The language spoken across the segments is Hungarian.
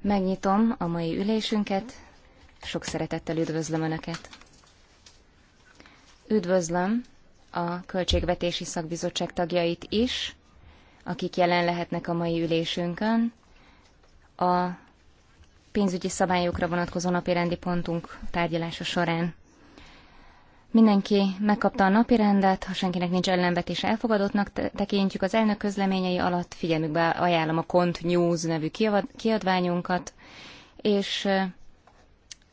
Megnyitom a mai ülésünket. Sok szeretettel üdvözlöm Önöket. Üdvözlöm a Költségvetési Szakbizottság tagjait is, akik jelen lehetnek a mai ülésünkön. A pénzügyi szabályokra vonatkozó napirendi pontunk tárgyalása során. Mindenki megkapta a napi rendet, ha senkinek nincs ellenvetése elfogadottnak tekintjük, az elnök közleményei alatt figyelmükbe ajánlom a kont News nevű kiadványunkat, és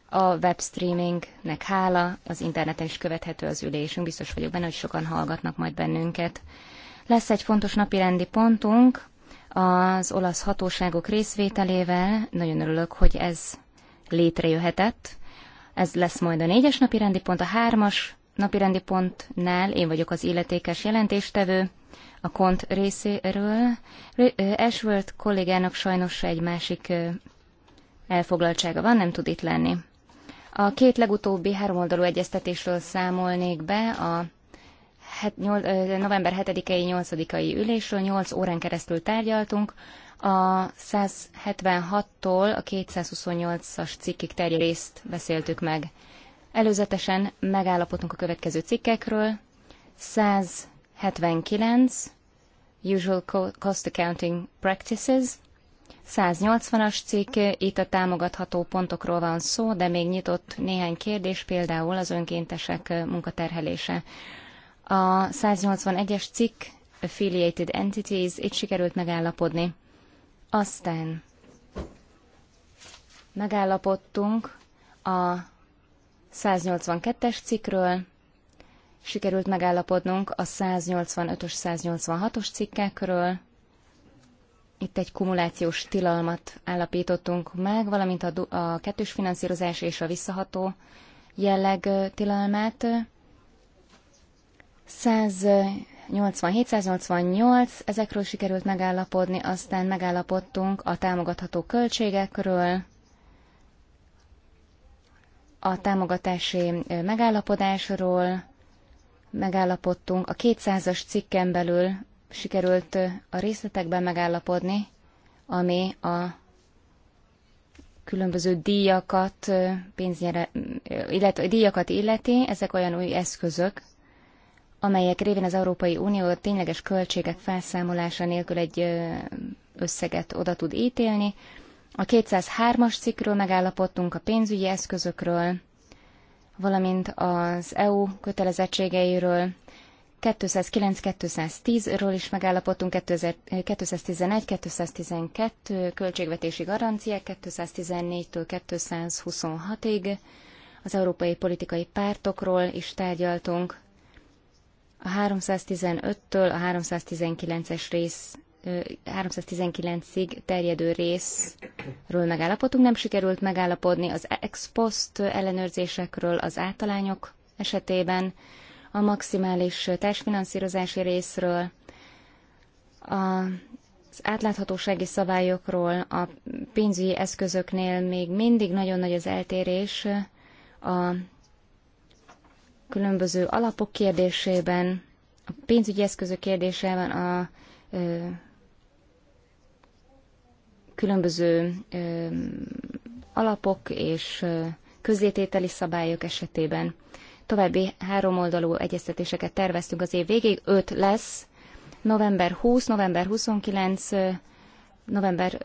a webstreamingnek hála, az interneten is követhető az ülésünk, biztos vagyok benne, hogy sokan hallgatnak majd bennünket. Lesz egy fontos napi rendi pontunk az olasz hatóságok részvételével, nagyon örülök, hogy ez létrejöhetett, ez lesz majd a négyes napi rendi pont, a hármas napi rendi pontnál én vagyok az illetékes jelentéstevő a kont részéről. Ashworth kollégának sajnos egy másik elfoglaltsága van, nem tud itt lenni. A két legutóbbi háromoldalú egyeztetésről számolnék be a november 7-i 8-ai ülésről 8 órán keresztül tárgyaltunk. A 176-tól a 228-as cikkig terjed részt beszéltük meg. Előzetesen megállapodtunk a következő cikkekről. 179, Usual Cost Accounting Practices, 180-as cikk, itt a támogatható pontokról van szó, de még nyitott néhány kérdés, például az önkéntesek munkaterhelése. A 181-es cikk, Affiliated Entities, itt sikerült megállapodni. Aztán megállapodtunk a 182-es cikkről, sikerült megállapodnunk a 185-ös, 186-os cikkekről, itt egy kumulációs tilalmat állapítottunk meg, valamint a, a kettős finanszírozás és a visszaható jelleg tilalmát. 100 8788, ezekről sikerült megállapodni, aztán megállapodtunk a támogatható költségekről, a támogatási megállapodásról, megállapodtunk, a 200-as cikken belül sikerült a részletekben megállapodni, ami a különböző díjakat, pénznyere, illetve díjakat illeti, ezek olyan új eszközök, amelyek révén az Európai Unió tényleges költségek felszámolása nélkül egy összeget oda tud ítélni. A 203-as cikkről megállapodtunk a pénzügyi eszközökről, valamint az EU kötelezettségeiről, 209-210-ről is megállapodtunk, 211-212 költségvetési garanciák, 214-től 226-ig, az európai politikai pártokról is tárgyaltunk, a 315-től a 319-es rész 319-ig terjedő részről megállapodtunk, nem sikerült megállapodni az ex post ellenőrzésekről az általányok esetében, a maximális társfinanszírozási részről, az átláthatósági szabályokról, a pénzügyi eszközöknél még mindig nagyon nagy az eltérés a különböző alapok kérdésében, a pénzügyi eszközök kérdésében, a ö, különböző ö, alapok és ö, közzétételi szabályok esetében. További három oldalú egyeztetéseket terveztünk az év végéig, öt lesz, november 20, november 29, november,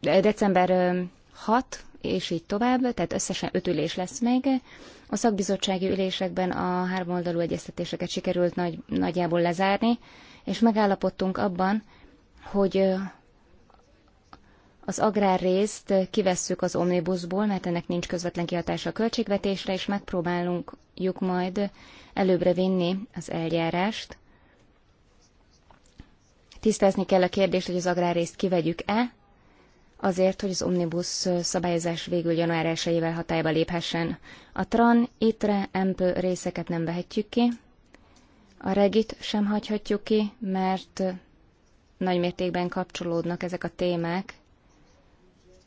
december 6, és így tovább, tehát összesen öt ülés lesz még. A szakbizottsági ülésekben a háromoldalú egyeztetéseket sikerült nagy, nagyjából lezárni, és megállapodtunk abban, hogy az agrár részt kivesszük az omnibusból, mert ennek nincs közvetlen kihatása a költségvetésre, és megpróbálunk majd előbbre vinni az eljárást. Tisztázni kell a kérdést, hogy az agrár részt kivegyük-e, azért, hogy az Omnibus szabályozás végül január 1 hatályba léphessen. A TRAN, ITRE, EMP részeket nem vehetjük ki, a regit sem hagyhatjuk ki, mert nagymértékben kapcsolódnak ezek a témák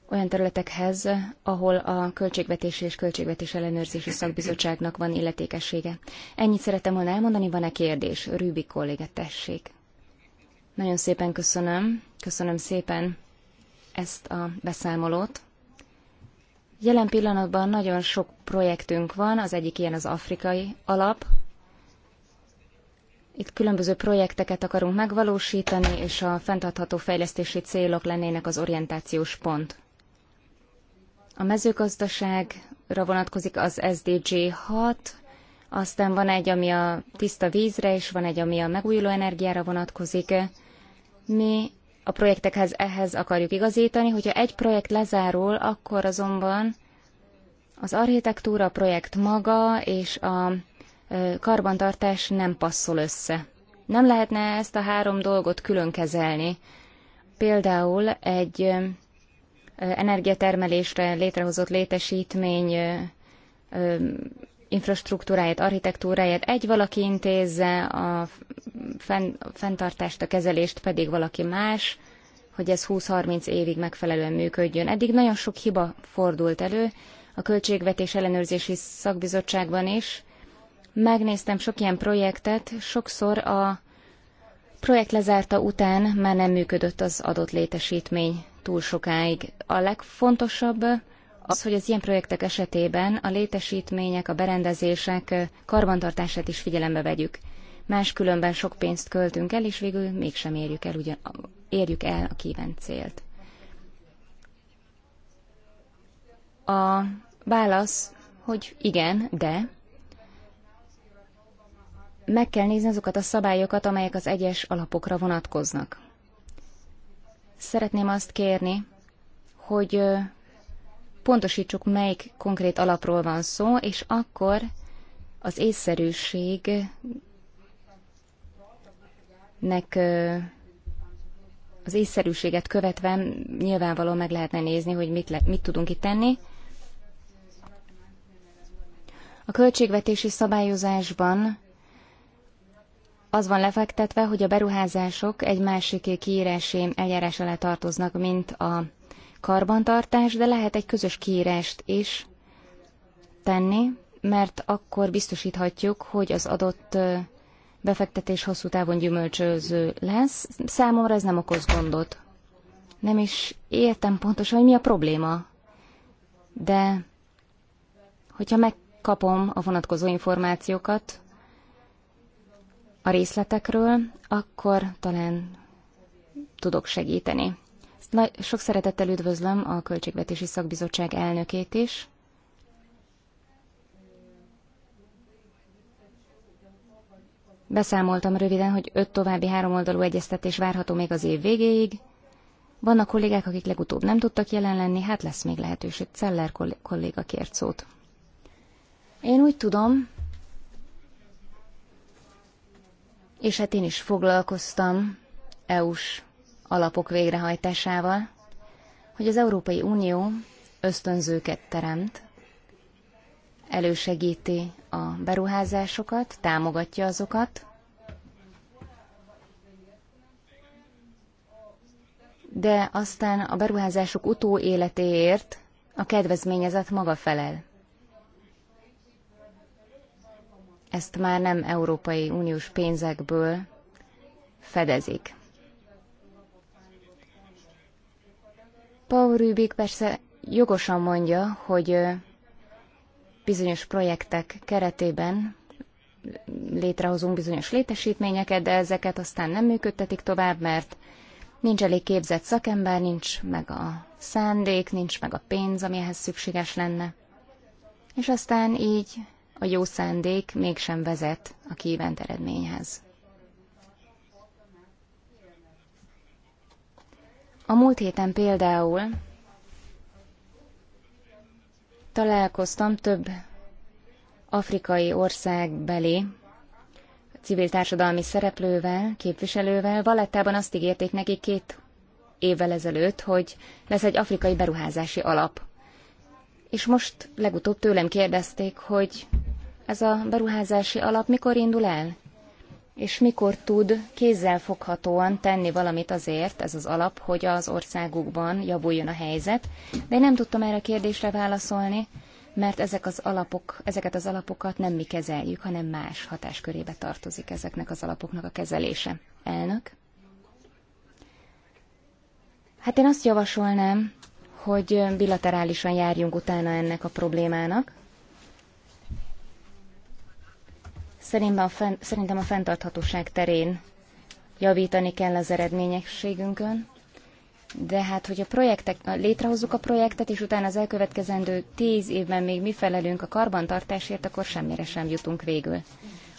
olyan területekhez, ahol a Költségvetési és Költségvetés Ellenőrzési Szakbizottságnak van illetékessége. Ennyit szeretem volna elmondani, van-e kérdés? Rübi kolléga, tessék. Nagyon szépen köszönöm, köszönöm szépen ezt a beszámolót. Jelen pillanatban nagyon sok projektünk van, az egyik ilyen az afrikai alap. Itt különböző projekteket akarunk megvalósítani, és a fenntartható fejlesztési célok lennének az orientációs pont. A mezőgazdaságra vonatkozik az SDG 6, aztán van egy, ami a tiszta vízre, és van egy, ami a megújuló energiára vonatkozik. Mi a projektekhez ehhez akarjuk igazítani. Hogyha egy projekt lezárul, akkor azonban az architektúra, a projekt maga és a karbantartás nem passzol össze. Nem lehetne ezt a három dolgot külön kezelni. Például egy energiatermelésre létrehozott létesítmény infrastruktúráját, architektúráját egy valaki intézze, a fenntartást, a kezelést pedig valaki más, hogy ez 20-30 évig megfelelően működjön. Eddig nagyon sok hiba fordult elő, a Költségvetés Ellenőrzési Szakbizottságban is. Megnéztem sok ilyen projektet, sokszor a projekt lezárta után már nem működött az adott létesítmény túl sokáig. A legfontosabb az, hogy az ilyen projektek esetében a létesítmények, a berendezések karbantartását is figyelembe vegyük. Máskülönben sok pénzt költünk el, és végül mégsem érjük el, ugyan, érjük el a kívánt célt. A válasz, hogy igen, de meg kell nézni azokat a szabályokat, amelyek az egyes alapokra vonatkoznak. Szeretném azt kérni, hogy pontosítsuk, melyik konkrét alapról van szó, és akkor az észszerűségnek az észszerűséget követve nyilvánvalóan meg lehetne nézni, hogy mit, le, mit tudunk itt tenni. A költségvetési szabályozásban az van lefektetve, hogy a beruházások egy másik kiírási eljárás alá tartoznak, mint a karbantartás, de lehet egy közös kiírást is tenni, mert akkor biztosíthatjuk, hogy az adott befektetés hosszú távon gyümölcsöző lesz. Számomra ez nem okoz gondot. Nem is értem pontosan, hogy mi a probléma. De hogyha megkapom a vonatkozó információkat a részletekről, akkor talán tudok segíteni. Nagy, sok szeretettel üdvözlöm a Költségvetési Szakbizottság elnökét is. Beszámoltam röviden, hogy öt további háromoldalú egyeztetés várható még az év végéig. Vannak kollégák, akik legutóbb nem tudtak jelen lenni, hát lesz még lehetőség. Celler kolléga kért szót. Én úgy tudom, és hát én is foglalkoztam EU-s alapok végrehajtásával, hogy az Európai Unió ösztönzőket teremt, elősegíti a beruházásokat, támogatja azokat, de aztán a beruházások utó életéért a kedvezményezett maga felel. Ezt már nem Európai Uniós pénzekből fedezik. Paul Rubik persze jogosan mondja, hogy bizonyos projektek keretében létrehozunk bizonyos létesítményeket, de ezeket aztán nem működtetik tovább, mert nincs elég képzett szakember, nincs meg a szándék, nincs meg a pénz, ami ehhez szükséges lenne. És aztán így a jó szándék mégsem vezet a kívánt eredményhez. A múlt héten például találkoztam több afrikai ország belé civil társadalmi szereplővel, képviselővel. Valettában azt ígérték neki két évvel ezelőtt, hogy lesz egy afrikai beruházási alap. És most legutóbb tőlem kérdezték, hogy ez a beruházási alap mikor indul el? és mikor tud kézzelfoghatóan tenni valamit azért, ez az alap, hogy az országukban javuljon a helyzet, de én nem tudtam erre a kérdésre válaszolni, mert ezek az alapok, ezeket az alapokat nem mi kezeljük, hanem más hatáskörébe tartozik ezeknek az alapoknak a kezelése. Elnök? Hát én azt javasolnám, hogy bilaterálisan járjunk utána ennek a problémának, Szerintem a, szerintem a fenntarthatóság terén javítani kell az eredményességünkön, de hát, hogy a projektek, létrehozzuk a projektet, és utána az elkövetkezendő tíz évben még mi felelünk a karbantartásért, akkor semmire sem jutunk végül.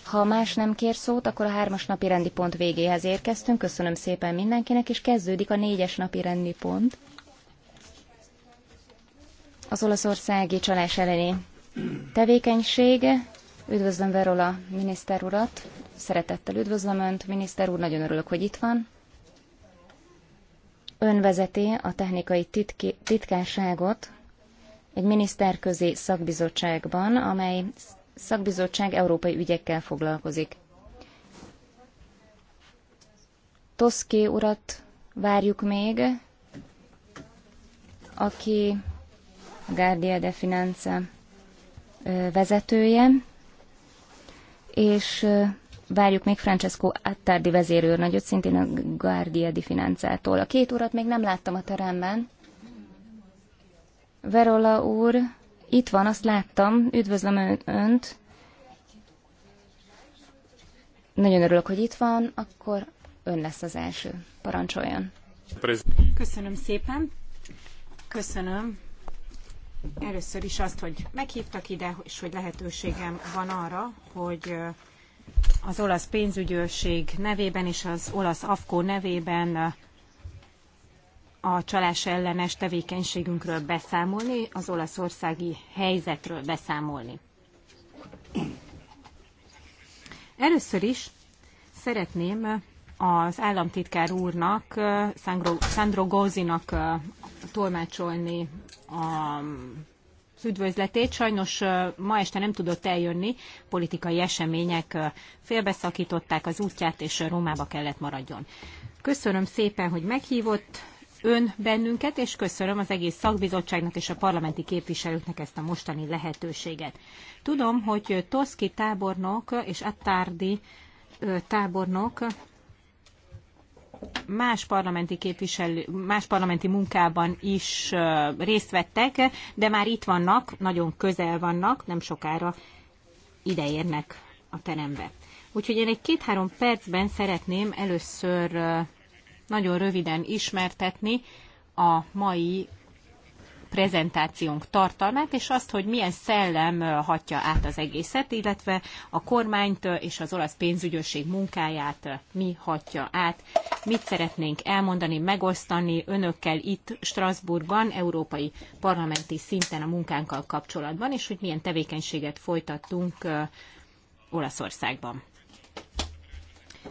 Ha más nem kér szót, akkor a hármas napi rendi pont végéhez érkeztünk. Köszönöm szépen mindenkinek, és kezdődik a négyes napi rendi pont. Az olaszországi csalás elleni tevékenység Üdvözlöm Verola miniszter urat, szeretettel üdvözlöm Önt, miniszter úr, nagyon örülök, hogy itt van. Ön vezeti a technikai titki, titkárságot egy miniszterközi szakbizottságban, amely szakbizottság európai ügyekkel foglalkozik. Toszki urat várjuk még, aki a Guardia de Finance vezetője, és várjuk még Francesco Attardi vezérőrnagyot, szintén a Guardia di Finanzától. A két urat még nem láttam a teremben. Verola úr, itt van, azt láttam, üdvözlöm önt. Nagyon örülök, hogy itt van, akkor ön lesz az első. Parancsoljon. Köszönöm szépen. Köszönöm Először is azt, hogy meghívtak ide, és hogy lehetőségem van arra, hogy az olasz pénzügyőrség nevében és az olasz AFKO nevében a csalás ellenes tevékenységünkről beszámolni, az olaszországi helyzetről beszámolni. Először is szeretném az államtitkár úrnak, Sandro, Sandro Gózinak tolmácsolni a az üdvözletét. Sajnos ma este nem tudott eljönni, politikai események félbeszakították az útját, és Rómába kellett maradjon. Köszönöm szépen, hogy meghívott ön bennünket, és köszönöm az egész szakbizottságnak és a parlamenti képviselőknek ezt a mostani lehetőséget. Tudom, hogy Toszki tábornok és Attardi tábornok más parlamenti képviselő, más parlamenti munkában is részt vettek, de már itt vannak, nagyon közel vannak, nem sokára ideérnek a terembe. Úgyhogy én egy két-három percben szeretném először nagyon röviden ismertetni a mai prezentációnk tartalmát, és azt, hogy milyen szellem hatja át az egészet, illetve a kormányt és az olasz pénzügyőrség munkáját mi hatja át. Mit szeretnénk elmondani, megosztani önökkel itt Strasbourgban, európai parlamenti szinten a munkánkkal kapcsolatban, és hogy milyen tevékenységet folytattunk Olaszországban.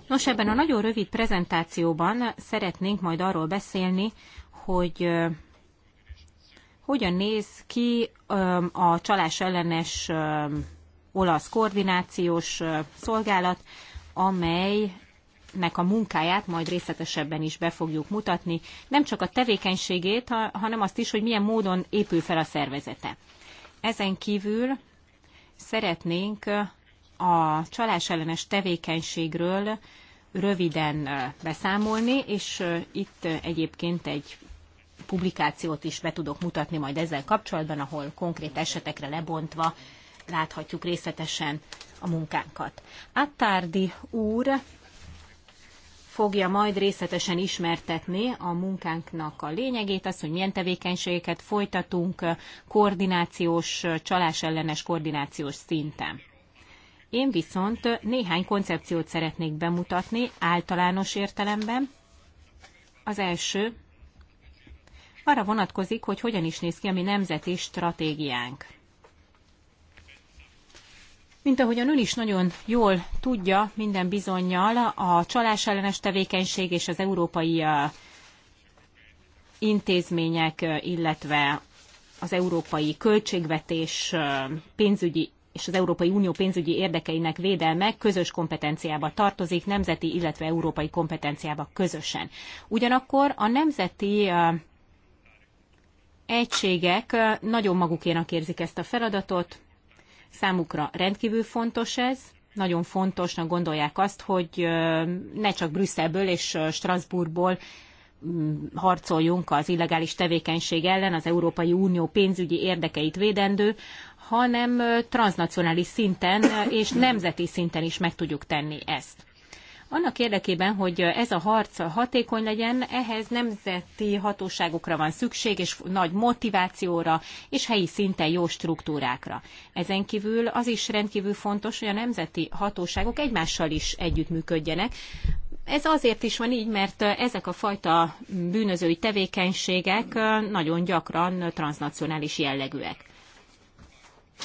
Nos, ebben a nagyon rövid prezentációban szeretnénk majd arról beszélni, hogy hogyan néz ki a csalás ellenes olasz koordinációs szolgálat, amelynek a munkáját majd részletesebben is be fogjuk mutatni, nem csak a tevékenységét, hanem azt is, hogy milyen módon épül fel a szervezete. Ezen kívül szeretnénk a csalás ellenes tevékenységről röviden beszámolni, és itt egyébként egy publikációt is be tudok mutatni majd ezzel kapcsolatban, ahol konkrét esetekre lebontva láthatjuk részletesen a munkánkat. Attárdi úr fogja majd részletesen ismertetni a munkánknak a lényegét, azt, hogy milyen tevékenységeket folytatunk koordinációs, csalás ellenes koordinációs szinten. Én viszont néhány koncepciót szeretnék bemutatni általános értelemben. Az első arra vonatkozik, hogy hogyan is néz ki a mi nemzeti stratégiánk. Mint ahogyan ön is nagyon jól tudja, minden bizonyal a csalás ellenes tevékenység és az európai intézmények, illetve az európai költségvetés pénzügyi és az Európai Unió pénzügyi érdekeinek védelme közös kompetenciába tartozik, nemzeti, illetve európai kompetenciába közösen. Ugyanakkor a nemzeti egységek nagyon magukénak érzik ezt a feladatot, számukra rendkívül fontos ez, nagyon fontosnak gondolják azt, hogy ne csak Brüsszelből és Strasbourgból mm, harcoljunk az illegális tevékenység ellen, az Európai Unió pénzügyi érdekeit védendő, hanem transnacionális szinten és nemzeti szinten is meg tudjuk tenni ezt. Annak érdekében, hogy ez a harc hatékony legyen, ehhez nemzeti hatóságokra van szükség, és nagy motivációra, és helyi szinten jó struktúrákra. Ezen kívül az is rendkívül fontos, hogy a nemzeti hatóságok egymással is együttműködjenek, ez azért is van így, mert ezek a fajta bűnözői tevékenységek nagyon gyakran transnacionális jellegűek.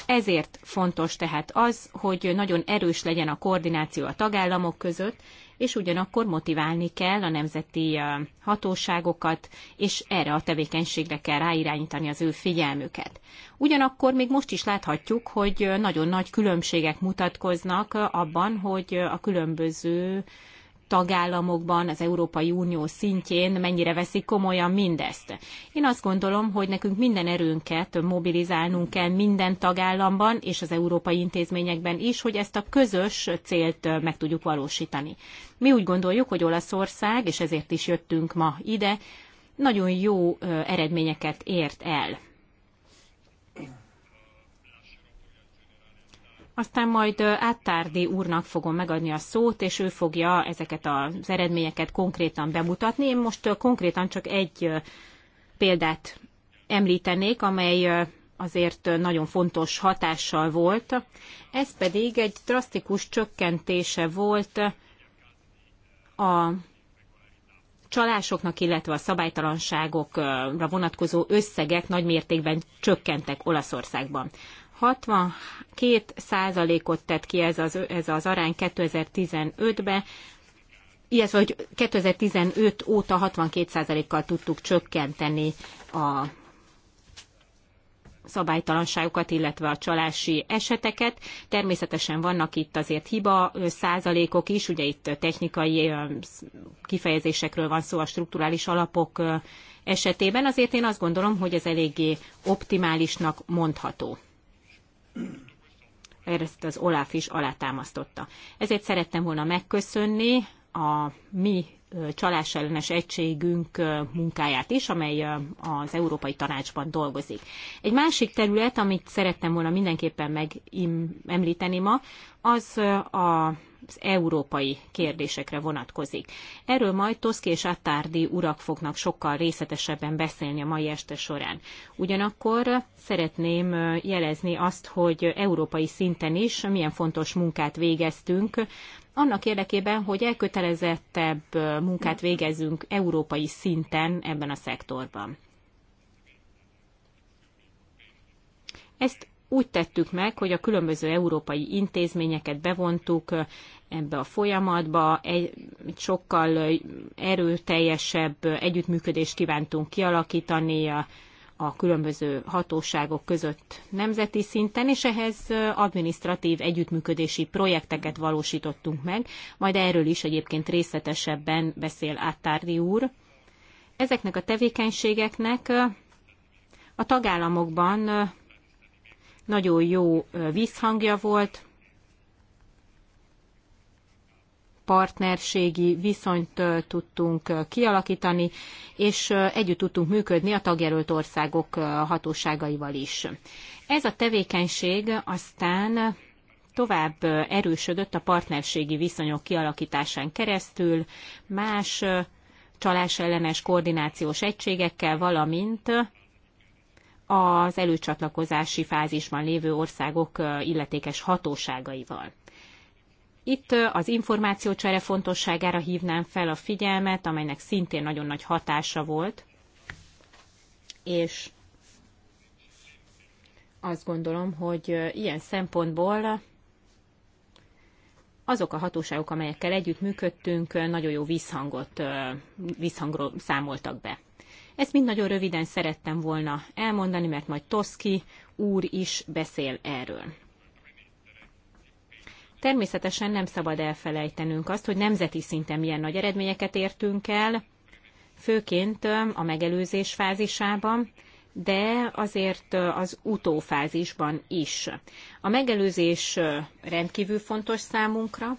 Ezért fontos tehát az, hogy nagyon erős legyen a koordináció a tagállamok között, és ugyanakkor motiválni kell a nemzeti hatóságokat, és erre a tevékenységre kell ráirányítani az ő figyelmüket. Ugyanakkor még most is láthatjuk, hogy nagyon nagy különbségek mutatkoznak abban, hogy a különböző tagállamokban, az Európai Unió szintjén mennyire veszik komolyan mindezt. Én azt gondolom, hogy nekünk minden erőnket mobilizálnunk kell minden tagállamban és az európai intézményekben is, hogy ezt a közös célt meg tudjuk valósítani. Mi úgy gondoljuk, hogy Olaszország, és ezért is jöttünk ma ide, nagyon jó eredményeket ért el Aztán majd Áttárdi úrnak fogom megadni a szót, és ő fogja ezeket az eredményeket konkrétan bemutatni. Én most konkrétan csak egy példát említenék, amely azért nagyon fontos hatással volt. Ez pedig egy drasztikus csökkentése volt a csalásoknak, illetve a szabálytalanságokra vonatkozó összegek nagy mértékben csökkentek Olaszországban. 62 százalékot tett ki ez az, ez az arány 2015-ben, illetve hogy 2015 óta 62 százalékkal tudtuk csökkenteni a szabálytalanságokat, illetve a csalási eseteket. Természetesen vannak itt azért hiba százalékok is, ugye itt technikai kifejezésekről van szó a strukturális alapok esetében, azért én azt gondolom, hogy ez eléggé optimálisnak mondható ezt az Olaf is alátámasztotta. Ezért szerettem volna megköszönni a mi csalás ellenes egységünk munkáját is, amely az Európai Tanácsban dolgozik. Egy másik terület, amit szerettem volna mindenképpen megemlíteni ma, az a az európai kérdésekre vonatkozik. Erről majd Toszki és Attárdi urak fognak sokkal részletesebben beszélni a mai este során. Ugyanakkor szeretném jelezni azt, hogy európai szinten is milyen fontos munkát végeztünk, annak érdekében, hogy elkötelezettebb munkát végezzünk európai szinten ebben a szektorban. Ezt úgy tettük meg, hogy a különböző európai intézményeket bevontuk ebbe a folyamatba, egy sokkal erőteljesebb együttműködést kívántunk kialakítani a, a különböző hatóságok között nemzeti szinten, és ehhez administratív együttműködési projekteket valósítottunk meg, majd erről is egyébként részletesebben beszél Áttárdi úr. Ezeknek a tevékenységeknek a tagállamokban nagyon jó visszhangja volt, partnerségi viszonyt tudtunk kialakítani, és együtt tudtunk működni a tagjelölt országok hatóságaival is. Ez a tevékenység aztán tovább erősödött a partnerségi viszonyok kialakításán keresztül, más csalásellenes koordinációs egységekkel, valamint az előcsatlakozási fázisban lévő országok illetékes hatóságaival. Itt az információcsere fontosságára hívnám fel a figyelmet, amelynek szintén nagyon nagy hatása volt, és azt gondolom, hogy ilyen szempontból azok a hatóságok, amelyekkel együtt működtünk, nagyon jó visszhangot, visszhangról számoltak be. Ezt mind nagyon röviden szerettem volna elmondani, mert majd Toszki úr is beszél erről. Természetesen nem szabad elfelejtenünk azt, hogy nemzeti szinten milyen nagy eredményeket értünk el, főként a megelőzés fázisában, de azért az utófázisban is. A megelőzés rendkívül fontos számunkra.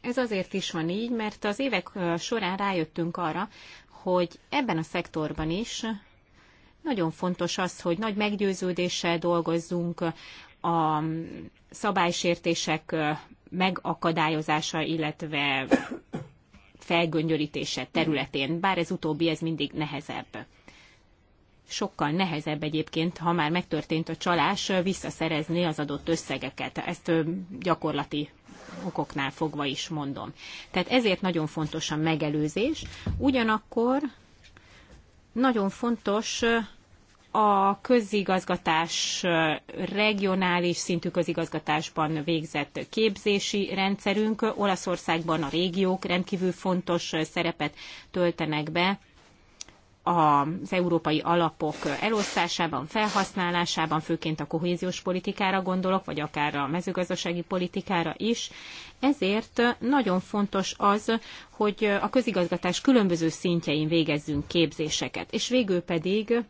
Ez azért is van így, mert az évek során rájöttünk arra, hogy ebben a szektorban is nagyon fontos az, hogy nagy meggyőződéssel dolgozzunk a szabálysértések megakadályozása, illetve felgöngyörítése területén, bár ez utóbbi, ez mindig nehezebb. Sokkal nehezebb egyébként, ha már megtörtént a csalás, visszaszerezni az adott összegeket. Ezt gyakorlati okoknál fogva is mondom. Tehát ezért nagyon fontos a megelőzés. Ugyanakkor nagyon fontos a közigazgatás regionális szintű közigazgatásban végzett képzési rendszerünk. Olaszországban a régiók rendkívül fontos szerepet töltenek be az európai alapok elosztásában, felhasználásában, főként a kohéziós politikára gondolok, vagy akár a mezőgazdasági politikára is. Ezért nagyon fontos az, hogy a közigazgatás különböző szintjein végezzünk képzéseket. És végül pedig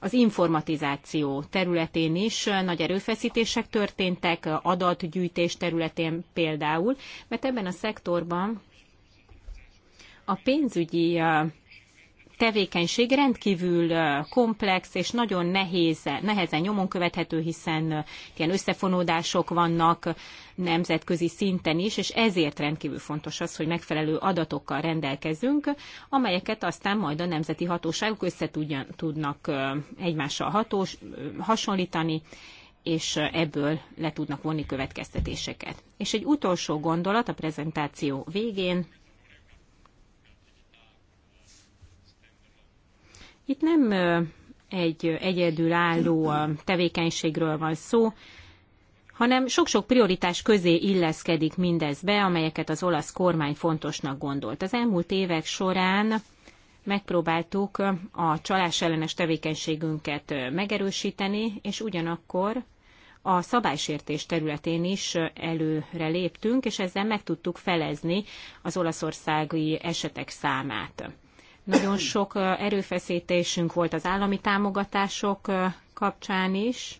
az informatizáció területén is nagy erőfeszítések történtek, adatgyűjtés területén például, mert ebben a szektorban a pénzügyi tevékenység rendkívül komplex és nagyon nehéz, nehezen nyomon követhető, hiszen ilyen összefonódások vannak nemzetközi szinten is, és ezért rendkívül fontos az, hogy megfelelő adatokkal rendelkezünk, amelyeket aztán majd a nemzeti hatóságok össze tudnak egymással hatós, hasonlítani, és ebből le tudnak vonni következtetéseket. És egy utolsó gondolat a prezentáció végén, Itt nem egy egyedülálló tevékenységről van szó, hanem sok-sok prioritás közé illeszkedik mindez be, amelyeket az olasz kormány fontosnak gondolt. Az elmúlt évek során megpróbáltuk a csalás ellenes tevékenységünket megerősíteni, és ugyanakkor a szabálysértés területén is előre léptünk, és ezzel meg tudtuk felezni az olaszországi esetek számát. Nagyon sok erőfeszítésünk volt az állami támogatások kapcsán is.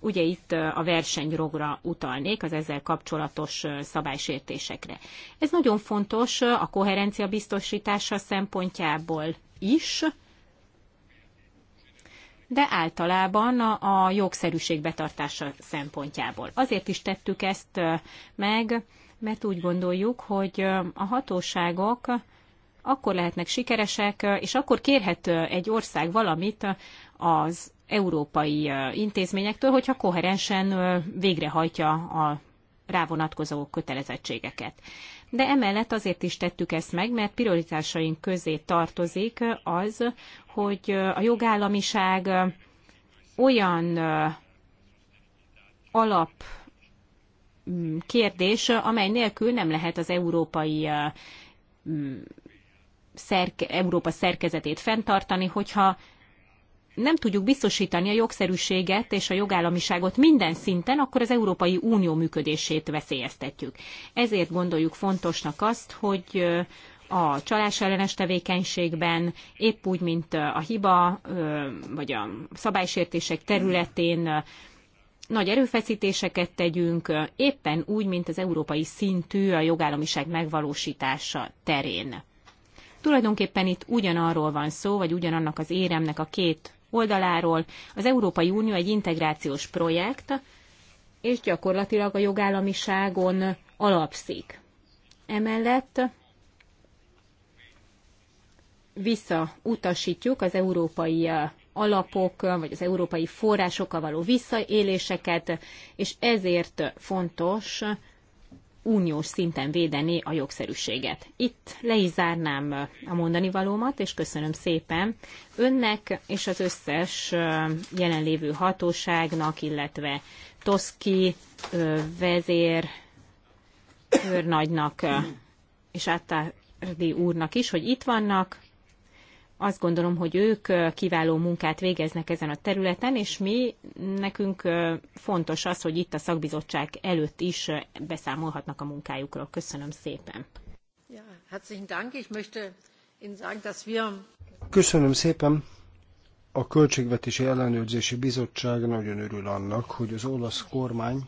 Ugye itt a versenyrogra utalnék, az ezzel kapcsolatos szabálysértésekre. Ez nagyon fontos a koherencia biztosítása szempontjából is, de általában a jogszerűség betartása szempontjából. Azért is tettük ezt meg, mert úgy gondoljuk, hogy a hatóságok akkor lehetnek sikeresek, és akkor kérhet egy ország valamit az európai intézményektől, hogyha koherensen végrehajtja a rávonatkozó kötelezettségeket. De emellett azért is tettük ezt meg, mert prioritásaink közé tartozik az, hogy a jogállamiság olyan alap Mm, kérdés, amely nélkül nem lehet az európai mm, szerke, Európa szerkezetét fenntartani, hogyha nem tudjuk biztosítani a jogszerűséget és a jogállamiságot minden szinten, akkor az Európai Unió működését veszélyeztetjük. Ezért gondoljuk fontosnak azt, hogy a csalás ellenes tevékenységben, épp úgy, mint a hiba vagy a szabálysértések területén nagy erőfeszítéseket tegyünk, éppen úgy, mint az európai szintű a jogállamiság megvalósítása terén. Tulajdonképpen itt ugyanarról van szó, vagy ugyanannak az éremnek a két oldaláról. Az Európai Unió egy integrációs projekt, és gyakorlatilag a jogállamiságon alapszik. Emellett visszautasítjuk az európai alapok, vagy az európai forrásokkal való visszaéléseket, és ezért fontos uniós szinten védeni a jogszerűséget. Itt le is zárnám a mondani valómat, és köszönöm szépen önnek és az összes jelenlévő hatóságnak, illetve Toszki vezér őrnagynak és Áttárdi úrnak is, hogy itt vannak, azt gondolom, hogy ők kiváló munkát végeznek ezen a területen, és mi nekünk fontos az, hogy itt a szakbizottság előtt is beszámolhatnak a munkájukról. Köszönöm szépen. Köszönöm szépen. A Költségvetési Ellenőrzési Bizottság nagyon örül annak, hogy az olasz kormány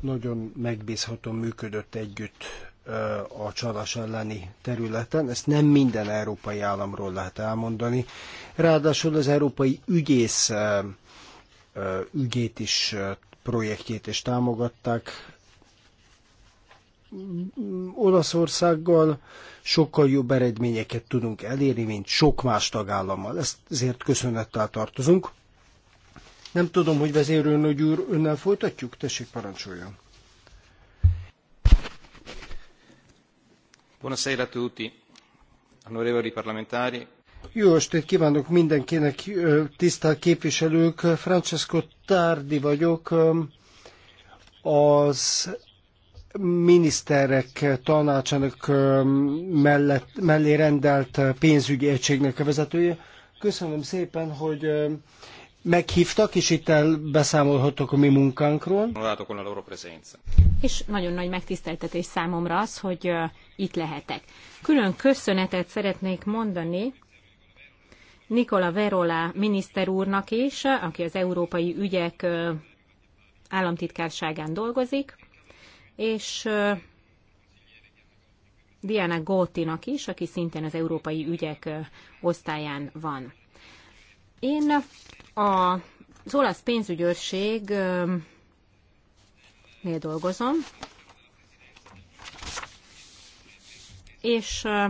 nagyon megbízhatóan működött együtt a csalás elleni területen. Ezt nem minden európai államról lehet elmondani. Ráadásul az európai ügyész ügyét is, projektjét is támogatták. Olaszországgal sokkal jobb eredményeket tudunk elérni, mint sok más tagállammal. Ezt ezért köszönettel tartozunk. Nem tudom, hogy vezérőnögy úr, önnel folytatjuk? Tessék, parancsoljon. Buonasera a tutti, onorevoli parlamentari. Jó estét kívánok mindenkinek, tisztelt képviselők! Francesco Tardi vagyok, az miniszterek tanácsának mellett, mellé rendelt pénzügyi egységnek a vezetője. Köszönöm szépen, hogy meghívtak, és itt beszámolhatok a mi munkánkról. És nagyon nagy megtiszteltetés számomra az, hogy itt lehetek. Külön köszönetet szeretnék mondani Nikola Verola miniszter úrnak is, aki az Európai Ügyek államtitkárságán dolgozik, és Diana Gótinak is, aki szintén az Európai Ügyek osztályán van. Én a, az olasz pénzügyőrségnél dolgozom, és a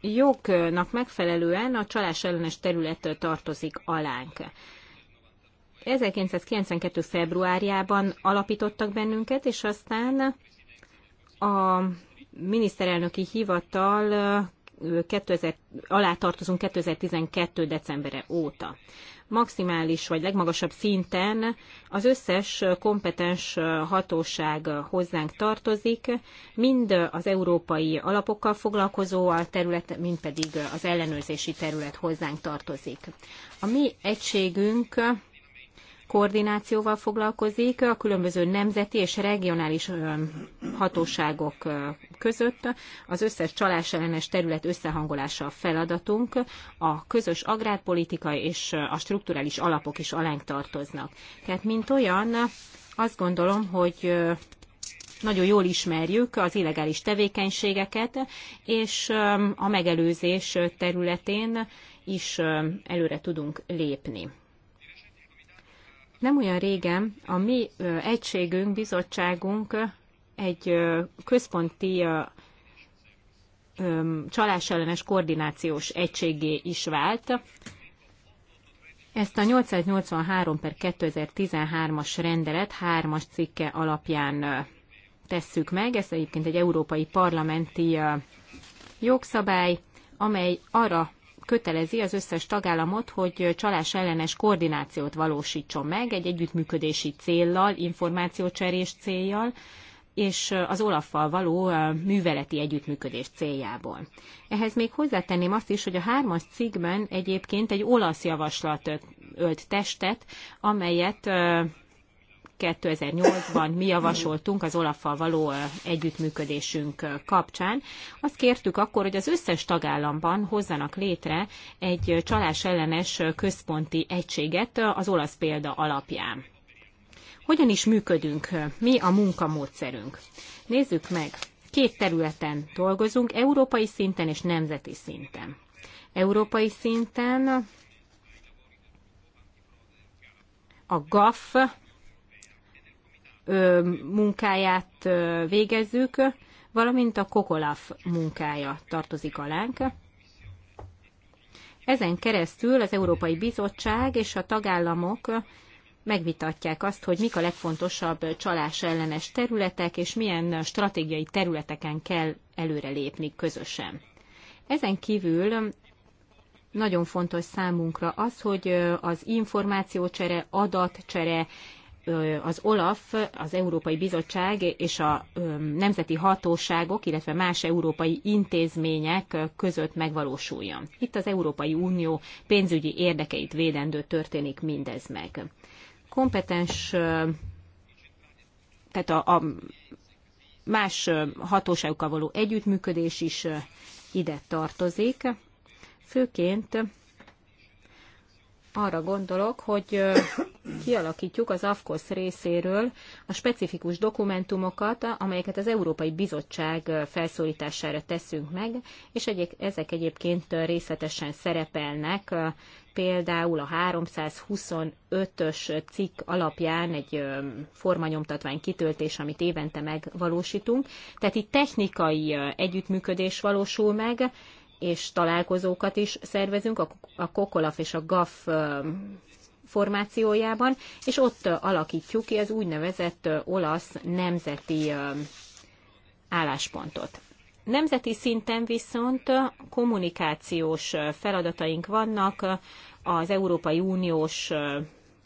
jognak megfelelően a csalás ellenes területtől tartozik alánk. 1992. februárjában alapítottak bennünket, és aztán a miniszterelnöki hivatal 2000, alá tartozunk 2012. decembere óta. Maximális vagy legmagasabb szinten az összes kompetens hatóság hozzánk tartozik, mind az európai alapokkal foglalkozó a terület, mind pedig az ellenőrzési terület hozzánk tartozik. A mi egységünk koordinációval foglalkozik a különböző nemzeti és regionális hatóságok között. Az összes csalás ellenes terület összehangolása a feladatunk, a közös agrárpolitika és a strukturális alapok is alánk tartoznak. Tehát mint olyan, azt gondolom, hogy nagyon jól ismerjük az illegális tevékenységeket, és a megelőzés területén is előre tudunk lépni. Nem olyan régen a mi egységünk, bizottságunk egy központi csalás ellenes koordinációs egységé is vált. Ezt a 883 per 2013-as rendelet hármas cikke alapján tesszük meg. Ez egyébként egy európai parlamenti jogszabály, amely arra kötelezi az összes tagállamot, hogy csalás ellenes koordinációt valósítson meg egy együttműködési céllal, információcserés céljal, és az olaffal való műveleti együttműködés céljából. Ehhez még hozzátenném azt is, hogy a hármas cikkben egyébként egy olasz javaslat ölt testet, amelyet 2008-ban mi javasoltunk az Olaffal való együttműködésünk kapcsán. Azt kértük akkor, hogy az összes tagállamban hozzanak létre egy csalás ellenes központi egységet az olasz példa alapján. Hogyan is működünk? Mi a munkamódszerünk? Nézzük meg. Két területen dolgozunk, európai szinten és nemzeti szinten. Európai szinten a GAF munkáját végezzük, valamint a Kokolaf munkája tartozik alánk. Ezen keresztül az Európai Bizottság és a tagállamok megvitatják azt, hogy mik a legfontosabb csalás ellenes területek, és milyen stratégiai területeken kell előrelépni közösen. Ezen kívül nagyon fontos számunkra az, hogy az információcsere, adatcsere az OLAF, az Európai Bizottság és a nemzeti hatóságok, illetve más európai intézmények között megvalósuljon. Itt az Európai Unió pénzügyi érdekeit védendő történik mindez meg. Kompetens, tehát a, a más hatóságokkal való együttműködés is ide tartozik. Főként arra gondolok, hogy kialakítjuk az AFKOSZ részéről a specifikus dokumentumokat, amelyeket az Európai Bizottság felszólítására teszünk meg, és egyik, ezek egyébként részletesen szerepelnek, például a 325-ös cikk alapján egy formanyomtatvány kitöltés, amit évente megvalósítunk. Tehát itt technikai együttműködés valósul meg, és találkozókat is szervezünk, a Kokolaf és a GAF formációjában, és ott alakítjuk ki az úgynevezett olasz nemzeti álláspontot. Nemzeti szinten viszont kommunikációs feladataink vannak az Európai Uniós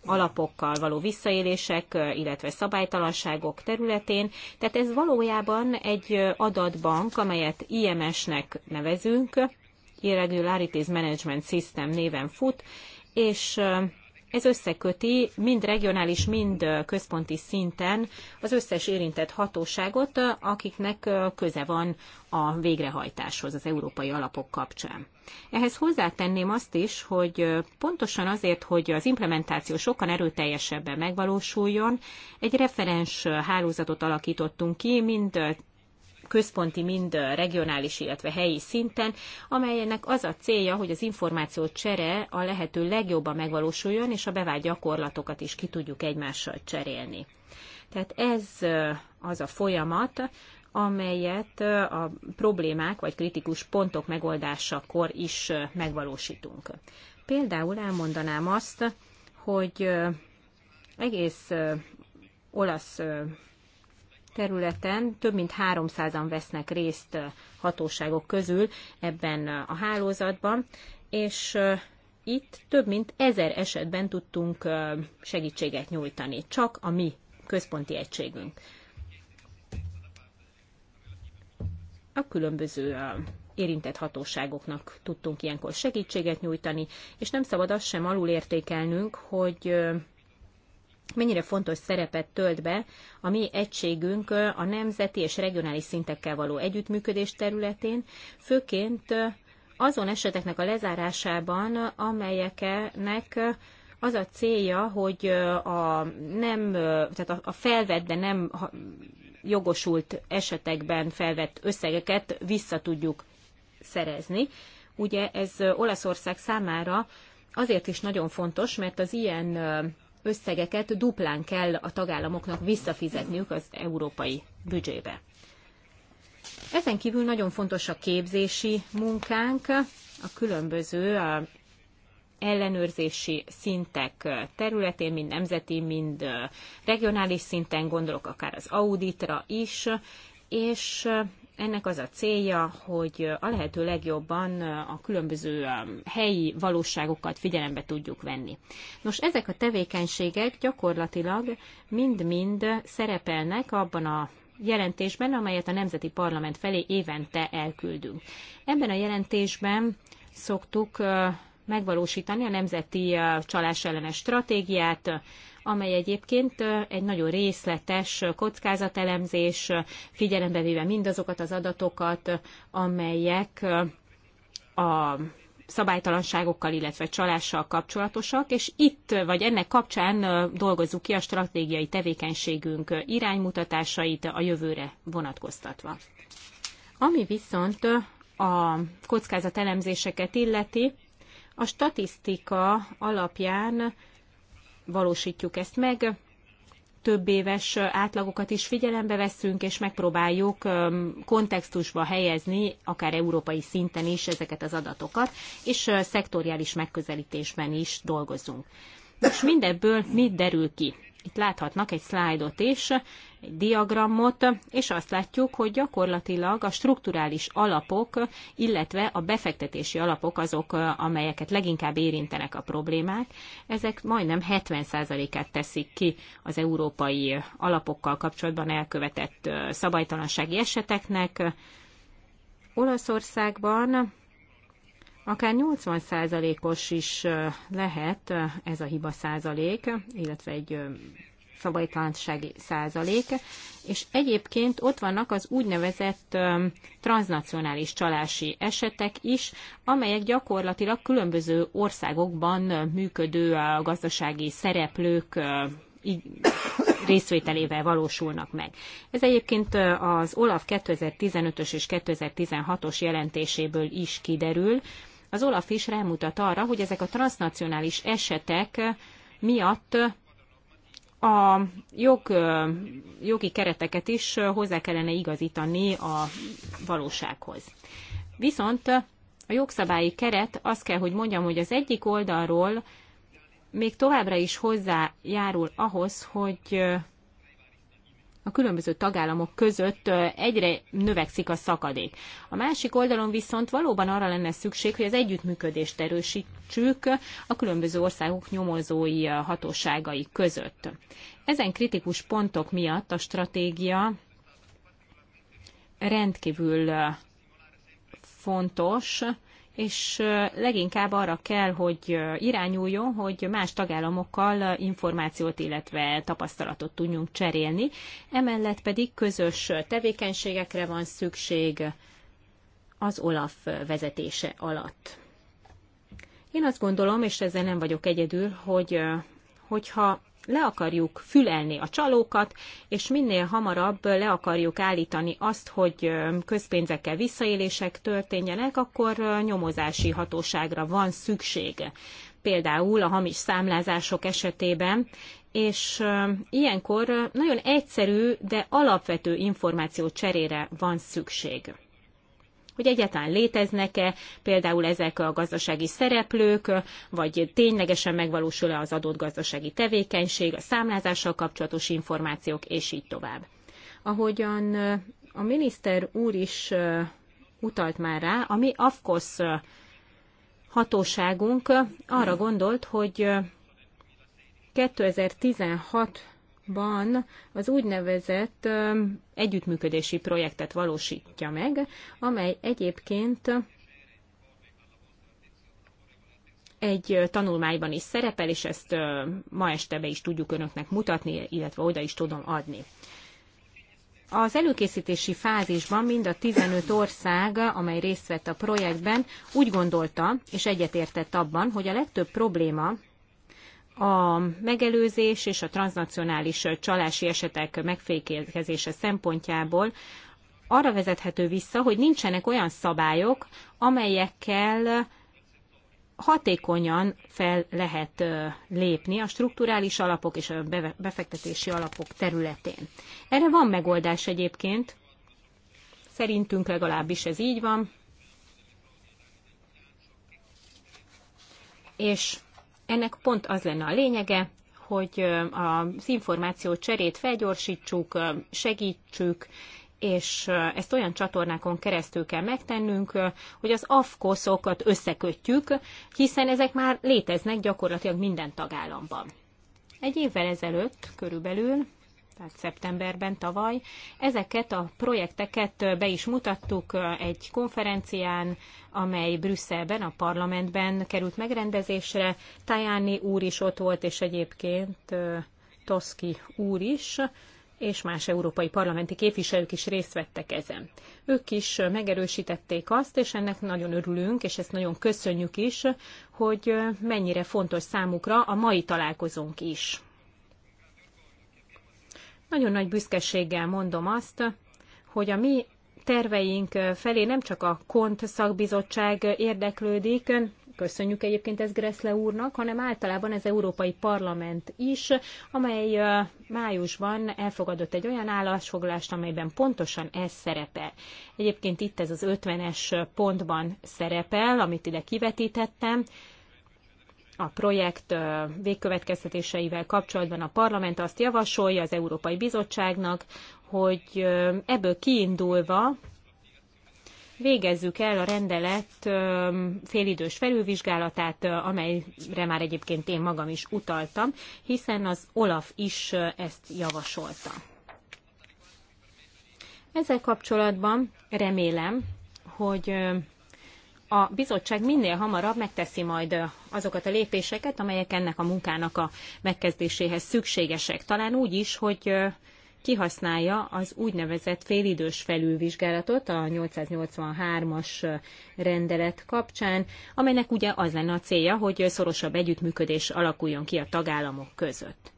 alapokkal való visszaélések, illetve szabálytalanságok területén. Tehát ez valójában egy adatbank, amelyet IMS-nek nevezünk, Irregularities Management System néven fut, és ez összeköti mind regionális, mind központi szinten az összes érintett hatóságot, akiknek köze van a végrehajtáshoz az európai alapok kapcsán. Ehhez hozzátenném azt is, hogy pontosan azért, hogy az implementáció sokkal erőteljesebben megvalósuljon, egy referens hálózatot alakítottunk ki, mind központi, mind regionális, illetve helyi szinten, amelynek az a célja, hogy az információ csere a lehető legjobban megvalósuljon, és a bevált gyakorlatokat is ki tudjuk egymással cserélni. Tehát ez az a folyamat, amelyet a problémák vagy kritikus pontok megoldásakor is megvalósítunk. Például elmondanám azt, hogy egész olasz területen több mint 300-an vesznek részt hatóságok közül ebben a hálózatban, és itt több mint ezer esetben tudtunk segítséget nyújtani, csak a mi központi egységünk. A különböző érintett hatóságoknak tudtunk ilyenkor segítséget nyújtani, és nem szabad azt sem alulértékelnünk, hogy mennyire fontos szerepet tölt be a mi egységünk a nemzeti és regionális szintekkel való együttműködés területén, főként azon eseteknek a lezárásában, amelyeknek az a célja, hogy a, nem, tehát a felvett, de nem jogosult esetekben felvett összegeket vissza tudjuk szerezni. Ugye ez Olaszország számára azért is nagyon fontos, mert az ilyen összegeket duplán kell a tagállamoknak visszafizetniük az európai büdzsébe. Ezen kívül nagyon fontos a képzési munkánk, a különböző a ellenőrzési szintek területén, mind nemzeti, mind regionális szinten, gondolok akár az auditra is, és ennek az a célja, hogy a lehető legjobban a különböző um, helyi valóságokat figyelembe tudjuk venni. Nos, ezek a tevékenységek gyakorlatilag mind-mind szerepelnek abban a jelentésben, amelyet a Nemzeti Parlament felé évente elküldünk. Ebben a jelentésben szoktuk uh, megvalósítani a Nemzeti uh, Csalás ellenes stratégiát, amely egyébként egy nagyon részletes kockázatelemzés, figyelembe véve mindazokat az adatokat, amelyek a szabálytalanságokkal, illetve csalással kapcsolatosak, és itt vagy ennek kapcsán dolgozzuk ki a stratégiai tevékenységünk iránymutatásait a jövőre vonatkoztatva. Ami viszont a kockázatelemzéseket illeti, a statisztika alapján valósítjuk ezt meg, több éves átlagokat is figyelembe veszünk, és megpróbáljuk kontextusba helyezni, akár európai szinten is ezeket az adatokat, és szektoriális megközelítésben is dolgozunk. És mindebből mi derül ki? Itt láthatnak egy szlájdot is, egy diagramot, és azt látjuk, hogy gyakorlatilag a strukturális alapok, illetve a befektetési alapok azok, amelyeket leginkább érintenek a problémák, ezek majdnem 70%-át teszik ki az európai alapokkal kapcsolatban elkövetett szabálytalansági eseteknek. Olaszországban Akár 80%-os is lehet ez a hiba százalék, illetve egy szabálytalansági százalék, és egyébként ott vannak az úgynevezett transnacionális csalási esetek is, amelyek gyakorlatilag különböző országokban működő gazdasági szereplők részvételével valósulnak meg. Ez egyébként az OLAF 2015-ös és 2016-os jelentéséből is kiderül, az Olaf is rámutat arra, hogy ezek a transnacionális esetek miatt a jog, jogi kereteket is hozzá kellene igazítani a valósághoz. Viszont a jogszabályi keret azt kell, hogy mondjam, hogy az egyik oldalról még továbbra is hozzájárul ahhoz, hogy a különböző tagállamok között egyre növekszik a szakadék. A másik oldalon viszont valóban arra lenne szükség, hogy az együttműködést erősítsük a különböző országok nyomozói hatóságai között. Ezen kritikus pontok miatt a stratégia rendkívül fontos, és leginkább arra kell, hogy irányuljon, hogy más tagállamokkal információt, illetve tapasztalatot tudjunk cserélni. Emellett pedig közös tevékenységekre van szükség az OLAF vezetése alatt. Én azt gondolom, és ezzel nem vagyok egyedül, hogy hogyha le akarjuk fülelni a csalókat, és minél hamarabb le akarjuk állítani azt, hogy közpénzekkel visszaélések történjenek, akkor nyomozási hatóságra van szükség. Például a hamis számlázások esetében, és ilyenkor nagyon egyszerű, de alapvető információ cserére van szükség hogy egyáltalán léteznek-e például ezek a gazdasági szereplők, vagy ténylegesen megvalósul-e az adott gazdasági tevékenység, a számlázással kapcsolatos információk, és így tovább. Ahogyan a miniszter úr is utalt már rá, ami AFKOSZ hatóságunk arra gondolt, hogy 2016 ban az úgynevezett együttműködési projektet valósítja meg, amely egyébként egy tanulmányban is szerepel, és ezt ma este be is tudjuk önöknek mutatni, illetve oda is tudom adni. Az előkészítési fázisban mind a 15 ország, amely részt vett a projektben, úgy gondolta és egyetértett abban, hogy a legtöbb probléma, a megelőzés és a transnacionális csalási esetek megfékezése szempontjából arra vezethető vissza, hogy nincsenek olyan szabályok, amelyekkel hatékonyan fel lehet lépni a strukturális alapok és a befektetési alapok területén. Erre van megoldás egyébként, szerintünk legalábbis ez így van, és ennek pont az lenne a lényege, hogy az információ cserét felgyorsítsuk, segítsük, és ezt olyan csatornákon keresztül kell megtennünk, hogy az afkoszokat összekötjük, hiszen ezek már léteznek gyakorlatilag minden tagállamban. Egy évvel ezelőtt körülbelül tehát szeptemberben tavaly. Ezeket a projekteket be is mutattuk egy konferencián, amely Brüsszelben, a parlamentben került megrendezésre. Tajani úr is ott volt, és egyébként Toszki úr is és más európai parlamenti képviselők is részt vettek ezen. Ők is megerősítették azt, és ennek nagyon örülünk, és ezt nagyon köszönjük is, hogy mennyire fontos számukra a mai találkozónk is. Nagyon nagy büszkeséggel mondom azt, hogy a mi terveink felé nem csak a KONT szakbizottság érdeklődik, köszönjük egyébként ez Greszle úrnak, hanem általában az Európai Parlament is, amely májusban elfogadott egy olyan állásfoglalást, amelyben pontosan ez szerepel. Egyébként itt ez az 50-es pontban szerepel, amit ide kivetítettem, a projekt végkövetkeztetéseivel kapcsolatban a parlament azt javasolja az Európai Bizottságnak, hogy ebből kiindulva végezzük el a rendelet félidős felülvizsgálatát, amelyre már egyébként én magam is utaltam, hiszen az Olaf is ezt javasolta. Ezzel kapcsolatban remélem, hogy a bizottság minél hamarabb megteszi majd azokat a lépéseket, amelyek ennek a munkának a megkezdéséhez szükségesek. Talán úgy is, hogy kihasználja az úgynevezett félidős felülvizsgálatot a 883-as rendelet kapcsán, amelynek ugye az lenne a célja, hogy szorosabb együttműködés alakuljon ki a tagállamok között.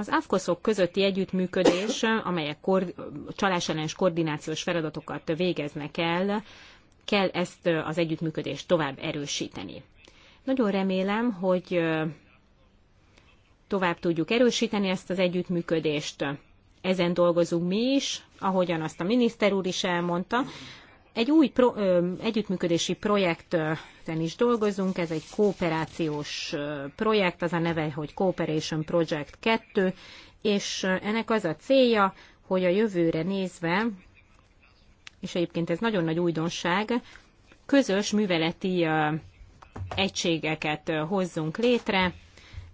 Az AFKOSZok közötti együttműködés, amelyek kor, csalás koordinációs feladatokat végeznek el, kell ezt az együttműködést tovább erősíteni. Nagyon remélem, hogy tovább tudjuk erősíteni ezt az együttműködést. Ezen dolgozunk mi is, ahogyan azt a miniszter úr is elmondta, egy új pro, ö, együttműködési projekten is dolgozunk, ez egy kooperációs projekt, az a neve, hogy Cooperation Project 2, és ennek az a célja, hogy a jövőre nézve, és egyébként ez nagyon nagy újdonság, közös műveleti egységeket hozzunk létre,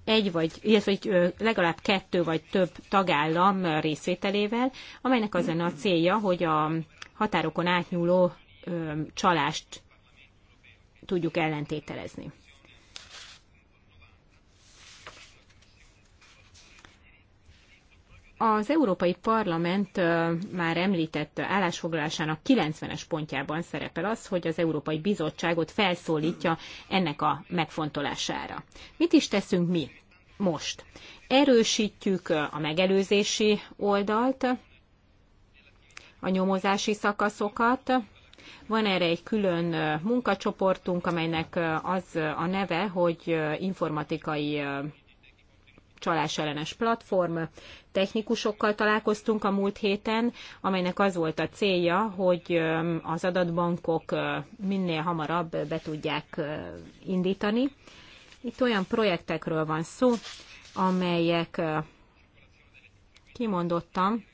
egy vagy, illetve legalább kettő vagy több tagállam részvételével, amelynek az lenne a célja, hogy a határokon átnyúló csalást tudjuk ellentételezni. Az Európai Parlament már említett állásfoglalásának 90-es pontjában szerepel az, hogy az Európai Bizottságot felszólítja ennek a megfontolására. Mit is teszünk mi most? Erősítjük a megelőzési oldalt, a nyomozási szakaszokat. Van erre egy külön munkacsoportunk, amelynek az a neve, hogy informatikai csalásellenes platform. Technikusokkal találkoztunk a múlt héten, amelynek az volt a célja, hogy az adatbankok minél hamarabb be tudják indítani. Itt olyan projektekről van szó, amelyek kimondottam,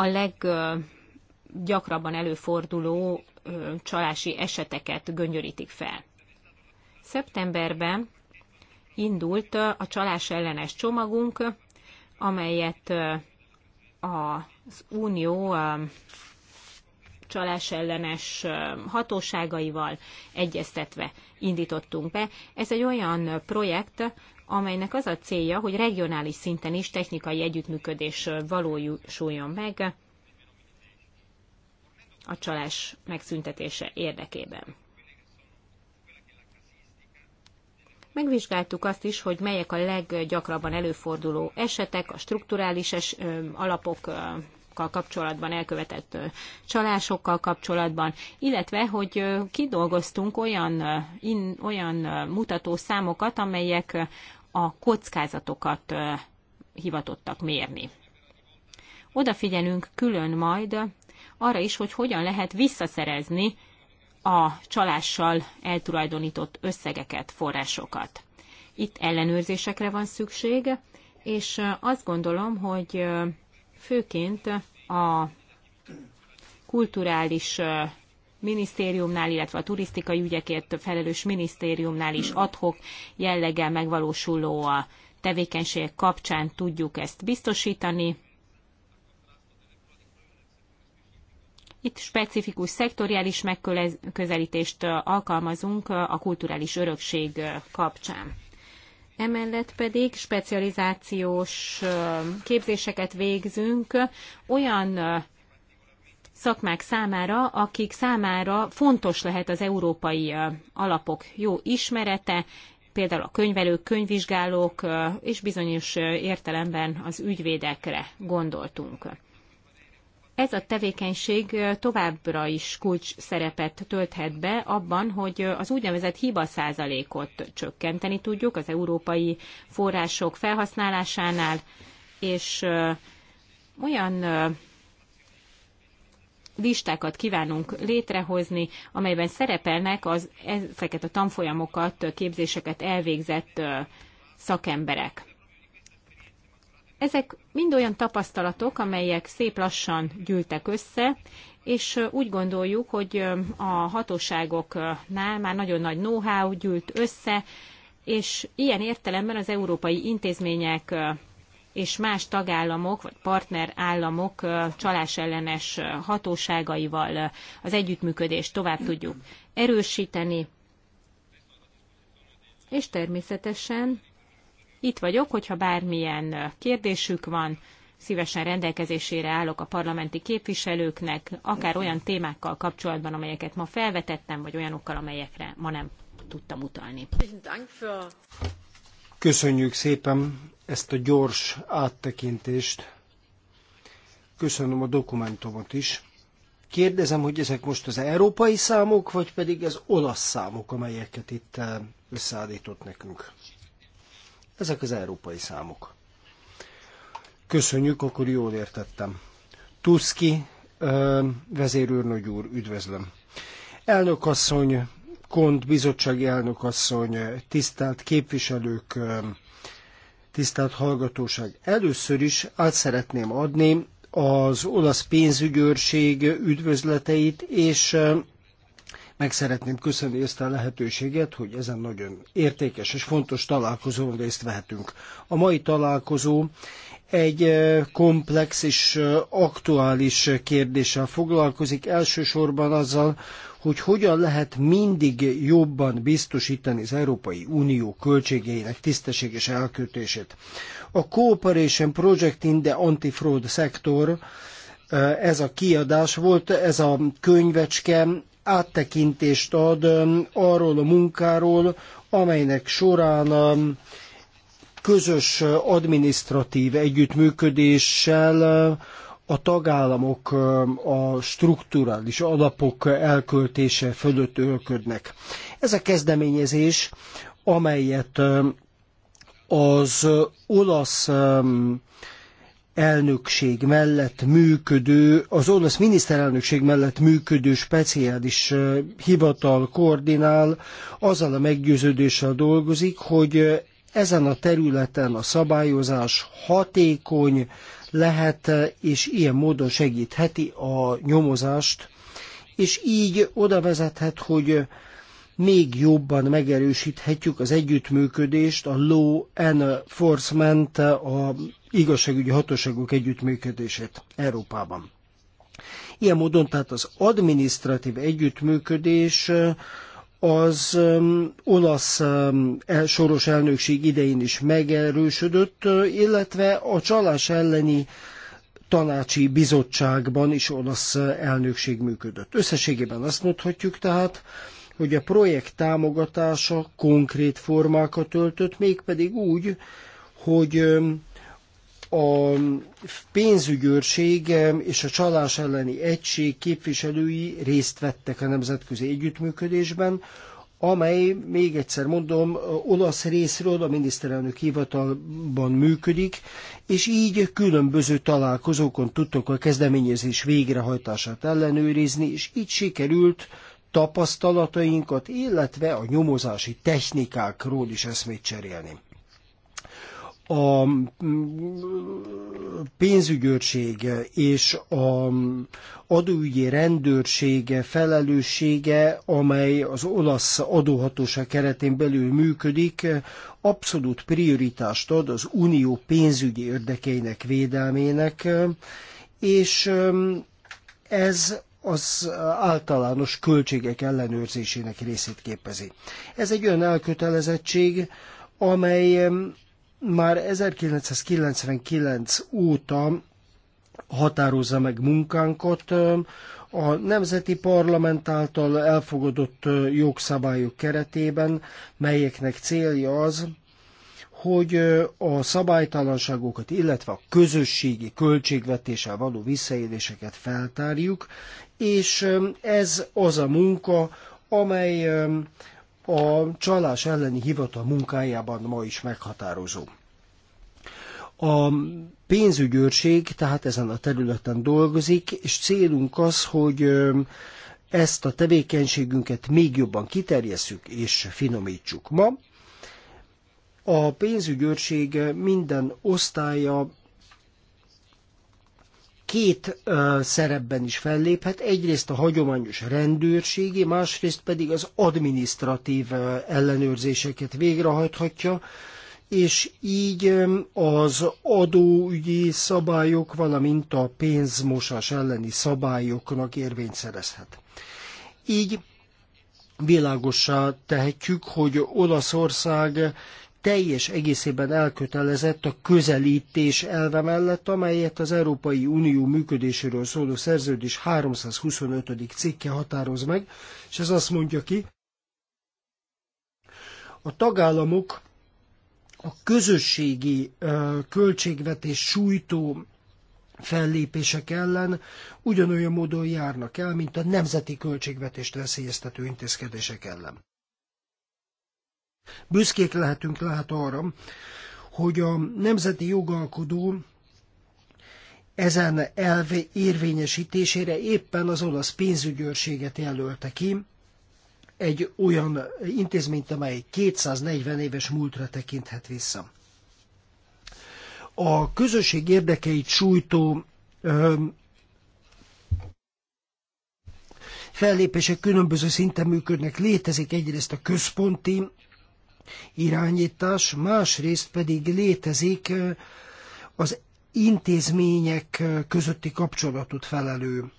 a leggyakrabban előforduló csalási eseteket göngyörítik fel. Szeptemberben indult a csalás ellenes csomagunk, amelyet az Unió csalás ellenes hatóságaival egyeztetve indítottunk be. Ez egy olyan projekt, amelynek az a célja, hogy regionális szinten is technikai együttműködés valósuljon meg a csalás megszüntetése érdekében. Megvizsgáltuk azt is, hogy melyek a leggyakrabban előforduló esetek, a strukturális es, ö, alapokkal kapcsolatban elkövetett ö, csalásokkal kapcsolatban, illetve, hogy ö, kidolgoztunk olyan, in, olyan mutató számokat, amelyek a kockázatokat hivatottak mérni. Odafigyelünk külön majd arra is, hogy hogyan lehet visszaszerezni a csalással eltulajdonított összegeket, forrásokat. Itt ellenőrzésekre van szükség, és azt gondolom, hogy főként a kulturális minisztériumnál, illetve a turisztikai ügyekért felelős minisztériumnál is adhok jelleggel megvalósuló a tevékenységek kapcsán tudjuk ezt biztosítani. Itt specifikus szektoriális megközelítést alkalmazunk a kulturális örökség kapcsán. Emellett pedig specializációs képzéseket végzünk olyan szakmák számára, akik számára fontos lehet az európai alapok jó ismerete, például a könyvelők, könyvvizsgálók és bizonyos értelemben az ügyvédekre gondoltunk. Ez a tevékenység továbbra is kulcs szerepet tölthet be abban, hogy az úgynevezett hiba százalékot csökkenteni tudjuk az európai források felhasználásánál, és olyan listákat kívánunk létrehozni, amelyben szerepelnek az, ezeket a tanfolyamokat, képzéseket elvégzett szakemberek. Ezek mind olyan tapasztalatok, amelyek szép lassan gyűltek össze, és úgy gondoljuk, hogy a hatóságoknál már nagyon nagy know-how gyűlt össze, és ilyen értelemben az európai intézmények és más tagállamok vagy partnerállamok csalásellenes hatóságaival az együttműködést tovább tudjuk erősíteni. És természetesen itt vagyok, hogyha bármilyen kérdésük van, szívesen rendelkezésére állok a parlamenti képviselőknek, akár olyan témákkal kapcsolatban, amelyeket ma felvetettem, vagy olyanokkal, amelyekre ma nem tudtam utalni. Köszönjük szépen ezt a gyors áttekintést. Köszönöm a dokumentumot is. Kérdezem, hogy ezek most az európai számok, vagy pedig az olasz számok, amelyeket itt eh, összeállított nekünk. Ezek az európai számok. Köszönjük, akkor jól értettem. Tuszki eh, vezérőrnagy úr, üdvözlöm. Elnök asszony, Kont bizottsági elnök asszony, tisztelt képviselők, eh, tisztelt hallgatóság! Először is át szeretném adni az olasz pénzügyőrség üdvözleteit, és meg szeretném köszönni ezt a lehetőséget, hogy ezen nagyon értékes és fontos találkozón részt vehetünk. A mai találkozó egy eh, komplex és eh, aktuális kérdéssel foglalkozik, elsősorban azzal, hogy hogyan lehet mindig jobban biztosítani az Európai Unió költségeinek tisztességes elkötését. A Cooperation Project in the Anti-Fraud Sector eh, ez a kiadás volt, ez a könyvecske áttekintést ad arról a munkáról, amelynek során közös adminisztratív együttműködéssel a tagállamok a strukturális alapok elköltése fölött ölködnek. Ez a kezdeményezés, amelyet az olasz elnökség mellett működő, az olasz miniszterelnökség mellett működő speciális hivatal koordinál, azzal a meggyőződéssel dolgozik, hogy ezen a területen a szabályozás hatékony lehet, és ilyen módon segítheti a nyomozást, és így oda vezethet, hogy még jobban megerősíthetjük az együttműködést, a law enforcement, a igazságügyi hatóságok együttműködését Európában. Ilyen módon tehát az administratív együttműködés az um, olasz um, soros elnökség idején is megerősödött, illetve a csalás elleni tanácsi bizottságban is olasz elnökség működött. Összességében azt mondhatjuk tehát, hogy a projekt támogatása konkrét formákat öltött, mégpedig úgy, hogy a pénzügyőrség és a csalás elleni egység képviselői részt vettek a nemzetközi együttműködésben, amely, még egyszer mondom, olasz részről a miniszterelnök hivatalban működik, és így különböző találkozókon tudtok a kezdeményezés végrehajtását ellenőrizni, és így sikerült tapasztalatainkat, illetve a nyomozási technikákról is eszmét cserélni. A mm, pénzügyőrség és a adóügyi rendőrség felelőssége, amely az olasz adóhatóság keretén belül működik, abszolút prioritást ad az unió pénzügyi érdekeinek védelmének, és mm, ez az általános költségek ellenőrzésének részét képezi. Ez egy olyan elkötelezettség, amely már 1999 óta határozza meg munkánkat, a nemzeti parlament által elfogadott jogszabályok keretében, melyeknek célja az, hogy a szabálytalanságokat, illetve a közösségi költségvetéssel való visszaéléseket feltárjuk, és ez az a munka, amely a csalás elleni hivatal munkájában ma is meghatározó. A pénzügyőrség tehát ezen a területen dolgozik, és célunk az, hogy ezt a tevékenységünket még jobban kiterjesszük és finomítsuk. Ma a pénzügyőrség minden osztálya két uh, szerepben is felléphet, egyrészt a hagyományos rendőrségi, másrészt pedig az administratív ellenőrzéseket végrehajthatja, és így az adóügyi szabályok, valamint a pénzmosás elleni szabályoknak érvényt szerezhet. Így világossá tehetjük, hogy Olaszország teljes egészében elkötelezett a közelítés elve mellett, amelyet az Európai Unió működéséről szóló szerződés 325. cikke határoz meg, és ez azt mondja ki, a tagállamok a közösségi költségvetés sújtó fellépések ellen ugyanolyan módon járnak el, mint a nemzeti költségvetést veszélyeztető intézkedések ellen. Büszkék lehetünk lehet arra, hogy a nemzeti jogalkodó ezen elv érvényesítésére éppen az olasz pénzügyőrséget jelölte ki, egy olyan intézményt, amely 240 éves múltra tekinthet vissza. A közösség érdekeit sújtó fellépések különböző szinten működnek. Létezik egyrészt a központi irányítás, másrészt pedig létezik az intézmények közötti kapcsolatot felelő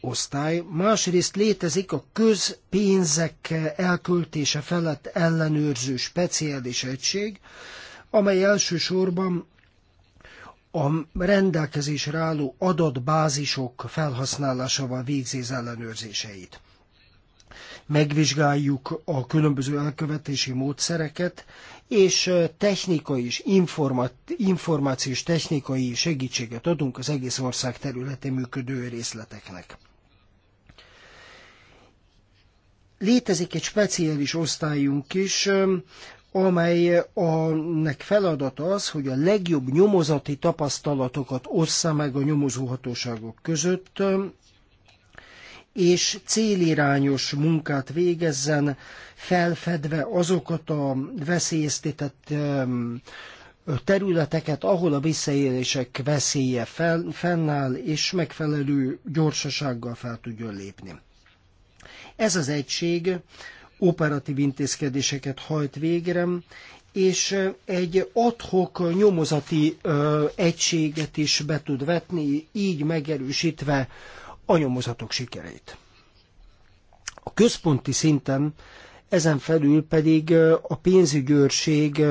osztály, másrészt létezik a közpénzek elköltése felett ellenőrző speciális egység, amely elsősorban a rendelkezésre álló adatbázisok felhasználásával végzi az ellenőrzéseit megvizsgáljuk a különböző elkövetési módszereket, és technikai és információs technikai segítséget adunk az egész ország területén működő részleteknek. Létezik egy speciális osztályunk is, amely feladata az, hogy a legjobb nyomozati tapasztalatokat ossza meg a nyomozóhatóságok között, és célirányos munkát végezzen, felfedve azokat a veszélyeztetett területeket, ahol a visszaélések veszélye fennáll, és megfelelő gyorsasággal fel tudjon lépni. Ez az egység operatív intézkedéseket hajt végre, és egy adhok nyomozati egységet is be tud vetni, így megerősítve a nyomozatok sikerét. A központi szinten ezen felül pedig a pénzügyőrség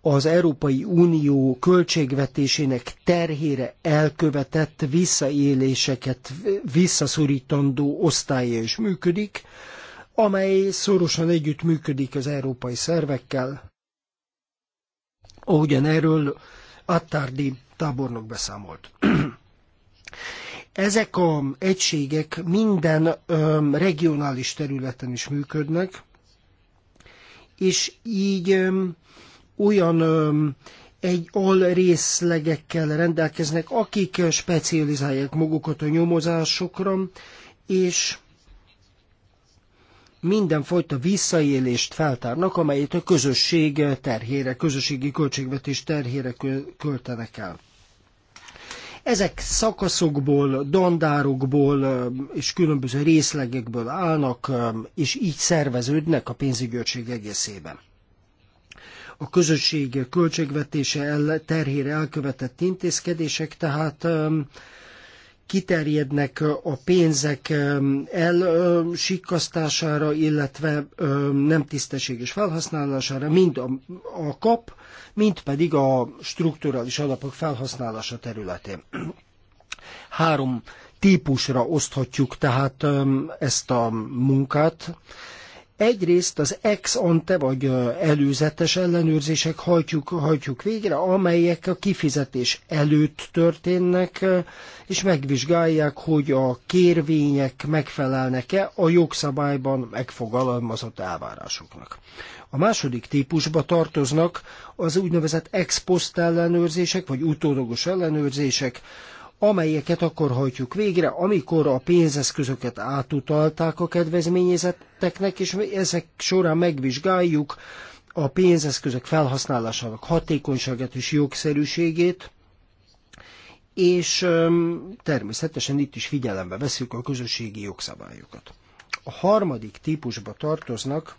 az Európai Unió költségvetésének terhére elkövetett visszaéléseket visszaszorítandó osztálya is működik, amely szorosan együttműködik az európai szervekkel, ahogyan erről attardi tábornok beszámolt. Ezek a egységek minden regionális területen is működnek, és így öm, olyan öm, egy alrészlegekkel rendelkeznek, akik specializálják magukat a nyomozásokra, és mindenfajta visszaélést feltárnak, amelyet a közösség terhére, közösségi költségvetés terhére költenek el. Ezek szakaszokból, dandárokból és különböző részlegekből állnak, és így szerveződnek a pénzügyőrség egészében. A közösség költségvetése terhére elkövetett intézkedések tehát kiterjednek a pénzek elsikkasztására, illetve nem tisztességes felhasználására, mind a, kap, mind pedig a strukturális alapok felhasználása területén. Három típusra oszthatjuk tehát ezt a munkát. Egyrészt az ex ante vagy előzetes ellenőrzések hajtjuk, hajtjuk végre, amelyek a kifizetés előtt történnek, és megvizsgálják, hogy a kérvények megfelelnek-e a jogszabályban megfogalmazott elvárásoknak. A második típusba tartoznak az úgynevezett ex post ellenőrzések, vagy utólagos ellenőrzések, amelyeket akkor hajtjuk végre, amikor a pénzeszközöket átutalták a kedvezményezetteknek, és ezek során megvizsgáljuk a pénzeszközök felhasználásának hatékonyságát és jogszerűségét, és természetesen itt is figyelembe veszük a közösségi jogszabályokat. A harmadik típusba tartoznak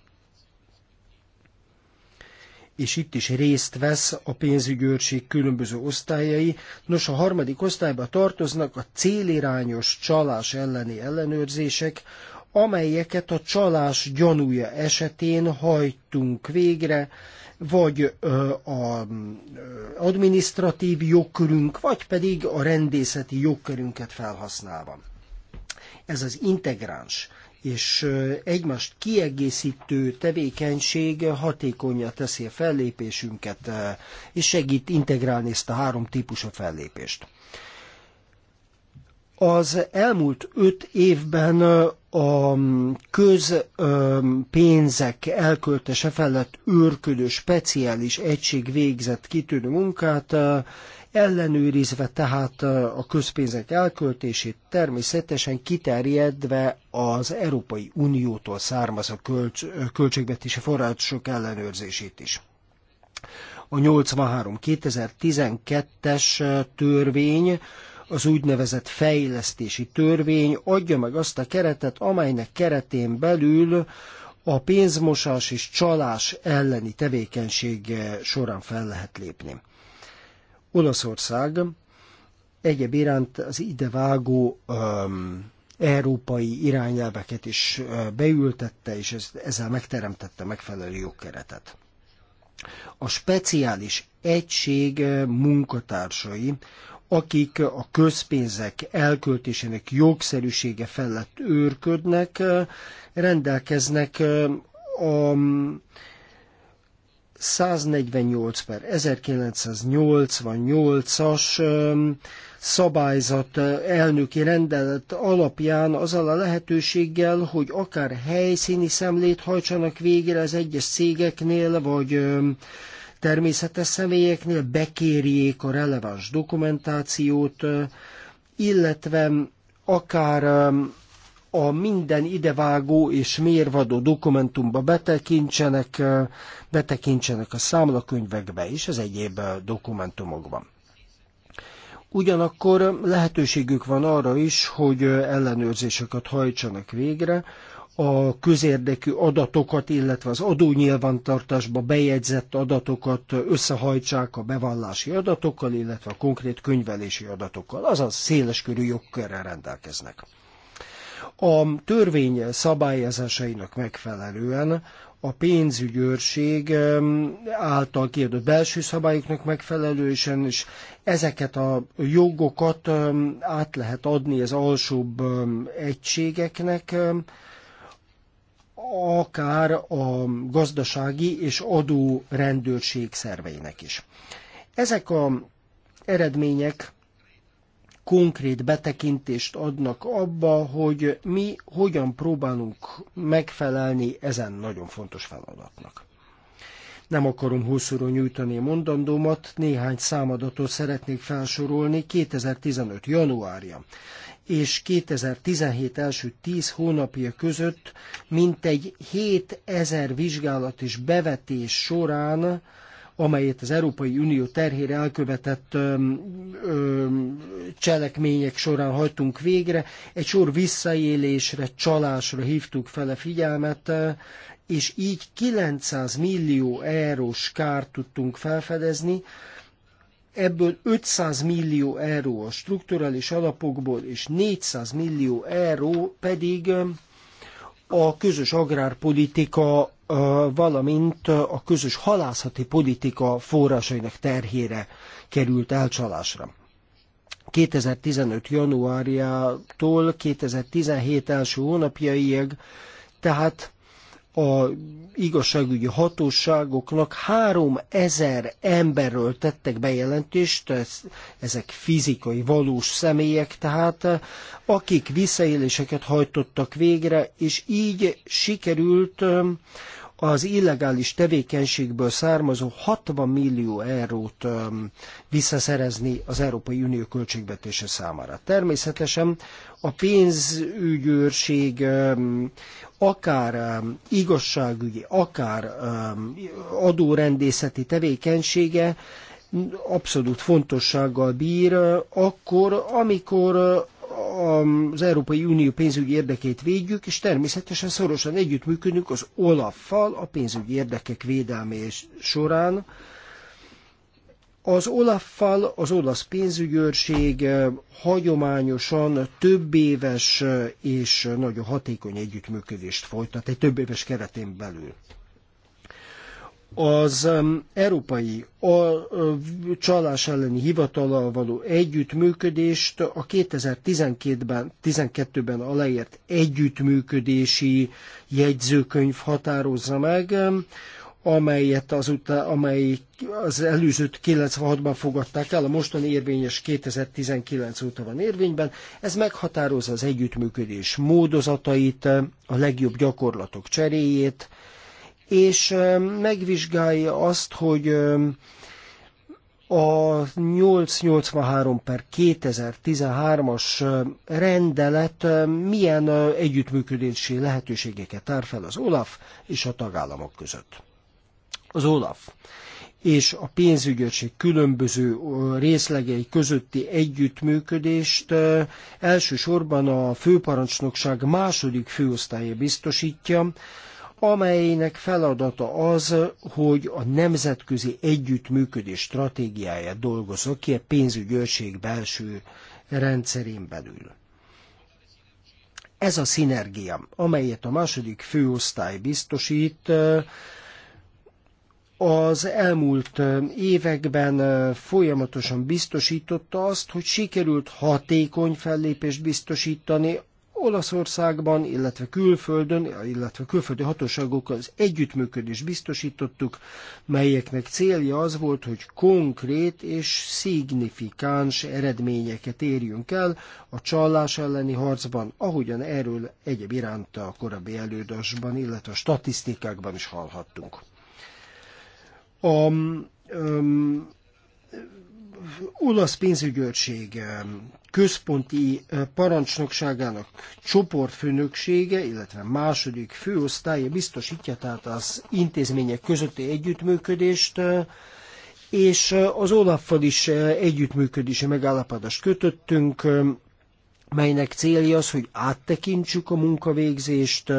és itt is részt vesz a pénzügyőrség különböző osztályai. Nos, a harmadik osztályba tartoznak a célirányos csalás elleni ellenőrzések, amelyeket a csalás gyanúja esetén hajtunk végre, vagy az adminisztratív jogkörünk, vagy pedig a rendészeti jogkörünket felhasználva. Ez az integráns és egymást kiegészítő tevékenység hatékonya teszi a fellépésünket, és segít integrálni ezt a három típusú fellépést. Az elmúlt öt évben a közpénzek elköltése felett őrködő speciális egység végzett kitűnő munkát, ellenőrizve tehát a közpénzek elköltését, természetesen kiterjedve az Európai Uniótól származó költs költségvetési források ellenőrzését is. A 83-2012-es törvény az úgynevezett fejlesztési törvény adja meg azt a keretet, amelynek keretén belül a pénzmosás és csalás elleni tevékenység során fel lehet lépni. Olaszország egyéb iránt az idevágó um, európai irányelveket is beültette, és ez, ezzel megteremtette megfelelő jogkeretet. A speciális egység munkatársai, akik a közpénzek elköltésének jogszerűsége felett őrködnek, rendelkeznek a 148 per 1988-as szabályzat elnöki rendelet alapján azzal a lehetőséggel, hogy akár helyszíni szemlét hajtsanak végre az egyes cégeknél, vagy természetes személyeknél, bekérjék a releváns dokumentációt, illetve akár a minden idevágó és mérvadó dokumentumba betekintsenek, betekintsenek a számlakönyvekbe és az egyéb dokumentumokban. Ugyanakkor lehetőségük van arra is, hogy ellenőrzéseket hajtsanak végre, a közérdekű adatokat, illetve az adónyilvántartásba bejegyzett adatokat összehajtsák a bevallási adatokkal, illetve a konkrét könyvelési adatokkal, azaz széleskörű jogkörrel rendelkeznek a törvény szabályozásainak megfelelően a pénzügyőrség által kiadott belső szabályoknak megfelelően, és ezeket a jogokat át lehet adni az alsóbb egységeknek, akár a gazdasági és adó rendőrség szerveinek is. Ezek a eredmények konkrét betekintést adnak abba, hogy mi hogyan próbálunk megfelelni ezen nagyon fontos feladatnak. Nem akarom hosszúra nyújtani a mondandómat, néhány számadatot szeretnék felsorolni 2015. januárja és 2017 első 10 hónapja között mintegy 7000 vizsgálat és bevetés során amelyet az Európai Unió terhére elkövetett öm, öm, cselekmények során hajtunk végre. Egy sor visszaélésre, csalásra hívtuk fel a figyelmet, és így 900 millió eurós kárt tudtunk felfedezni, ebből 500 millió euró a strukturális alapokból, és 400 millió euró pedig a közös agrárpolitika, valamint a közös halászati politika forrásainak terhére került elcsalásra. 2015. januárjától 2017 első hónapjaiig, tehát a igazságügyi hatóságoknak 3000 emberről tettek bejelentést, ezek fizikai, valós személyek, tehát akik visszaéléseket hajtottak végre, és így sikerült az illegális tevékenységből származó 60 millió eurót visszaszerezni az Európai Unió költségvetése számára. Természetesen a pénzügyőrség um, akár um, igazságügyi, akár um, adórendészeti tevékenysége abszolút fontossággal bír, uh, akkor, amikor uh, az Európai Unió pénzügyi érdekét védjük, és természetesen szorosan együttműködünk az Olaf-fal a pénzügyi érdekek védelmé során, az Olaffal az olasz pénzügyőrség eh, hagyományosan több éves eh, és nagyon hatékony együttműködést folytat egy több éves keretén belül. Az Európai a eh, Csalás elleni hivatala való együttműködést a 2012-ben 12-ben együttműködési jegyzőkönyv határozza meg, amelyet azután, amely az előzőt 96-ban fogadták el, a mostani érvényes 2019 óta van érvényben. Ez meghatározza az együttműködés módozatait, a legjobb gyakorlatok cseréjét, és megvizsgálja azt, hogy a 883 per 2013-as rendelet milyen együttműködési lehetőségeket tár fel az OLAF és a tagállamok között. Az Olaf és a pénzügyőrség különböző részlegei közötti együttműködést elsősorban a főparancsnokság második főosztálya biztosítja, amelynek feladata az, hogy a nemzetközi együttműködés stratégiáját dolgozza ki a pénzügyőrség belső rendszerén belül. Ez a szinergia, amelyet a második főosztály biztosít, az elmúlt években folyamatosan biztosította azt, hogy sikerült hatékony fellépést biztosítani Olaszországban, illetve külföldön, illetve külföldi hatóságokkal az együttműködést biztosítottuk, melyeknek célja az volt, hogy konkrét és szignifikáns eredményeket érjünk el a csalás elleni harcban, ahogyan erről egyéb iránt a korábbi előadásban, illetve a statisztikákban is hallhattunk. A um, olasz pénzügyőrség központi parancsnokságának csoportfőnöksége, illetve második főosztálya biztosítja tehát az intézmények közötti együttműködést, és az olaf is együttműködési megállapodást kötöttünk, melynek célja az, hogy áttekintsük a munkavégzést,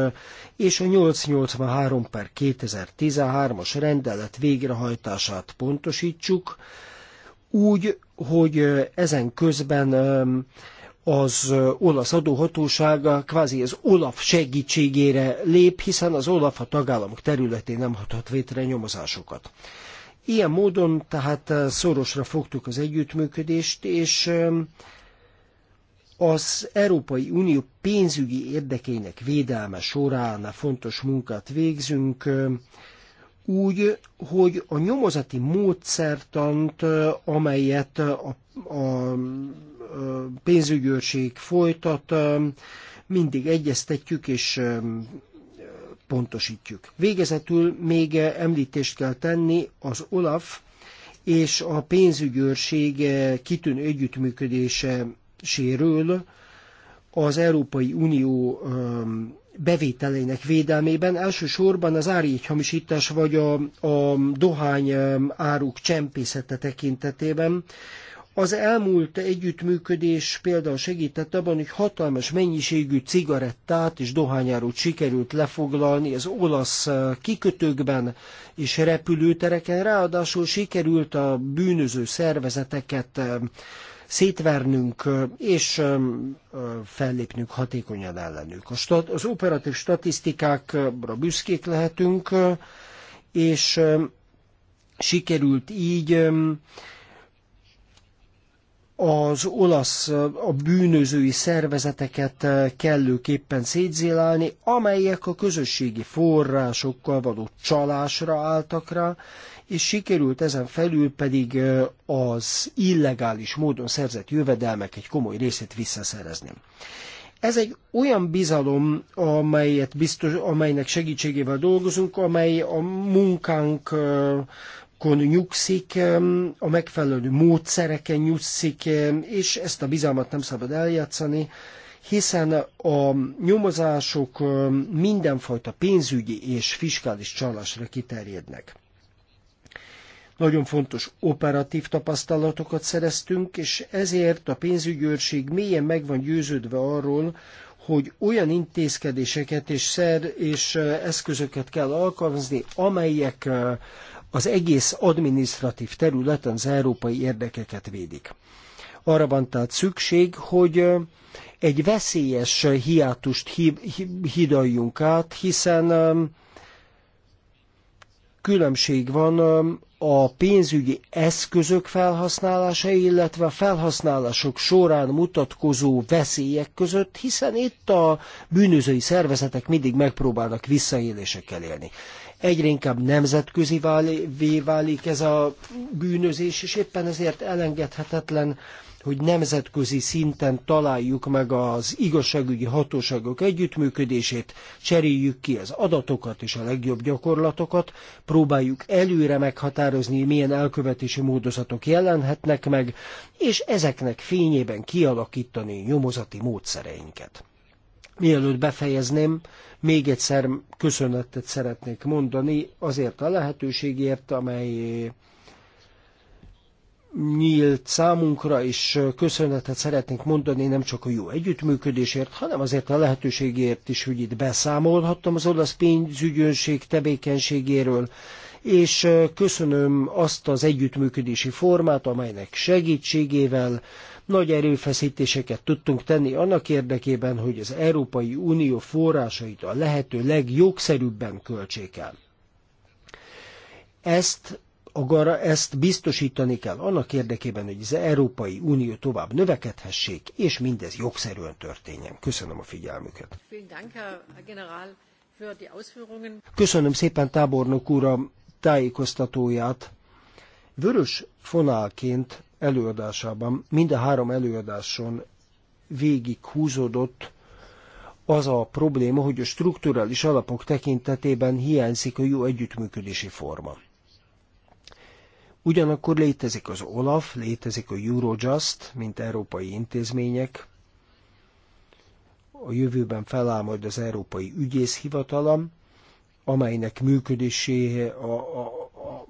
és a 883 per 2013-as rendelet végrehajtását pontosítsuk, úgy, hogy ezen közben az olasz adóhatósága kvázi az OLAF segítségére lép, hiszen az OLAF a tagállamok területén nem hathat vétre nyomozásokat. Ilyen módon tehát szorosra fogtuk az együttműködést, és az Európai Unió pénzügyi érdekeinek védelme során fontos munkát végzünk, úgy, hogy a nyomozati módszertant, amelyet a, a pénzügyőrség folytat, mindig egyeztetjük és pontosítjuk. Végezetül még említést kell tenni az OLAF és a pénzügyőrség kitűnő együttműködése sérül az Európai Unió bevételeinek védelmében, elsősorban az árihamisítás vagy a, a dohány áruk csempészete tekintetében. Az elmúlt együttműködés például segített abban, hogy hatalmas mennyiségű cigarettát és dohányárót sikerült lefoglalni az olasz kikötőkben és repülőtereken, ráadásul sikerült a bűnöző szervezeteket szétvernünk és fellépnünk hatékonyan ellenük. A stat- az operatív statisztikákra büszkék lehetünk, és sikerült így az olasz a bűnözői szervezeteket kellőképpen szétzélálni, amelyek a közösségi forrásokkal való csalásra álltak rá, és sikerült ezen felül pedig az illegális módon szerzett jövedelmek egy komoly részét visszaszerezni. Ez egy olyan bizalom, amelyet biztos, amelynek segítségével dolgozunk, amely a munkánk nyugszik, a megfelelő módszereken nyugszik, és ezt a bizalmat nem szabad eljátszani, hiszen a nyomozások mindenfajta pénzügyi és fiskális csalásra kiterjednek. Nagyon fontos operatív tapasztalatokat szereztünk, és ezért a pénzügyőrség mélyen meg van győződve arról, hogy olyan intézkedéseket és szer és eszközöket kell alkalmazni, amelyek az egész adminisztratív területen az európai érdekeket védik. Arra van tehát szükség, hogy egy veszélyes hiátust hidaljunk át, hiszen különbség van a pénzügyi eszközök felhasználása, illetve a felhasználások során mutatkozó veszélyek között, hiszen itt a bűnözői szervezetek mindig megpróbálnak visszaélésekkel élni. Egyre inkább nemzetközi válik ez a bűnözés, és éppen ezért elengedhetetlen, hogy nemzetközi szinten találjuk meg az igazságügyi hatóságok együttműködését, cseréljük ki az adatokat és a legjobb gyakorlatokat, próbáljuk előre meghatározni, milyen elkövetési módozatok jelenhetnek meg, és ezeknek fényében kialakítani nyomozati módszereinket. Mielőtt befejezném, még egyszer köszönetet szeretnék mondani azért a lehetőségért, amely nyílt számunkra, és köszönetet szeretnénk mondani nem csak a jó együttműködésért, hanem azért a lehetőségért is, hogy itt beszámolhattam az olasz pénzügyőnség tevékenységéről, és köszönöm azt az együttműködési formát, amelynek segítségével nagy erőfeszítéseket tudtunk tenni annak érdekében, hogy az Európai Unió forrásait a lehető legjogszerűbben költsék el. Ezt agara ezt biztosítani kell annak érdekében, hogy az Európai Unió tovább növekedhessék, és mindez jogszerűen történjen. Köszönöm a figyelmüket. Köszönöm szépen tábornok úr a tájékoztatóját. Vörös fonálként előadásában, mind a három előadáson végig húzódott az a probléma, hogy a strukturális alapok tekintetében hiányzik a jó együttműködési forma. Ugyanakkor létezik az OLAF, létezik a Eurojust, mint európai intézmények, a jövőben feláll majd az Európai Ügyész Hivatalam, amelynek működésé, a, a, a,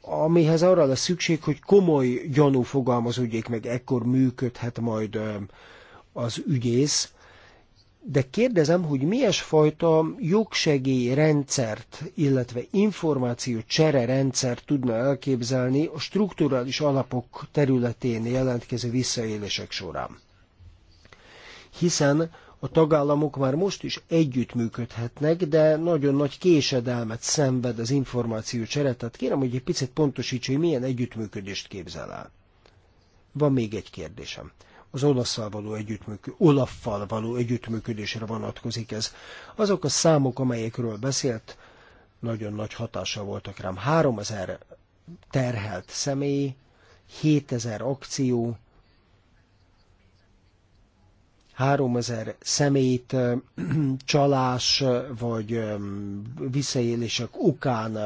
amihez arra lesz szükség, hogy komoly gyanú fogalmazódjék meg, ekkor működhet majd az ügyész de kérdezem, hogy milyes fajta jogsegély rendszert, illetve információ csere rendszert tudna elképzelni a strukturális alapok területén jelentkező visszaélések során. Hiszen a tagállamok már most is együttműködhetnek, de nagyon nagy késedelmet szenved az információ csere, tehát kérem, hogy egy picit pontosíts, hogy milyen együttműködést képzel el. Van még egy kérdésem az olaszsal való, együttműkö, olaffal való együttműködésre vonatkozik ez. Azok a számok, amelyekről beszélt, nagyon nagy hatással voltak rám. 3000 terhelt személy, 7000 akció, 3000 szemét csalás vagy visszaélések okán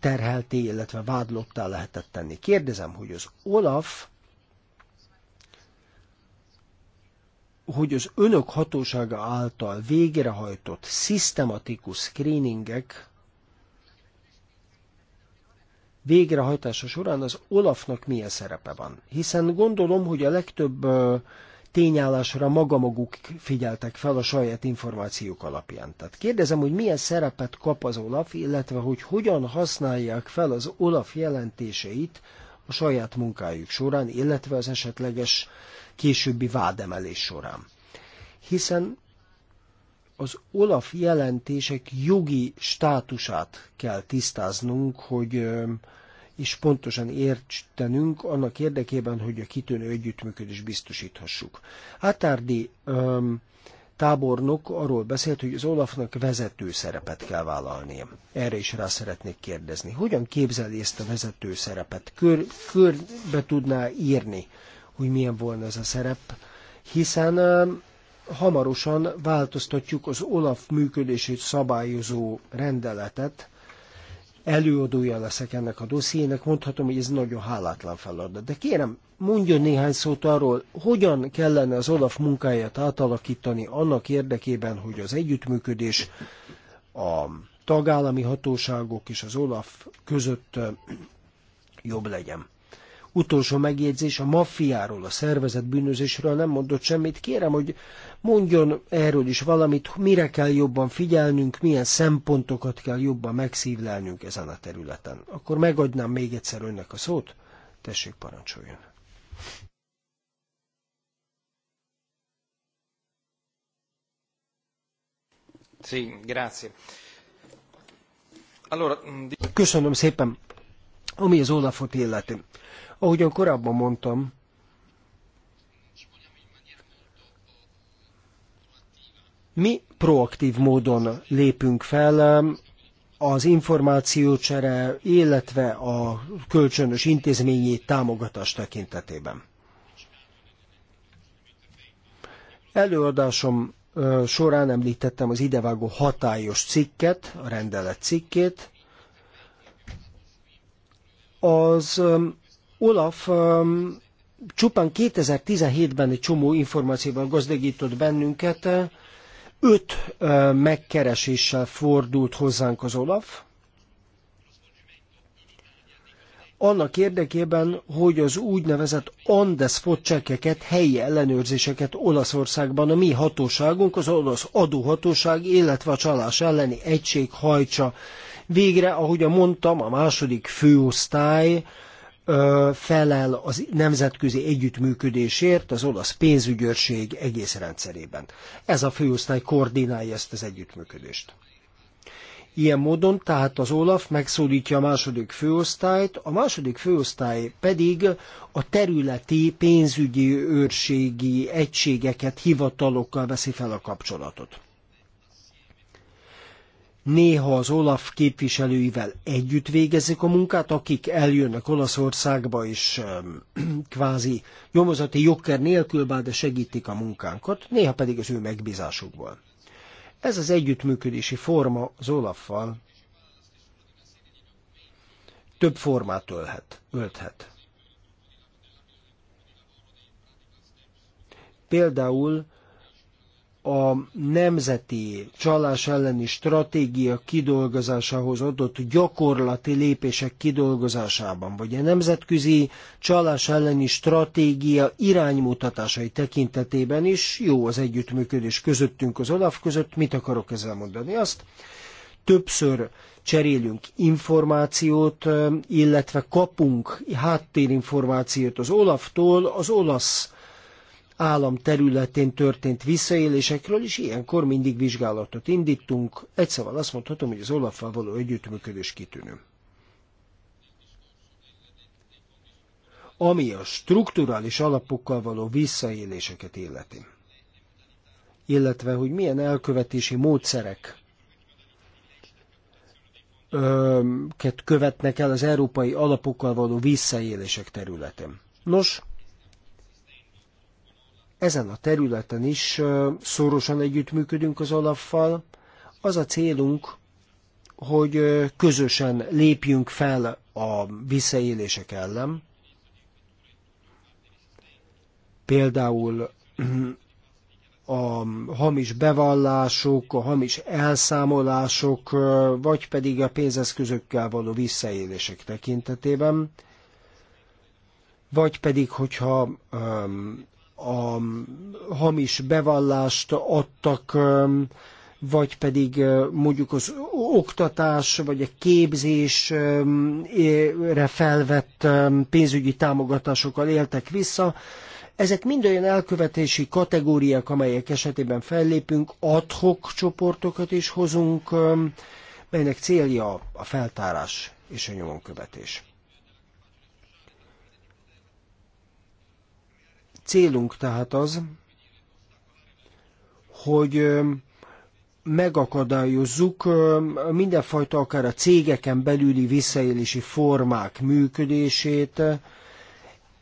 terhelté, illetve vádlottá lehetett tenni. Kérdezem, hogy az Olaf hogy az önök hatósága által végrehajtott szisztematikus screeningek végrehajtása során az Olafnak milyen szerepe van. Hiszen gondolom, hogy a legtöbb tényállásra maga maguk figyeltek fel a saját információk alapján. Tehát kérdezem, hogy milyen szerepet kap az Olaf, illetve hogy hogyan használják fel az Olaf jelentéseit a saját munkájuk során, illetve az esetleges későbbi vádemelés során. Hiszen az Olaf jelentések jogi státusát kell tisztáznunk, hogy és pontosan értenünk annak érdekében, hogy a kitűnő együttműködést biztosíthassuk. Átárdi um, tábornok arról beszélt, hogy az Olafnak vezető szerepet kell vállalnia. Erre is rá szeretnék kérdezni. Hogyan képzeli ezt a vezető szerepet? Kör, körbe tudná írni hogy milyen volna ez a szerep, hiszen hamarosan változtatjuk az OLAF működését szabályozó rendeletet, előadója leszek ennek a dossziének, mondhatom, hogy ez nagyon hálátlan feladat. De kérem, mondjon néhány szót arról, hogyan kellene az Olaf munkáját átalakítani annak érdekében, hogy az együttműködés a tagállami hatóságok és az Olaf között jobb legyen. Utolsó megjegyzés a maffiáról, a szervezett bűnözésről nem mondott semmit. Kérem, hogy mondjon erről is valamit, mire kell jobban figyelnünk, milyen szempontokat kell jobban megszívlelnünk ezen a területen. Akkor megadnám még egyszer önnek a szót. Tessék, parancsoljon. Mm, Köszönöm szépen. Ami az Olafot illeti. Ahogyan korábban mondtam, mi proaktív módon lépünk fel, um, az információcsere, illetve a kölcsönös intézményi támogatás tekintetében. Előadásom uh, során említettem az idevágó hatályos cikket, a rendelet cikkét, az Olaf csupán 2017-ben egy csomó információval gazdagított bennünket, öt megkereséssel fordult hozzánk az Olaf, annak érdekében, hogy az úgynevezett andeszfotcsekeket, helyi ellenőrzéseket Olaszországban a mi hatóságunk, az olasz adóhatóság, illetve a csalás elleni egység hajtsa Végre, ahogy mondtam, a második főosztály felel az nemzetközi együttműködésért az olasz pénzügyőrség egész rendszerében. Ez a főosztály koordinálja ezt az együttműködést. Ilyen módon tehát az Olaf megszólítja a második főosztályt, a második főosztály pedig a területi pénzügyi őrségi egységeket, hivatalokkal veszi fel a kapcsolatot néha az Olaf képviselőivel együtt végezik a munkát, akik eljönnek Olaszországba, és kvázi nyomozati jogker nélkül, bár de segítik a munkánkat, néha pedig az ő megbízásukból. Ez az együttműködési forma az Olaffal több formát ölhet, ölthet. Például a nemzeti csalás elleni stratégia kidolgozásához adott gyakorlati lépések kidolgozásában, vagy a nemzetközi csalás elleni stratégia iránymutatásai tekintetében is jó az együttműködés közöttünk, az OLAF között. Mit akarok ezzel mondani? Azt többször cserélünk információt, illetve kapunk háttérinformációt az OLAF-tól, az olasz állam területén történt visszaélésekről, és ilyenkor mindig vizsgálatot indítunk. Egy szóval azt mondhatom, hogy az olaf való együttműködés kitűnő. Ami a strukturális alapokkal való visszaéléseket illeti, illetve hogy milyen elkövetési módszerek követnek el az európai alapokkal való visszaélések területén. Nos, ezen a területen is szorosan együttműködünk az alaffal. Az a célunk, hogy közösen lépjünk fel a visszaélések ellen. Például a hamis bevallások, a hamis elszámolások, vagy pedig a pénzeszközökkel való visszaélések tekintetében, vagy pedig, hogyha a hamis bevallást adtak, vagy pedig mondjuk az oktatás, vagy a képzésre felvett pénzügyi támogatásokkal éltek vissza. Ezek mind olyan elkövetési kategóriák, amelyek esetében fellépünk, adhok csoportokat is hozunk, melynek célja a feltárás és a nyomonkövetés. Célunk tehát az, hogy megakadályozzuk mindenfajta akár a cégeken belüli visszaélési formák működését.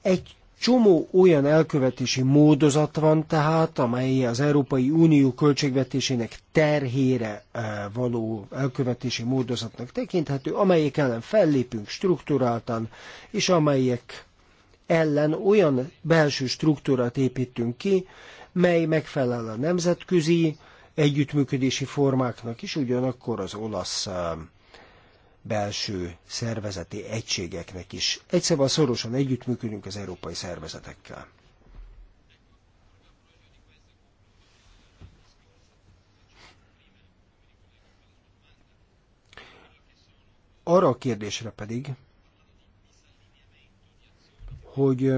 Egy csomó olyan elkövetési módozat van tehát, amely az Európai Unió költségvetésének terhére való elkövetési módozatnak tekinthető, amelyek ellen fellépünk strukturáltan, és amelyek ellen olyan belső struktúrát építünk ki, mely megfelel a nemzetközi együttműködési formáknak is, ugyanakkor az olasz belső szervezeti egységeknek is. Egyszerűen szóval szorosan együttműködünk az európai szervezetekkel. Arra a kérdésre pedig, hogy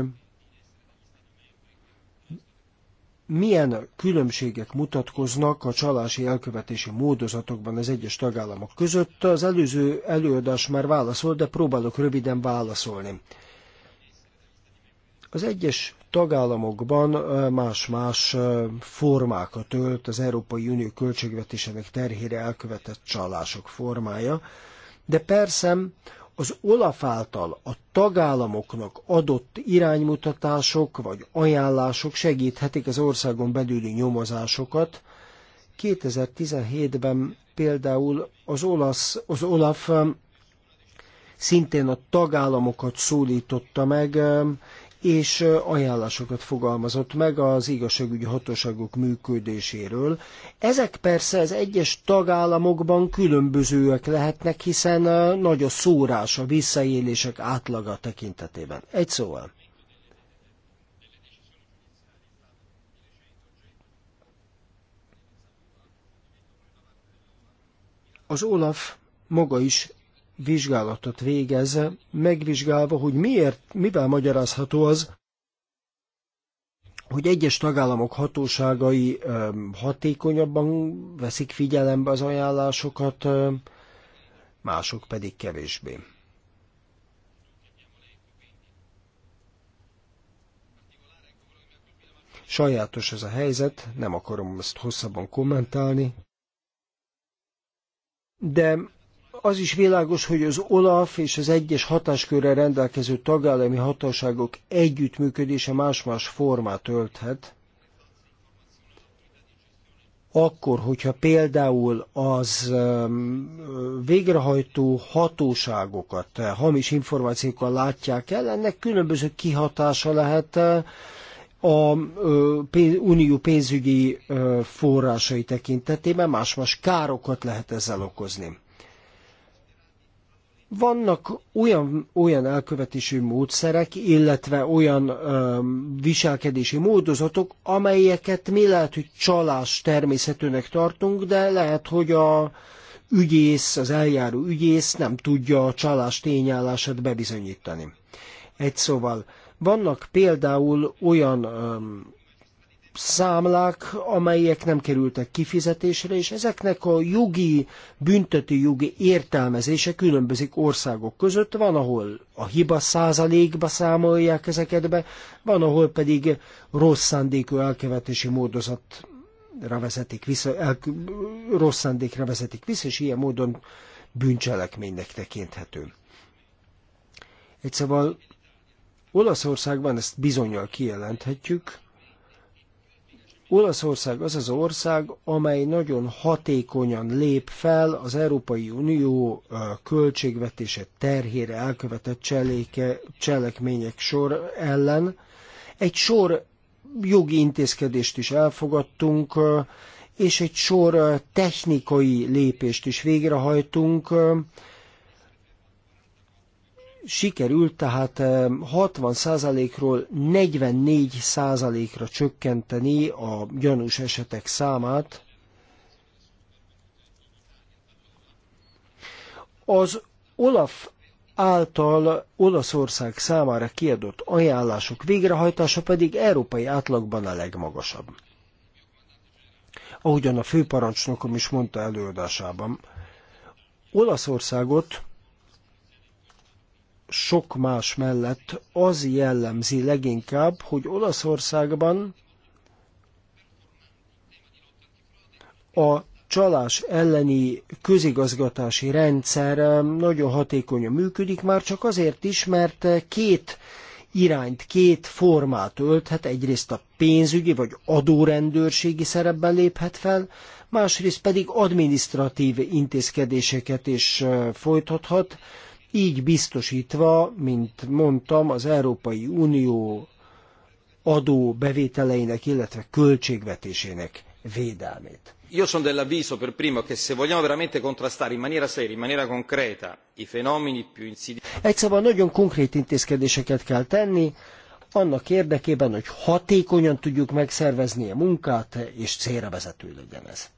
milyen különbségek mutatkoznak a csalási elkövetési módozatokban az egyes tagállamok között. Az előző előadás már válaszol, de próbálok röviden válaszolni. Az egyes tagállamokban más-más formákat ölt az Európai Unió költségvetésének terhére elkövetett csalások formája, de persze az OLAF által a tagállamoknak adott iránymutatások vagy ajánlások segíthetik az országon belüli nyomozásokat. 2017-ben például az, olasz, az OLAF um, szintén a tagállamokat szólította meg, um, és ajánlásokat fogalmazott meg az igazságügyi hatóságok működéséről. Ezek persze az egyes tagállamokban különbözőek lehetnek, hiszen nagy a szórás a visszaélések átlaga tekintetében. Egy szóval. Az Olaf maga is vizsgálatot végez, megvizsgálva, hogy miért, mivel magyarázható az, hogy egyes tagállamok hatóságai hatékonyabban veszik figyelembe az ajánlásokat, mások pedig kevésbé. Sajátos ez a helyzet, nem akarom ezt hosszabban kommentálni, de az is világos, hogy az OLAF és az egyes hatáskörre rendelkező tagállami hatóságok együttműködése más-más formát ölthet. Akkor, hogyha például az um, végrehajtó hatóságokat eh, hamis információkkal látják el, ennek különböző kihatása lehet eh, a unió pénzügyi forrásai tekintetében más-más károkat lehet ezzel okozni. Vannak olyan, olyan elkövetési módszerek, illetve olyan ö, viselkedési módozatok, amelyeket mi lehet, hogy csalás természetűnek tartunk, de lehet, hogy a ügyész, az eljáró ügyész nem tudja a csalás tényállását bebizonyítani. Egy szóval, vannak például olyan ö, számlák, amelyek nem kerültek kifizetésre, és ezeknek a jogi, büntető jogi értelmezése különbözik országok között. Van, ahol a hiba százalékba számolják ezeket be, van, ahol pedig rossz szándékú elkövetési módozatra vezetik vissza, el, rossz szándékra vezetik vissza, és ilyen módon bűncselekménynek tekinthető. Egy szóval Olaszországban ezt bizonyal kijelenthetjük, Olaszország az az ország, amely nagyon hatékonyan lép fel az Európai Unió költségvetése terhére elkövetett cseléke, cselekmények sor ellen. Egy sor jogi intézkedést is elfogadtunk, és egy sor technikai lépést is végrehajtunk, Sikerült tehát 60%-ról 44%-ra csökkenteni a gyanús esetek számát. Az Olaf által Olaszország számára kiadott ajánlások végrehajtása pedig európai átlagban a legmagasabb. Ahogyan a főparancsnokom is mondta előadásában, Olaszországot sok más mellett az jellemzi leginkább, hogy Olaszországban a csalás elleni közigazgatási rendszer nagyon hatékonyan működik, már csak azért is, mert eh, két irányt, két formát ölthet, egyrészt a pénzügyi vagy adórendőrségi szerepben léphet fel, másrészt pedig adminisztratív intézkedéseket is eh, folytathat, így biztosítva, mint mondtam, az Európai Unió adó bevételeinek, illetve költségvetésének védelmét. Io sono dell'avviso per primo che se vogliamo veramente contrastare in maniera seria, in maniera concreta i fenomeni più insidiosi. Egyszerűen szóval nagyon konkrét intézkedéseket kell tenni, annak érdekében, hogy hatékonyan tudjuk megszervezni a munkát, és célra vezető legyen ez.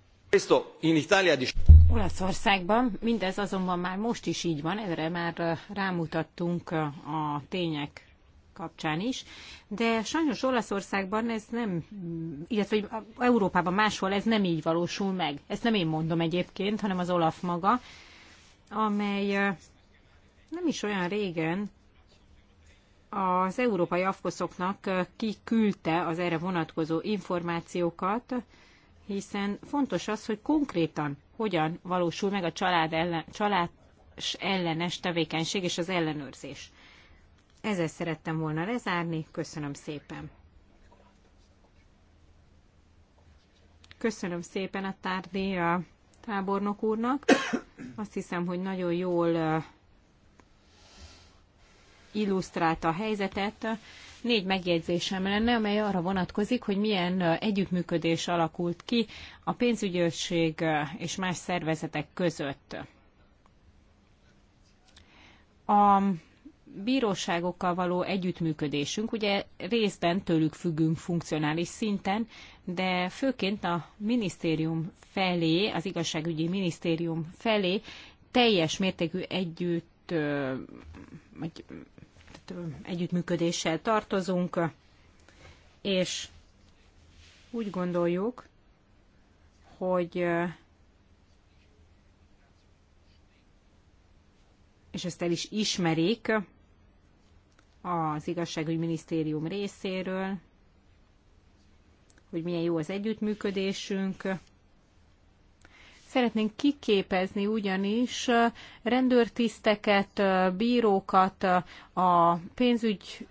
Olaszországban mindez azonban már most is így van, erre már rámutattunk a tények kapcsán is, de sajnos Olaszországban ez nem, illetve Európában máshol ez nem így valósul meg. Ezt nem én mondom egyébként, hanem az Olaf maga, amely nem is olyan régen az európai afkoszoknak kiküldte az erre vonatkozó információkat, hiszen fontos az, hogy konkrétan hogyan valósul meg a család ellen, csalás ellenes tevékenység és az ellenőrzés. Ezzel szerettem volna lezárni. Köszönöm szépen. Köszönöm szépen a tárdi a tábornok úrnak. Azt hiszem, hogy nagyon jól illusztrálta a helyzetet négy megjegyzésem lenne, amely arra vonatkozik, hogy milyen együttműködés alakult ki a pénzügyőrség és más szervezetek között. A bíróságokkal való együttműködésünk, ugye részben tőlük függünk funkcionális szinten, de főként a minisztérium felé, az igazságügyi minisztérium felé teljes mértékű együtt vagy azért együttműködéssel tartozunk, és úgy gondoljuk, hogy és ezt el is ismerik az igazságügyminisztérium részéről, hogy milyen jó az együttműködésünk, Szeretnénk kiképezni ugyanis rendőrtiszteket, bírókat a pénzügy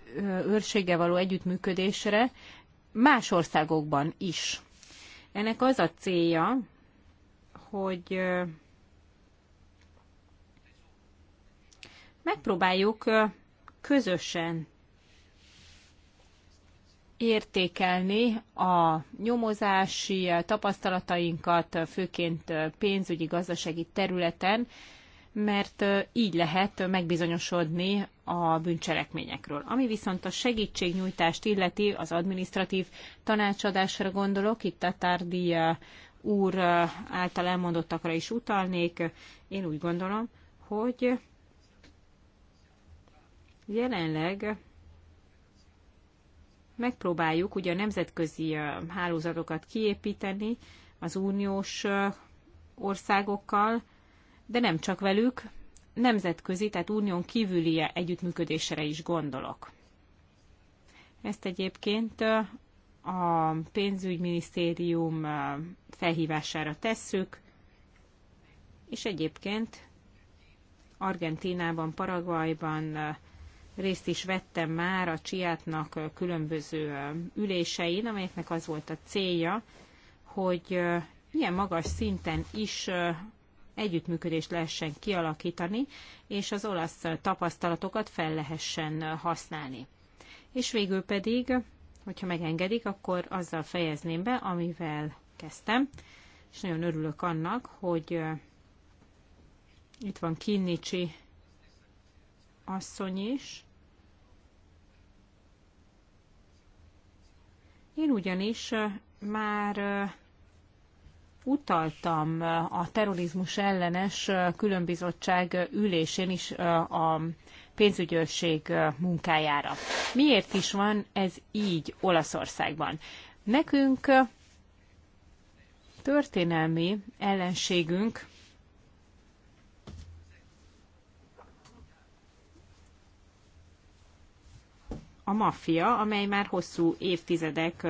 őrsége való együttműködésre más országokban is. Ennek az a célja, hogy megpróbáljuk közösen értékelni a nyomozási tapasztalatainkat, főként pénzügyi, gazdasági területen, mert így lehet megbizonyosodni a bűncselekményekről. Ami viszont a segítségnyújtást illeti, az administratív tanácsadásra gondolok, itt a tárdi eh, úr eh, által elmondottakra is utalnék. Én úgy gondolom, hogy jelenleg megpróbáljuk ugye a nemzetközi hálózatokat kiépíteni az uniós országokkal, de nem csak velük, nemzetközi, tehát unión kívüli együttműködésre is gondolok. Ezt egyébként a pénzügyminisztérium felhívására tesszük, és egyébként Argentínában, Paraguayban, részt is vettem már a Csiátnak különböző ülésein, amelyeknek az volt a célja, hogy ilyen magas szinten is együttműködést lehessen kialakítani, és az olasz tapasztalatokat fel lehessen használni. És végül pedig, hogyha megengedik, akkor azzal fejezném be, amivel kezdtem, és nagyon örülök annak, hogy itt van Kinnicsi asszony is, Én ugyanis már utaltam a terrorizmus ellenes különbizottság ülésén is a pénzügyőrség munkájára. Miért is van ez így Olaszországban? Nekünk történelmi ellenségünk a maffia, amely már hosszú évtizedek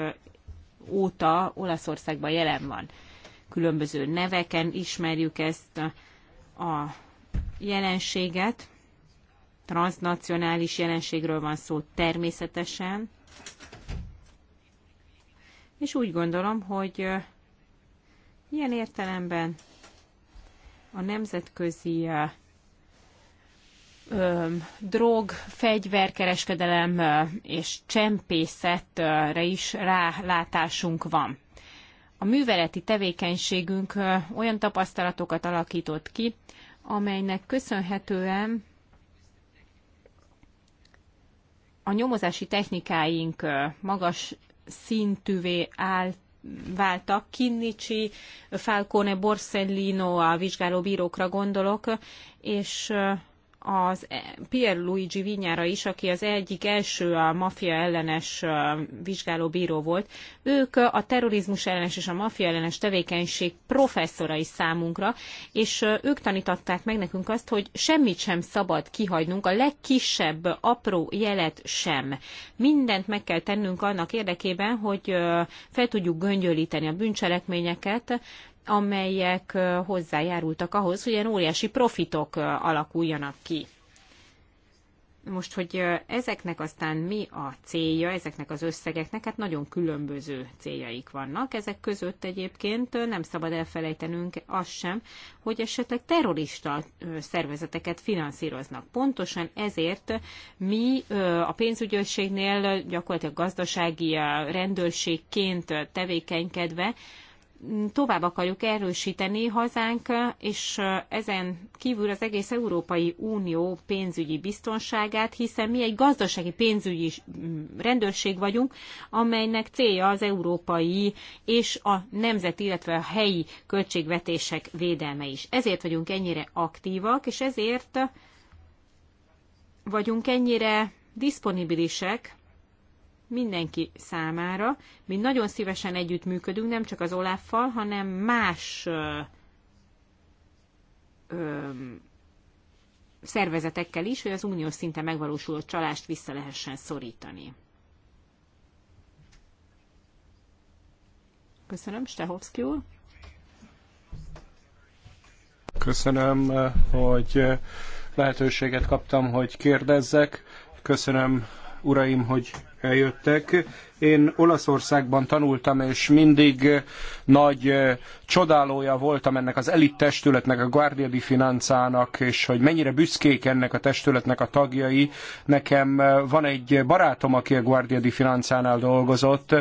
óta Olaszországban jelen van. Különböző neveken ismerjük ezt a jelenséget. Transnacionális jelenségről van szó természetesen. És úgy gondolom, hogy ilyen értelemben a nemzetközi drog, fegyverkereskedelem és csempészetre is rálátásunk van. A műveleti tevékenységünk olyan tapasztalatokat alakított ki, amelynek köszönhetően a nyomozási technikáink magas szintűvé állt, váltak. Kinnicsi, Falcone, Borsellino, a vizsgálóbírókra gondolok, és az Luigi Vinyára is, aki az egyik első a mafia ellenes vizsgálóbíró volt. Ők a terrorizmus ellenes és a mafia ellenes tevékenység professzorai számunkra, és ők tanították meg nekünk azt, hogy semmit sem szabad kihagynunk, a legkisebb apró jelet sem. Mindent meg kell tennünk annak érdekében, hogy fel tudjuk göngyölíteni a bűncselekményeket, amelyek hozzájárultak ahhoz, hogy ilyen óriási profitok alakuljanak ki. Most, hogy ezeknek aztán mi a célja, ezeknek az összegeknek, hát nagyon különböző céljaik vannak. Ezek között egyébként nem szabad elfelejtenünk azt sem, hogy esetleg terrorista szervezeteket finanszíroznak. Pontosan ezért mi a pénzügyőrségnél gyakorlatilag gazdasági rendőrségként tevékenykedve tovább akarjuk erősíteni hazánk, és ezen kívül az egész Európai Unió pénzügyi biztonságát, hiszen mi egy gazdasági pénzügyi rendőrség vagyunk, amelynek célja az európai és a nemzeti, illetve a helyi költségvetések védelme is. Ezért vagyunk ennyire aktívak, és ezért vagyunk ennyire diszponibilisek mindenki számára. Mi nagyon szívesen együttműködünk, nem csak az Oláffal, hanem más ö, ö, szervezetekkel is, hogy az uniós szinten megvalósuló csalást vissza lehessen szorítani. Köszönöm, Stehovszki úr. Köszönöm, hogy lehetőséget kaptam, hogy kérdezzek. Köszönöm, uraim, hogy eljöttek, én Olaszországban tanultam, és mindig eh, nagy eh, csodálója voltam ennek az elit testületnek, a Guardia di Finanzának, és hogy mennyire büszkék ennek a testületnek a tagjai. Nekem eh, van egy barátom, aki a Guardia di Finanzánál dolgozott,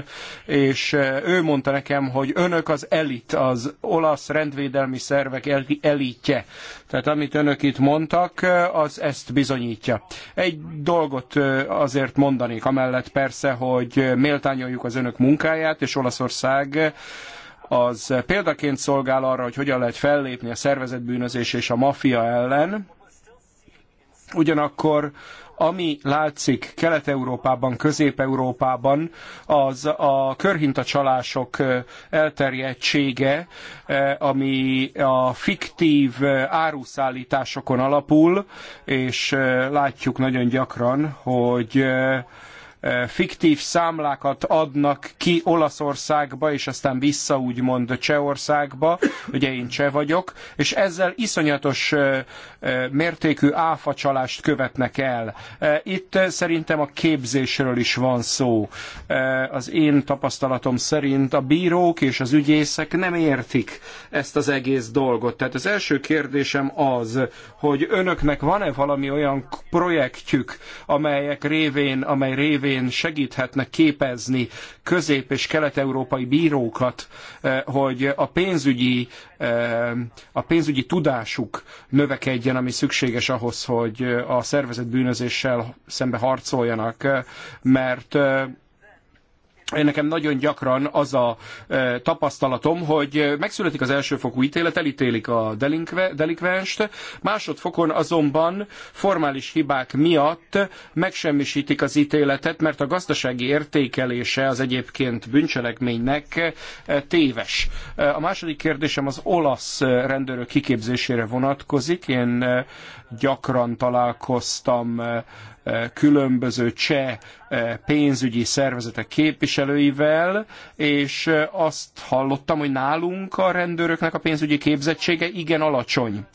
és ő mondta nekem, hogy önök az elit, az olasz rendvédelmi szervek elitje. Tehát amit önök itt mondtak, az ezt bizonyítja. Egy dolgot azért mondanék, amellett persze, hogy méltányoljuk az önök munkáját, és Olaszország az példaként szolgál arra, hogy hogyan lehet fellépni a szervezetbűnözés és a maffia ellen. Ugyanakkor ami látszik Kelet-Európában, Közép-Európában, az a körhintacsalások elterjedtsége, ami a fiktív áruszállításokon alapul, és látjuk nagyon gyakran, hogy fiktív számlákat adnak ki Olaszországba, és aztán vissza úgymond Csehországba, ugye én cseh vagyok, és ezzel iszonyatos mértékű áfacsalást követnek el. Itt szerintem a képzésről is van szó. Az én tapasztalatom szerint a bírók és az ügyészek nem értik ezt az egész dolgot. Tehát az első kérdésem az, hogy önöknek van-e valami olyan projektjük, amelyek révén, amely révén révén segíthetne képezni közép- és kelet-európai bírókat, eh, hogy a pénzügyi, eh, a pénzügyi tudásuk növekedjen, ami szükséges ahhoz, hogy eh, a szervezett bűnözéssel szembe harcoljanak, mert Nekem nagyon gyakran az a e, tapasztalatom, hogy megszületik az elsőfokú ítélet, elítélik a delinkve, delikvenst, másodfokon azonban formális hibák miatt megsemmisítik az ítéletet, mert a gazdasági értékelése az egyébként bűncselekménynek e, téves. E, a második kérdésem az olasz rendőrök kiképzésére vonatkozik. Én gyakran találkoztam különböző cseh pénzügyi szervezetek képviselőivel, és azt hallottam, hogy nálunk a rendőröknek a pénzügyi képzettsége igen alacsony.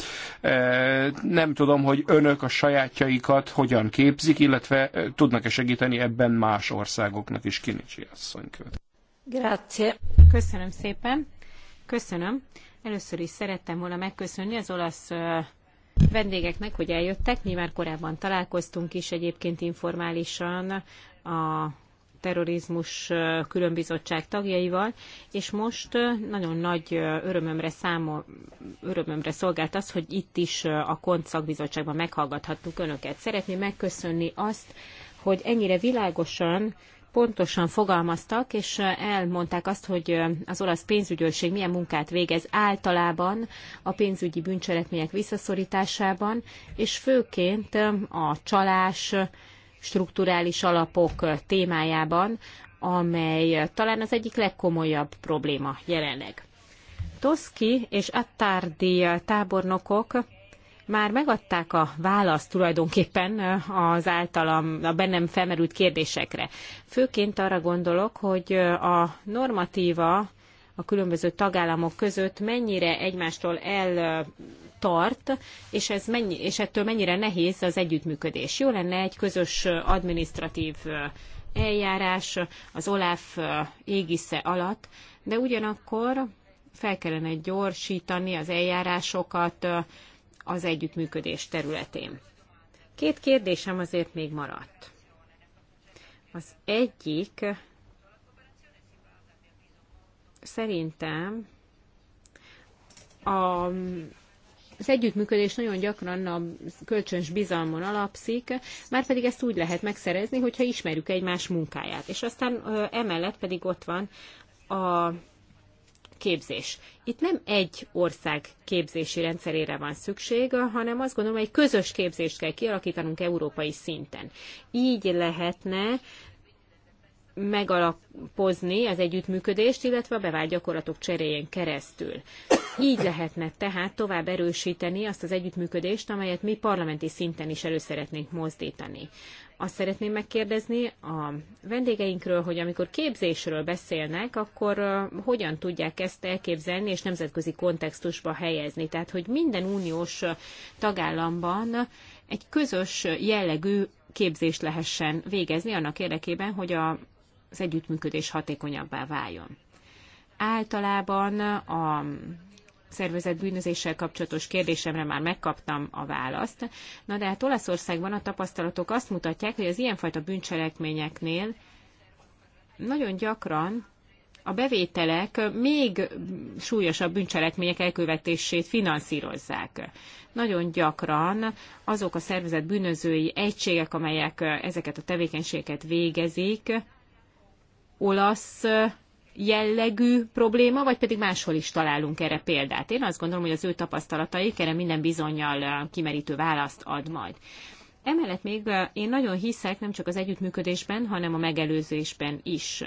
Nem tudom, hogy önök a sajátjaikat hogyan képzik, illetve tudnak-e segíteni ebben más országoknak is, Kinicsi asszony követ. Grazie. Köszönöm szépen. Köszönöm. Először is szerettem volna megköszönni az olasz vendégeknek, hogy eljöttek. Mi már korábban találkoztunk is egyébként informálisan a terrorizmus különbizottság tagjaival, és most nagyon nagy örömömre, számol, örömömre szolgált az, hogy itt is a KONT szakbizottságban meghallgathattuk Önöket. Szeretném megköszönni azt, hogy ennyire világosan pontosan fogalmaztak, és elmondták azt, hogy az olasz pénzügyőrség milyen munkát végez általában a pénzügyi bűncselekmények visszaszorításában, és főként a csalás strukturális alapok témájában, amely talán az egyik legkomolyabb probléma jelenleg. Toszki és Attardi tábornokok már megadták a választ tulajdonképpen az általam, a bennem felmerült kérdésekre. Főként arra gondolok, hogy a normatíva a különböző tagállamok között mennyire egymástól eltart, és, ez mennyi, és ettől mennyire nehéz az együttműködés. Jó lenne egy közös administratív eljárás az OLAF égisze alatt, de ugyanakkor fel kellene gyorsítani az eljárásokat, az együttműködés területén. Két kérdésem azért még maradt. Az egyik szerintem a, az együttműködés nagyon gyakran a kölcsönös bizalmon alapszik, már pedig ezt úgy lehet megszerezni, hogyha ismerjük egymás munkáját. És aztán emellett pedig ott van a képzés. Itt nem egy ország képzési rendszerére van szükség, hanem azt gondolom, hogy egy közös képzést kell kialakítanunk európai szinten. Így lehetne megalapozni az együttműködést, illetve a bevált gyakorlatok cseréjén keresztül. Így lehetne tehát tovább erősíteni azt az együttműködést, amelyet mi parlamenti szinten is elő szeretnénk mozdítani. Azt szeretném megkérdezni a vendégeinkről, hogy amikor képzésről beszélnek, akkor hogyan tudják ezt elképzelni és nemzetközi kontextusba helyezni. Tehát, hogy minden uniós tagállamban egy közös jellegű képzést lehessen végezni annak érdekében, hogy a, az együttműködés hatékonyabbá váljon. Általában a szervezett bűnözéssel kapcsolatos kérdésemre már megkaptam a választ. Na de hát Olaszországban a tapasztalatok azt mutatják, hogy az ilyenfajta bűncselekményeknél nagyon gyakran a bevételek még súlyosabb bűncselekmények elkövetését finanszírozzák. Nagyon gyakran azok a szervezet bűnözői egységek, amelyek ezeket a tevékenységeket végezik, olasz jellegű probléma, vagy pedig máshol is találunk erre példát. Én azt gondolom, hogy az ő tapasztalataik erre minden bizonyal kimerítő választ ad majd. Emellett még én nagyon hiszek nem csak az együttműködésben, hanem a megelőzésben is.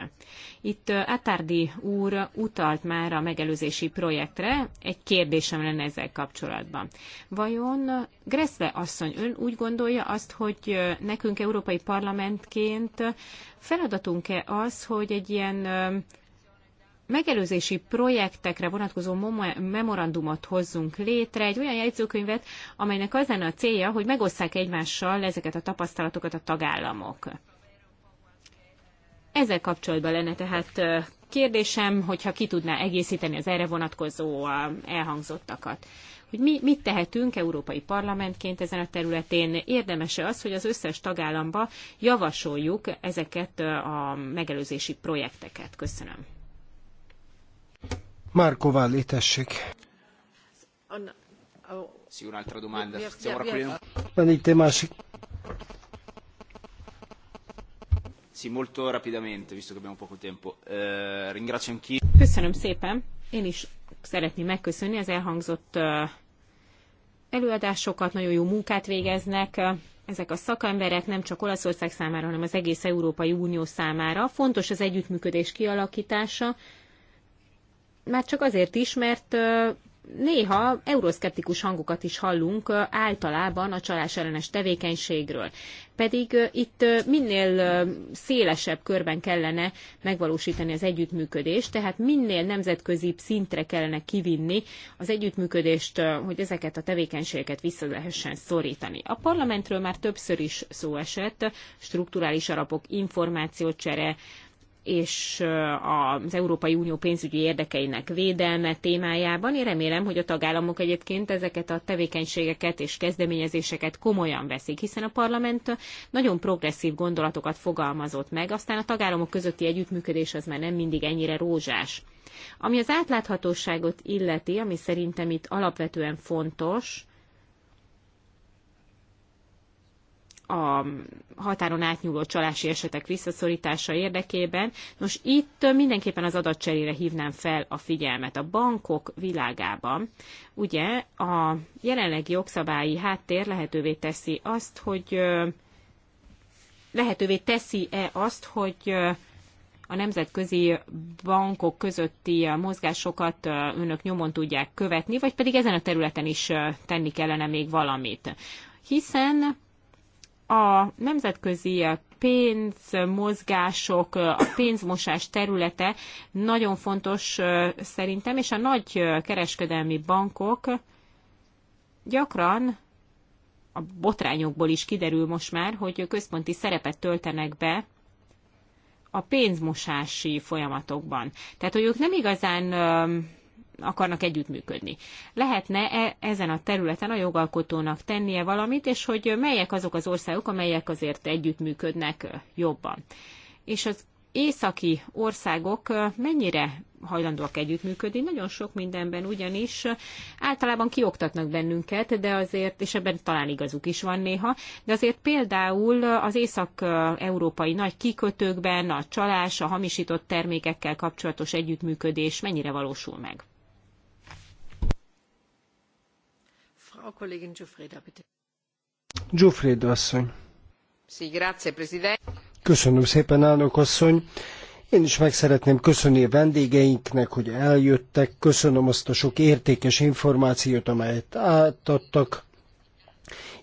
Itt Atárdi úr utalt már a megelőzési projektre, egy kérdésem lenne ezzel kapcsolatban. Vajon Greszle asszony ön úgy gondolja azt, hogy nekünk európai parlamentként feladatunk-e az, hogy egy ilyen megelőzési projektekre vonatkozó memorandumot hozzunk létre, egy olyan jegyzőkönyvet, amelynek az lenne a célja, hogy megosszák egymással ezeket a tapasztalatokat a tagállamok. Ezzel kapcsolatban lenne tehát kérdésem, hogyha ki tudná egészíteni az erre vonatkozó elhangzottakat hogy mi mit tehetünk Európai Parlamentként ezen a területén. Érdemese az, hogy az összes tagállamba javasoljuk ezeket a megelőzési projekteket. Köszönöm. Marco Valli, tessék. Sì, un'altra domanda. Stiamo raccogliendo... Van itt egy másik. Sì, molto rapidamente, visto che abbiamo poco tempo. Eh, ringrazio anch'io. Köszönöm szépen. Én is szeretném megköszönni az elhangzott eh, előadásokat, nagyon jó munkát végeznek eh, ezek a szakemberek nem csak Olaszország számára, hanem az egész Európai Unió számára. Fontos az együttműködés kialakítása, már csak azért is, mert néha euroszkeptikus hangokat is hallunk általában a csalás ellenes tevékenységről. Pedig itt minél szélesebb körben kellene megvalósítani az együttműködést, tehát minél nemzetközi szintre kellene kivinni az együttműködést, hogy ezeket a tevékenységeket vissza lehessen szorítani. A parlamentről már többször is szó esett, strukturális alapok, információcsere, és az Európai Unió pénzügyi érdekeinek védelme témájában. Én remélem, hogy a tagállamok egyébként ezeket a tevékenységeket és kezdeményezéseket komolyan veszik, hiszen a parlament nagyon progresszív gondolatokat fogalmazott meg, aztán a tagállamok közötti együttműködés az már nem mindig ennyire rózsás. Ami az átláthatóságot illeti, ami szerintem itt alapvetően fontos, a határon átnyúló csalási esetek visszaszorítása érdekében. Nos, itt mindenképpen az adatcserére hívnám fel a figyelmet. A bankok világában ugye a jelenlegi jogszabályi háttér lehetővé teszi azt, hogy lehetővé teszi-e azt, hogy a nemzetközi bankok közötti mozgásokat önök nyomon tudják követni, vagy pedig ezen a területen is tenni kellene még valamit. Hiszen a nemzetközi pénzmozgások, a pénzmosás területe nagyon fontos szerintem, és a nagy kereskedelmi bankok gyakran a botrányokból is kiderül most már, hogy központi szerepet töltenek be a pénzmosási folyamatokban. Tehát, hogy ők nem igazán akarnak együttműködni. Lehetne -e ezen a területen a jogalkotónak tennie valamit, és hogy melyek azok az országok, amelyek azért együttműködnek jobban. És az északi országok mennyire hajlandóak együttműködni, nagyon sok mindenben ugyanis általában kioktatnak bennünket, de azért, és ebben talán igazuk is van néha, de azért például az észak-európai nagy kikötőkben a csalás, a hamisított termékekkel kapcsolatos együttműködés mennyire valósul meg? asszony. Köszönöm szépen, elnök asszony. Én is meg szeretném köszönni a vendégeinknek, hogy eljöttek. Köszönöm azt a sok értékes információt, amelyet átadtak.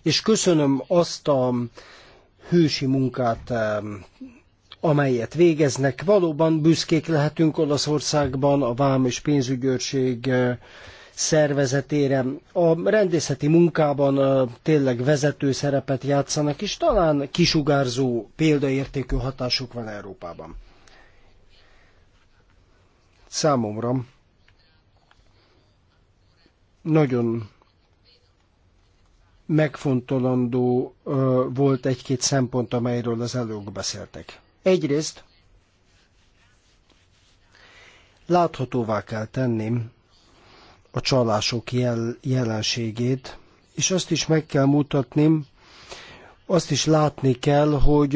És köszönöm azt a hősi munkát, amelyet végeznek. Valóban büszkék lehetünk Olaszországban, a Vám és Pénzügyőrség szervezetére. A rendészeti munkában tényleg vezető szerepet játszanak, és talán kisugárzó példaértékű hatásuk van Európában. Számomra nagyon megfontolandó volt egy-két szempont, amelyről az előbb beszéltek. Egyrészt láthatóvá kell tenni, a csalások jel- jelenségét, és azt is meg kell mutatni, azt is látni kell, hogy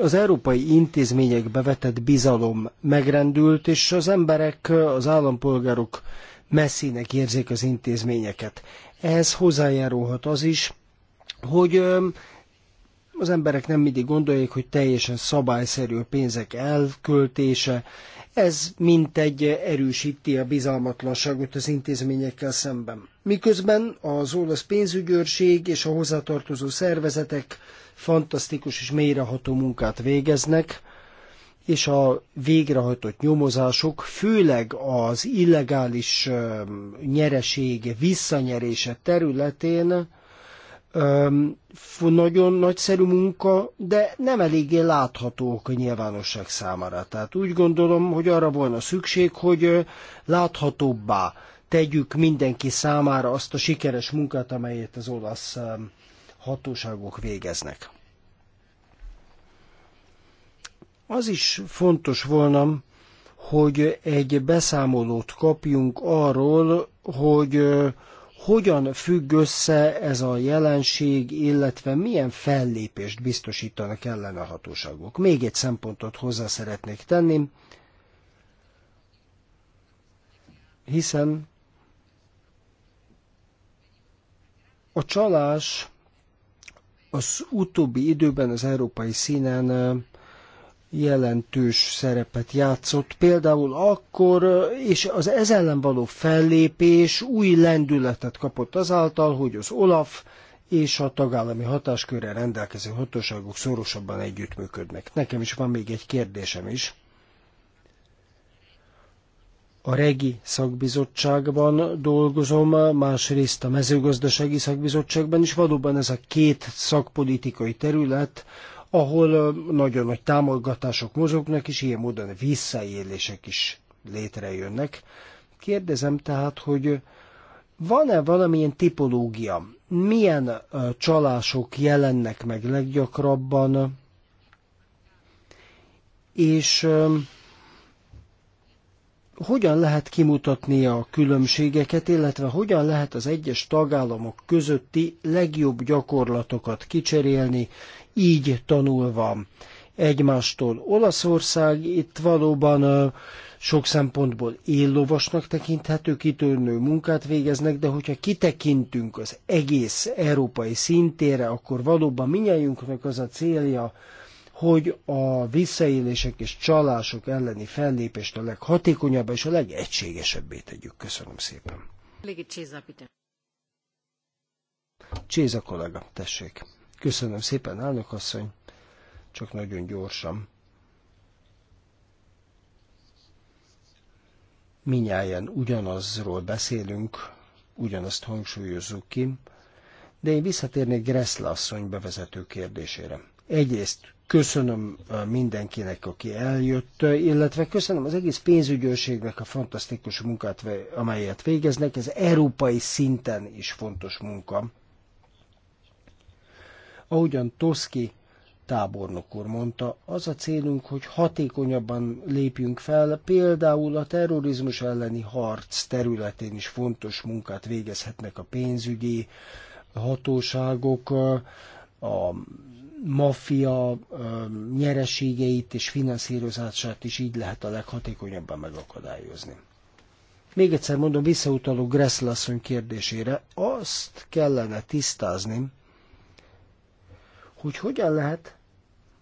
az európai intézményekbe vetett bizalom megrendült, és az emberek, az állampolgárok messzinek érzik az intézményeket. Ehhez hozzájárulhat az is, hogy az emberek nem mindig gondolják, hogy teljesen szabályszerű a pénzek elköltése, ez mintegy erősíti a bizalmatlanságot az intézményekkel szemben. Miközben az olasz pénzügyőrség és a hozzátartozó szervezetek fantasztikus és mélyreható munkát végeznek, és a végrehajtott nyomozások, főleg az illegális nyereség visszanyerése területén nagyon nagyszerű munka, de nem eléggé láthatók a nyilvánosság számára. Tehát úgy gondolom, hogy arra volna szükség, hogy láthatóbbá tegyük mindenki számára azt a sikeres munkát, amelyet az olasz hatóságok végeznek. Az is fontos volna, hogy egy beszámolót kapjunk arról, hogy hogyan függ össze ez a jelenség, illetve milyen fellépést biztosítanak ellen a hatóságok? Még egy szempontot hozzá szeretnék tenni, hiszen a csalás az utóbbi időben az európai színen jelentős szerepet játszott, például akkor, és az ez ellen való fellépés új lendületet kapott azáltal, hogy az OLAF és a tagállami hatáskörre rendelkező hatóságok szorosabban együttműködnek. Nekem is van még egy kérdésem is. A REGI szakbizottságban dolgozom, másrészt a mezőgazdasági szakbizottságban is. Valóban ez a két szakpolitikai terület ahol nagyon nagy támogatások mozognak, és ilyen módon visszaélések is létrejönnek. Kérdezem tehát, hogy van-e valamilyen tipológia? Milyen csalások jelennek meg leggyakrabban? És hogyan lehet kimutatni a különbségeket, illetve hogyan lehet az egyes tagállamok közötti legjobb gyakorlatokat kicserélni, így tanulva egymástól. Olaszország itt valóban sok szempontból éllovasnak tekinthető, kitörnő munkát végeznek, de hogyha kitekintünk az egész európai szintére, akkor valóban minnyájunknak az a célja, hogy a visszaélések és csalások elleni fellépést a leghatékonyabb és a legegységesebbé tegyük. Köszönöm szépen. Cséza kollega, tessék. Köszönöm szépen, elnök asszony. Csak nagyon gyorsan. Minnyáján ugyanazról beszélünk, ugyanazt hangsúlyozzuk ki, de én visszatérnék Gressle asszony bevezető kérdésére. Egyrészt köszönöm mindenkinek, aki eljött, illetve köszönöm az egész pénzügyőrségnek a fantasztikus munkát, amelyet végeznek. Ez európai szinten is fontos munka. Ahogyan Toszki tábornok úr mondta, az a célunk, hogy hatékonyabban lépjünk fel, például a terrorizmus elleni harc területén is fontos munkát végezhetnek a pénzügyi hatóságok, a maffia nyereségeit és finanszírozását is így lehet a leghatékonyabban megakadályozni. Még egyszer mondom, visszautaló Gressel asszony kérdésére, azt kellene tisztázni, hogy hogyan lehet,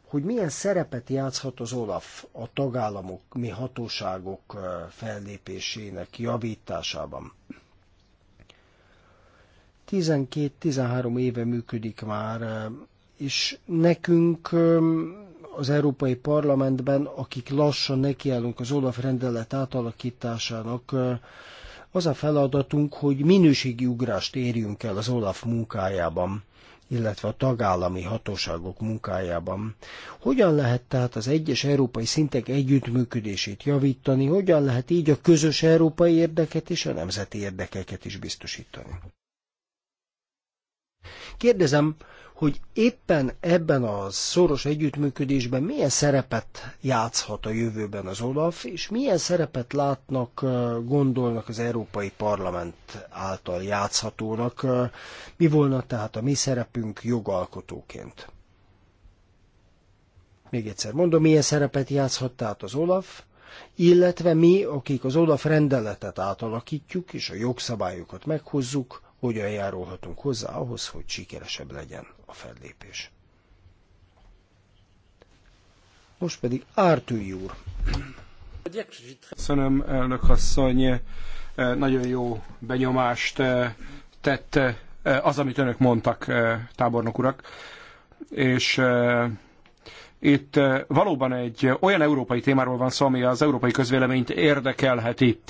hogy milyen szerepet játszhat az OLAF a tagállamok, mi hatóságok fellépésének javításában. 12-13 éve működik már, és nekünk az Európai Parlamentben, akik lassan nekiállunk az Olaf rendelet átalakításának, az a feladatunk, hogy minőségi ugrást érjünk el az Olaf munkájában illetve a tagállami hatóságok munkájában. Hogyan lehet tehát az egyes európai szintek együttműködését javítani, hogyan lehet így a közös európai érdeket és a nemzeti érdekeket is biztosítani? Kérdezem, hogy éppen ebben a szoros együttműködésben milyen szerepet játszhat a jövőben az Olaf, és milyen szerepet látnak, gondolnak az Európai Parlament által játszhatónak. Mi volna tehát a mi szerepünk jogalkotóként? Még egyszer mondom, milyen szerepet játszhat tehát az Olaf, illetve mi, akik az Olaf rendeletet átalakítjuk és a jogszabályokat meghozzuk, hogyan járulhatunk hozzá ahhoz, hogy sikeresebb legyen a fellépés. Most pedig Ártői úr. Köszönöm, elnök asszony. E, nagyon jó benyomást e, tett e, az, amit önök mondtak, tábornok urak. És itt valóban egy olyan európai témáról van szó, ami az európai közvéleményt érdekelheti.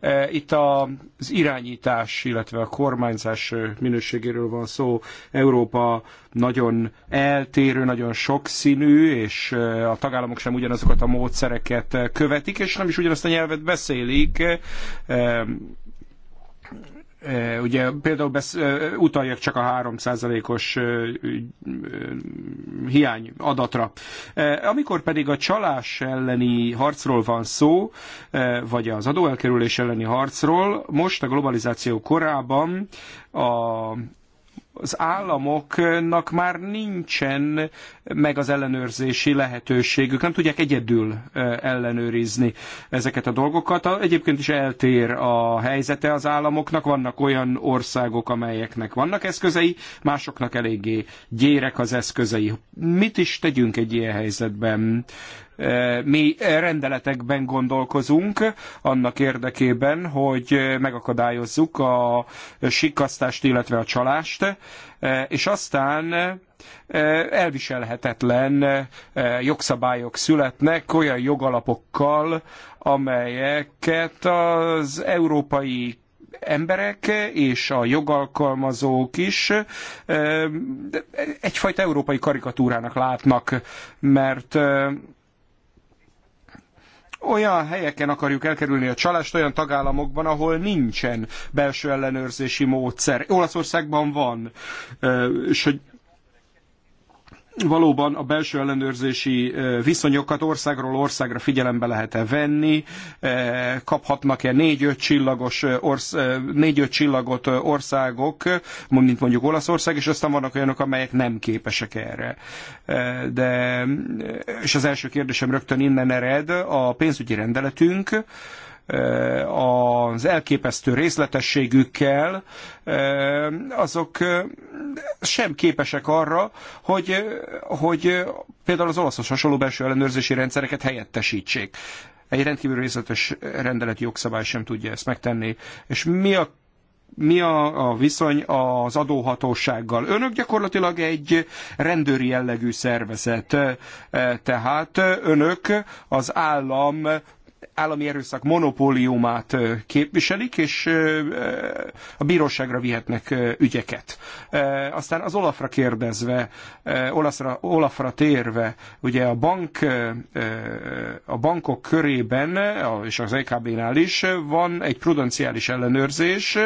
E, itt az irányítás, illetve a kormányzás minőségéről van szó. Európa nagyon eltérő, nagyon sokszínű, és e, a tagállamok sem ugyanazokat a módszereket követik, és nem is ugyanazt a nyelvet beszélik e, Ugye például besz, utaljak csak a 3%-os hiány adatra. Amikor pedig a csalás elleni harcról van szó, vagy az adóelkerülés elleni harcról, most a globalizáció korában a az államoknak már nincsen meg az ellenőrzési lehetőségük, nem tudják egyedül ellenőrizni ezeket a dolgokat. Egyébként is eltér a helyzete az államoknak, vannak olyan országok, amelyeknek vannak eszközei, másoknak eléggé gyérek az eszközei. Mit is tegyünk egy ilyen helyzetben? Eh, mi eh, rendeletekben gondolkozunk annak érdekében, hogy eh, megakadályozzuk a sikkasztást, illetve a csalást, és aztán elviselhetetlen jogszabályok születnek olyan jogalapokkal, amelyeket az európai emberek és a jogalkalmazók is egyfajta európai karikatúrának látnak, mert olyan helyeken akarjuk elkerülni a csalást, olyan tagállamokban, ahol nincsen belső ellenőrzési módszer. Olaszországban van, és hogy valóban a belső ellenőrzési viszonyokat országról országra figyelembe lehet-e venni, kaphatnak-e négy-öt csillagos orsz, négy-öt csillagot országok, mint mondjuk Olaszország, és aztán vannak olyanok, amelyek nem képesek erre. De, és az első kérdésem rögtön innen ered, a pénzügyi rendeletünk, az elképesztő részletességükkel, azok sem képesek arra, hogy, hogy például az olaszos hasonló belső ellenőrzési rendszereket helyettesítsék. Egy rendkívül részletes rendelet jogszabály sem tudja ezt megtenni. És mi a mi a, a viszony az adóhatósággal. Önök gyakorlatilag egy rendőri jellegű szervezet, tehát önök az állam állami erőszak monopóliumát képviselik, és a bíróságra vihetnek ügyeket. Aztán az Olafra kérdezve, Olaszra, Olafra térve, ugye a bank, a bankok körében, és az EKB-nál is van egy prudenciális ellenőrzés,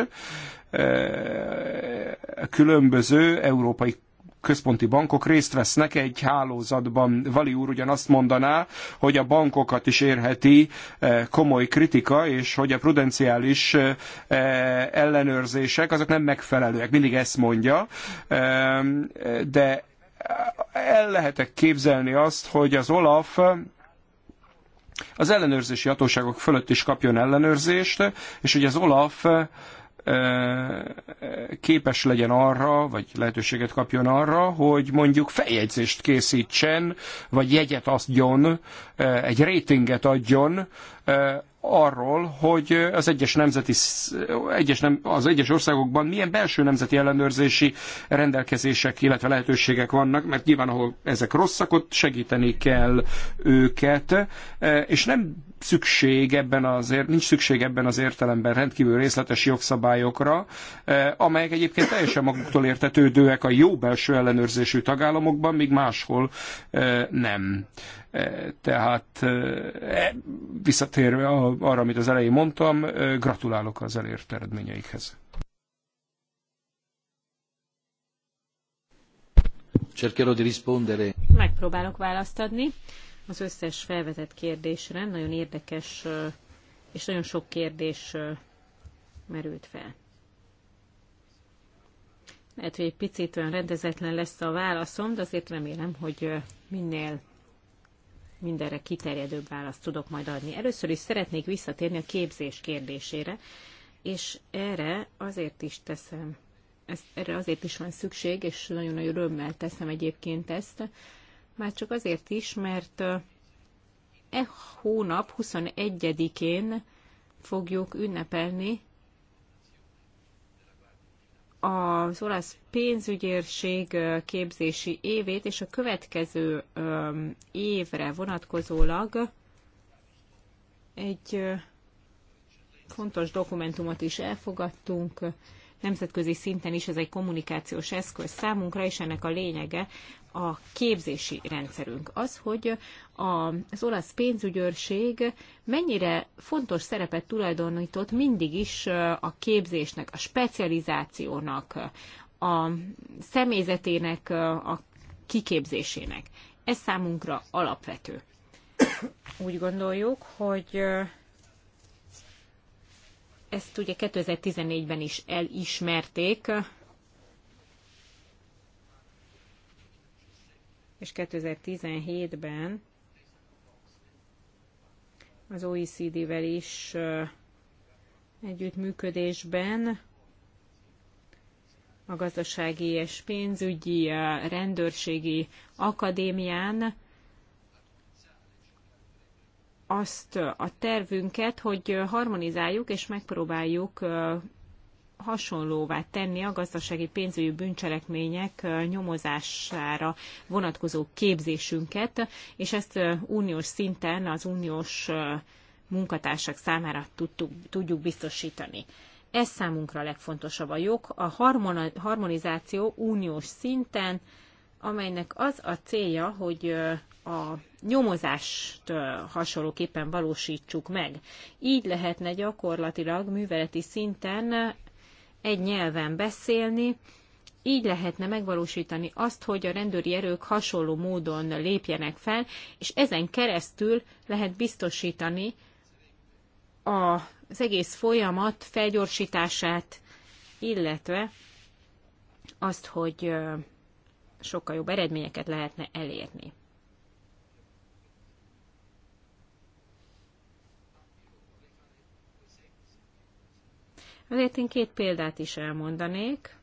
különböző európai központi bankok részt vesznek egy hálózatban. Vali úr ugyanazt mondaná, hogy a bankokat is érheti eh, komoly kritika, és hogy a prudenciális eh, eh, ellenőrzések azok nem megfelelőek. Mindig ezt mondja, ehm, de el lehetek képzelni azt, hogy az Olaf az ellenőrzési hatóságok fölött is kapjon ellenőrzést, és hogy az Olaf képes legyen arra, vagy lehetőséget kapjon arra, hogy mondjuk feljegyzést készítsen, vagy jegyet adjon, egy ratinget adjon arról, hogy az egyes, nemzeti, egyes nem, az egyes országokban milyen belső nemzeti ellenőrzési rendelkezések, illetve lehetőségek vannak, mert nyilván, ahol ezek rosszak, ott segíteni kell őket, e, és nem szükség ebben azért, nincs szükség ebben az értelemben rendkívül részletes jogszabályokra, e, amelyek egyébként teljesen maguktól értetődőek a jó belső ellenőrzésű tagállamokban, míg máshol e, nem. E, tehát e, e, visszatérve arra, amit az elején mondtam, gratulálok az elért eredményeikhez. Megpróbálok választ adni az összes felvetett kérdésre. Nagyon érdekes és nagyon sok kérdés merült fel. Lehet, hogy egy picit olyan rendezetlen lesz a válaszom, de azért remélem, hogy minél mindenre kiterjedőbb választ tudok majd adni. Először is szeretnék visszatérni a képzés kérdésére, és erre azért is teszem, ez, erre azért is van szükség, és nagyon nagy örömmel teszem egyébként ezt, már csak azért is, mert e hónap 21-én fogjuk ünnepelni az olasz pénzügyérség képzési évét és a következő évre vonatkozólag egy fontos dokumentumot is elfogadtunk. Nemzetközi szinten is ez egy kommunikációs eszköz számunkra, és ennek a lényege a képzési rendszerünk. Az, hogy az olasz pénzügyőrség mennyire fontos szerepet tulajdonított mindig is a képzésnek, a specializációnak, a személyzetének a kiképzésének. Ez számunkra alapvető. Úgy gondoljuk, hogy ezt ugye 2014-ben is elismerték és 2017-ben az OECD-vel is együttműködésben a gazdasági és pénzügyi rendőrségi akadémián azt a tervünket, hogy harmonizáljuk és megpróbáljuk hasonlóvá tenni a gazdasági pénzügyi bűncselekmények nyomozására vonatkozó képzésünket, és ezt uniós szinten az uniós munkatársak számára tudtuk, tudjuk biztosítani. Ez számunkra a legfontosabb a jog, a harmonizáció uniós szinten, amelynek az a célja, hogy a nyomozást hasonlóképpen valósítsuk meg. Így lehetne gyakorlatilag műveleti szinten egy nyelven beszélni, így lehetne megvalósítani azt, hogy a rendőri erők hasonló módon lépjenek fel, és ezen keresztül lehet biztosítani az egész folyamat felgyorsítását, illetve azt, hogy sokkal jobb eredményeket lehetne elérni. Azért én két példát is elmondanék.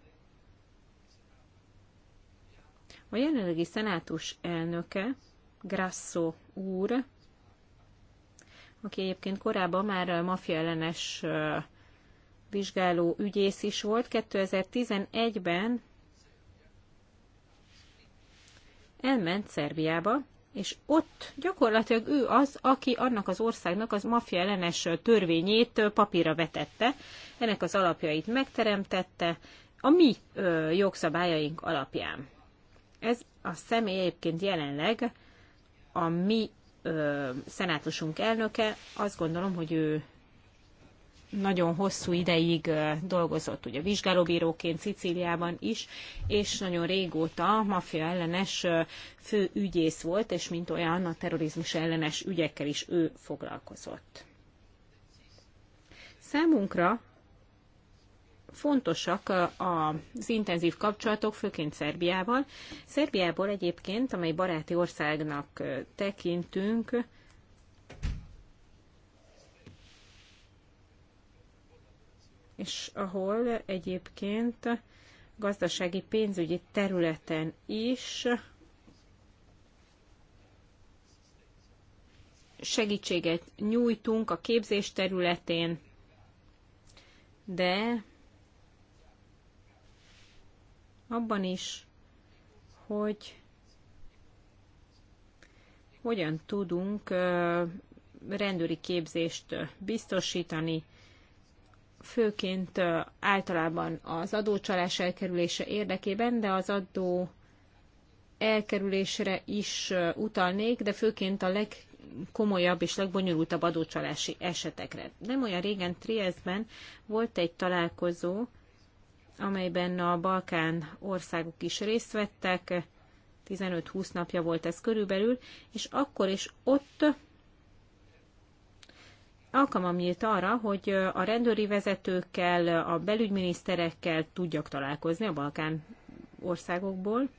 A jelenlegi szenátus elnöke, Grasso úr, aki egyébként korábban már mafia ellenes vizsgáló ügyész is volt, 2011-ben elment Szerbiába, és ott gyakorlatilag ő az, aki annak az országnak az maffia ellenes törvényét papírra vetette, ennek az alapjait megteremtette a mi ö, jogszabályaink alapján. Ez a személy egyébként jelenleg a mi ö, szenátusunk elnöke, azt gondolom, hogy ő nagyon hosszú ideig dolgozott ugye vizsgálóbíróként Szicíliában is, és nagyon régóta maffia ellenes fő ügyész volt, és mint olyan a terrorizmus ellenes ügyekkel is ő foglalkozott. Számunkra fontosak az intenzív kapcsolatok, főként Szerbiával. Szerbiából egyébként, amely baráti országnak tekintünk, és ahol egyébként gazdasági pénzügyi területen is segítséget nyújtunk a képzés területén, de abban is, hogy hogyan tudunk rendőri képzést biztosítani, főként általában az adócsalás elkerülése érdekében, de az adó elkerülésre is utalnék, de főként a legkomolyabb és legbonyolultabb adócsalási esetekre. Nem olyan régen Triestben volt egy találkozó, amelyben a Balkán országok is részt vettek, 15-20 napja volt ez körülbelül, és akkor is ott alkalmam nyílt arra, hogy a rendőri vezetőkkel, a belügyminiszterekkel tudjak találkozni a Balkán országokból.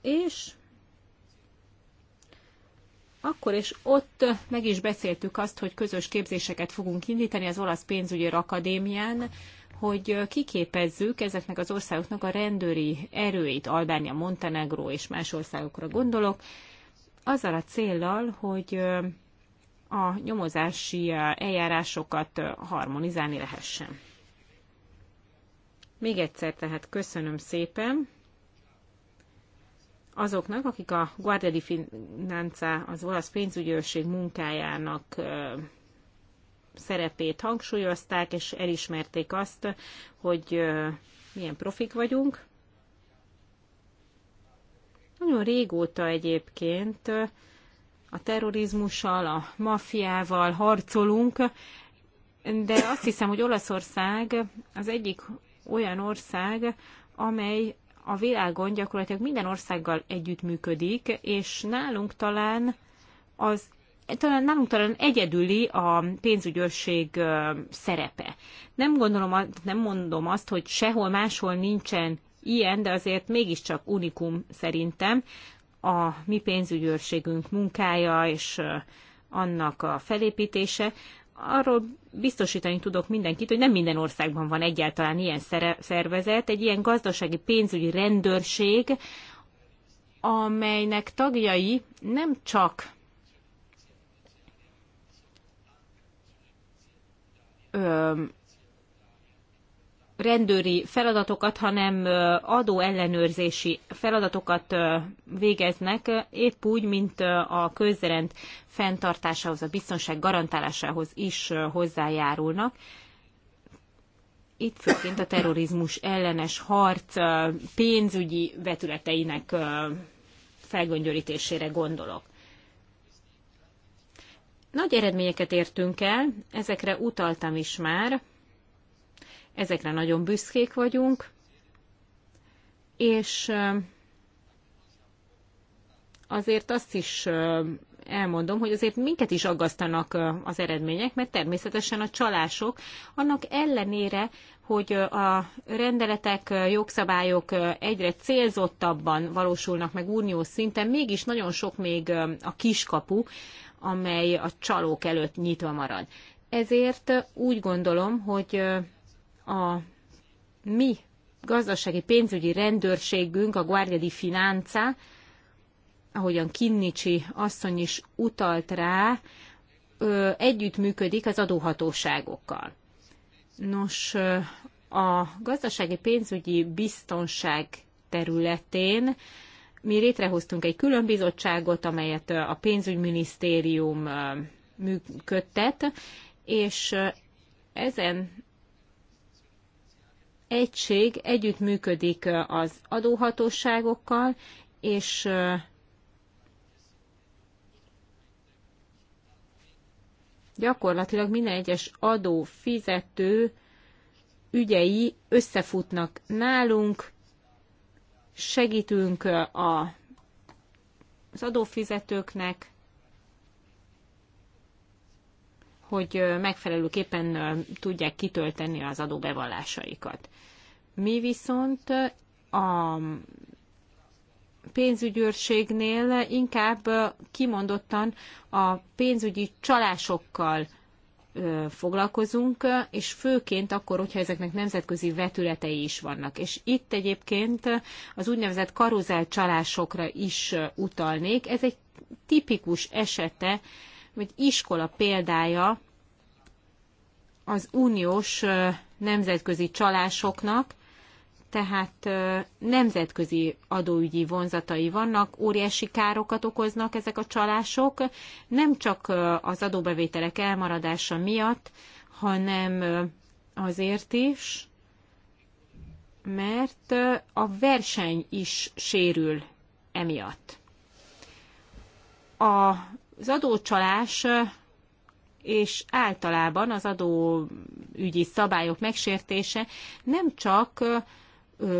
És akkor és ott meg is beszéltük azt, hogy közös képzéseket fogunk indítani az Olasz Pénzügyi Akadémián, hogy kiképezzük ezeknek az országoknak a rendőri erőit, Albánia, Montenegró és más országokra gondolok, azzal a céllal, hogy a nyomozási eljárásokat harmonizálni lehessen. Még egyszer tehát köszönöm szépen azoknak, akik a Guardia di Finanza, az olasz pénzügyőrség munkájának szerepét hangsúlyozták, és elismerték azt, hogy milyen profik vagyunk. Nagyon régóta egyébként a terrorizmussal, a maffiával harcolunk, de azt hiszem, hogy Olaszország az egyik olyan ország, amely a világon gyakorlatilag minden országgal együttműködik, és nálunk talán az talán nálunk talán egyedüli a pénzügyőrség szerepe. Nem gondolom, nem mondom azt, hogy sehol máshol nincsen ilyen, de azért mégiscsak unikum szerintem a mi pénzügyőrségünk munkája és annak a felépítése. Arról biztosítani tudok mindenkit, hogy nem minden országban van egyáltalán ilyen szervezet, egy ilyen gazdasági pénzügyi rendőrség, amelynek tagjai nem csak öm, rendőri feladatokat, hanem adóellenőrzési feladatokat végeznek, épp úgy, mint a közrend fenntartásához, a biztonság garantálásához is hozzájárulnak. Itt főként a terrorizmus ellenes harc pénzügyi vetületeinek felgöngyörítésére gondolok. Nagy eredményeket értünk el, ezekre utaltam is már, Ezekre nagyon büszkék vagyunk, és azért azt is elmondom, hogy azért minket is aggasztanak az eredmények, mert természetesen a csalások annak ellenére, hogy a rendeletek, jogszabályok egyre célzottabban valósulnak meg uniós szinten, mégis nagyon sok még a kiskapu, amely a csalók előtt nyitva marad. Ezért úgy gondolom, hogy a mi gazdasági pénzügyi rendőrségünk, a Guardia di Finanza, ahogyan Kinnicsi asszony is utalt rá, együttműködik az adóhatóságokkal. Nos, a gazdasági pénzügyi biztonság területén mi létrehoztunk egy külön bizottságot, amelyet a pénzügyminisztérium működtet, és ezen egység együttműködik az adóhatóságokkal, és gyakorlatilag minden egyes adó fizető ügyei összefutnak nálunk, segítünk a, az adófizetőknek, hogy megfelelőképpen tudják kitölteni az adóbevallásaikat. Mi viszont a pénzügyőrségnél inkább kimondottan a pénzügyi csalásokkal foglalkozunk, és főként akkor, hogyha ezeknek nemzetközi vetületei is vannak. És itt egyébként az úgynevezett karuzel csalásokra is utalnék. Ez egy tipikus esete hogy iskola példája az uniós nemzetközi csalásoknak, tehát nemzetközi adóügyi vonzatai vannak, óriási károkat okoznak ezek a csalások, nem csak az adóbevételek elmaradása miatt, hanem azért is, mert a verseny is sérül emiatt. A az adócsalás és általában az adóügyi szabályok megsértése nem csak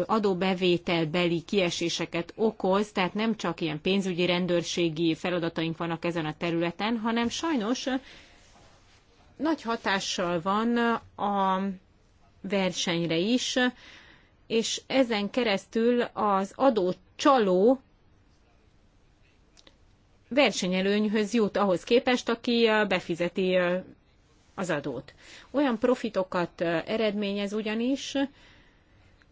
adóbevételbeli kieséseket okoz, tehát nem csak ilyen pénzügyi rendőrségi feladataink vannak ezen a területen, hanem sajnos nagy hatással van a versenyre is, és ezen keresztül az adócsaló versenyelőnyhöz jut ahhoz képest, aki befizeti az adót. Olyan profitokat eredményez ugyanis,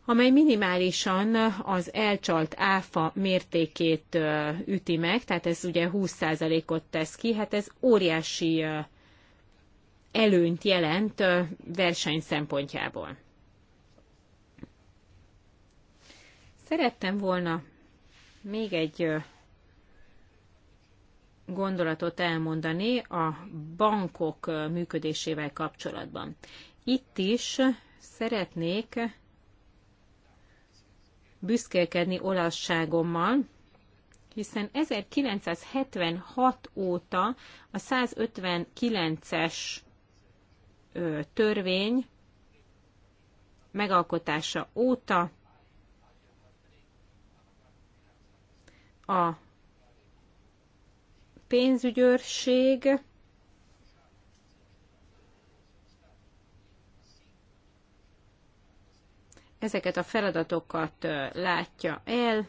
amely minimálisan az elcsalt áfa mértékét üti meg, tehát ez ugye 20%-ot tesz ki, hát ez óriási előnyt jelent verseny szempontjából. Szerettem volna még egy gondolatot elmondani a bankok működésével kapcsolatban. Itt is szeretnék büszkélkedni olaszságommal, hiszen 1976 óta a 159-es törvény megalkotása óta a pénzügyőrség, ezeket a feladatokat látja el.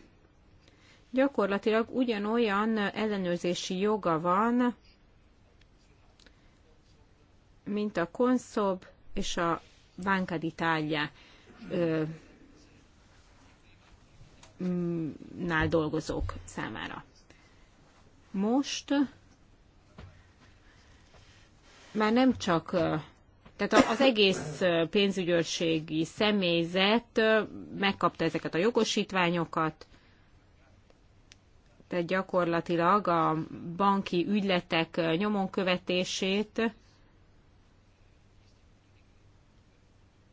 Gyakorlatilag ugyanolyan ellenőrzési joga van, mint a konszob és a bánkaditálja nál dolgozók számára most már nem csak tehát az egész pénzügyőrségi személyzet megkapta ezeket a jogosítványokat, tehát gyakorlatilag a banki ügyletek nyomon követését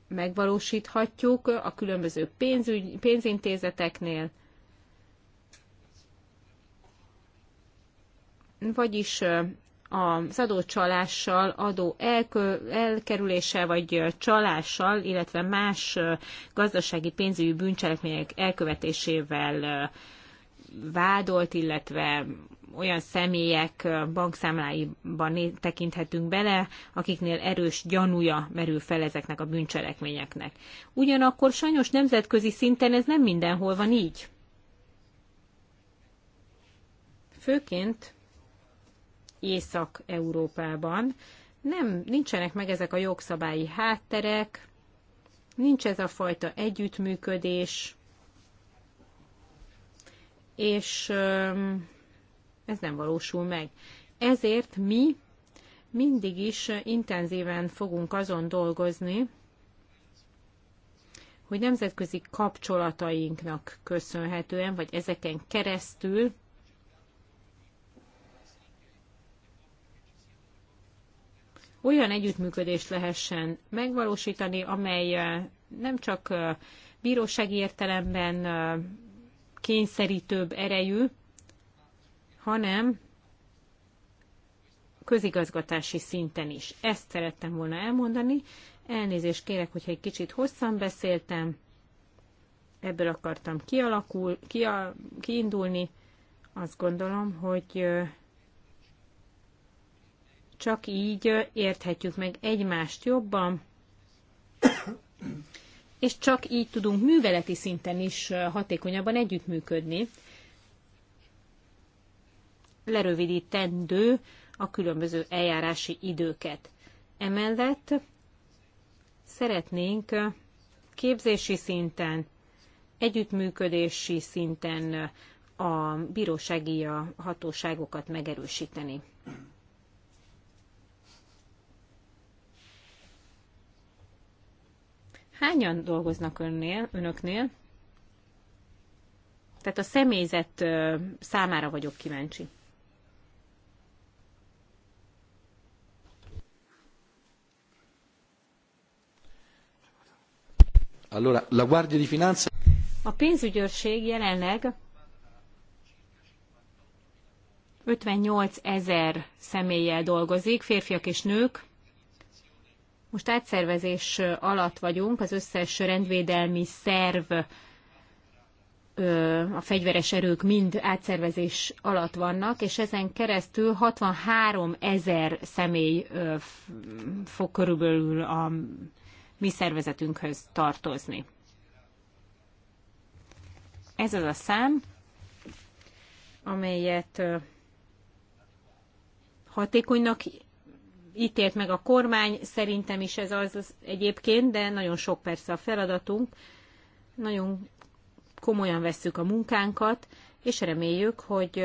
megvalósíthatjuk a különböző pénzügy, pénzintézeteknél, vagyis az adócsalással, adó elkerüléssel vagy csalással, illetve más gazdasági pénzügyi bűncselekmények elkövetésével vádolt, illetve olyan személyek bankszámláiban tekinthetünk bele, akiknél erős gyanúja merül fel ezeknek a bűncselekményeknek. Ugyanakkor sajnos nemzetközi szinten ez nem mindenhol van így. Főként Észak-Európában. Nem, nincsenek meg ezek a jogszabályi hátterek, nincs ez a fajta együttműködés, és ez nem valósul meg. Ezért mi mindig is intenzíven fogunk azon dolgozni, hogy nemzetközi kapcsolatainknak köszönhetően, vagy ezeken keresztül olyan együttműködést lehessen megvalósítani, amely nem csak bírósági értelemben kényszerítőbb erejű, hanem közigazgatási szinten is. Ezt szerettem volna elmondani. Elnézést kérek, hogyha egy kicsit hosszan beszéltem, ebből akartam kialakul, kia, kiindulni. Azt gondolom, hogy csak így érthetjük meg egymást jobban, és csak így tudunk műveleti szinten is hatékonyabban együttműködni. Lerövidítendő a különböző eljárási időket. Emellett szeretnénk képzési szinten, együttműködési szinten a bírósági hatóságokat megerősíteni. Hányan dolgoznak önnél, önöknél? Tehát a személyzet számára vagyok kíváncsi. Allora, la Guardia di Finanza... A pénzügyőrség jelenleg 58 ezer személlyel dolgozik, férfiak és nők, most átszervezés alatt vagyunk, az összes rendvédelmi szerv, a fegyveres erők mind átszervezés alatt vannak, és ezen keresztül 63 ezer személy fog körülbelül a mi szervezetünkhöz tartozni. Ez az a szám, amelyet hatékonynak ítélt meg a kormány, szerintem is ez az, az egyébként, de nagyon sok persze a feladatunk. Nagyon komolyan vesszük a munkánkat, és reméljük, hogy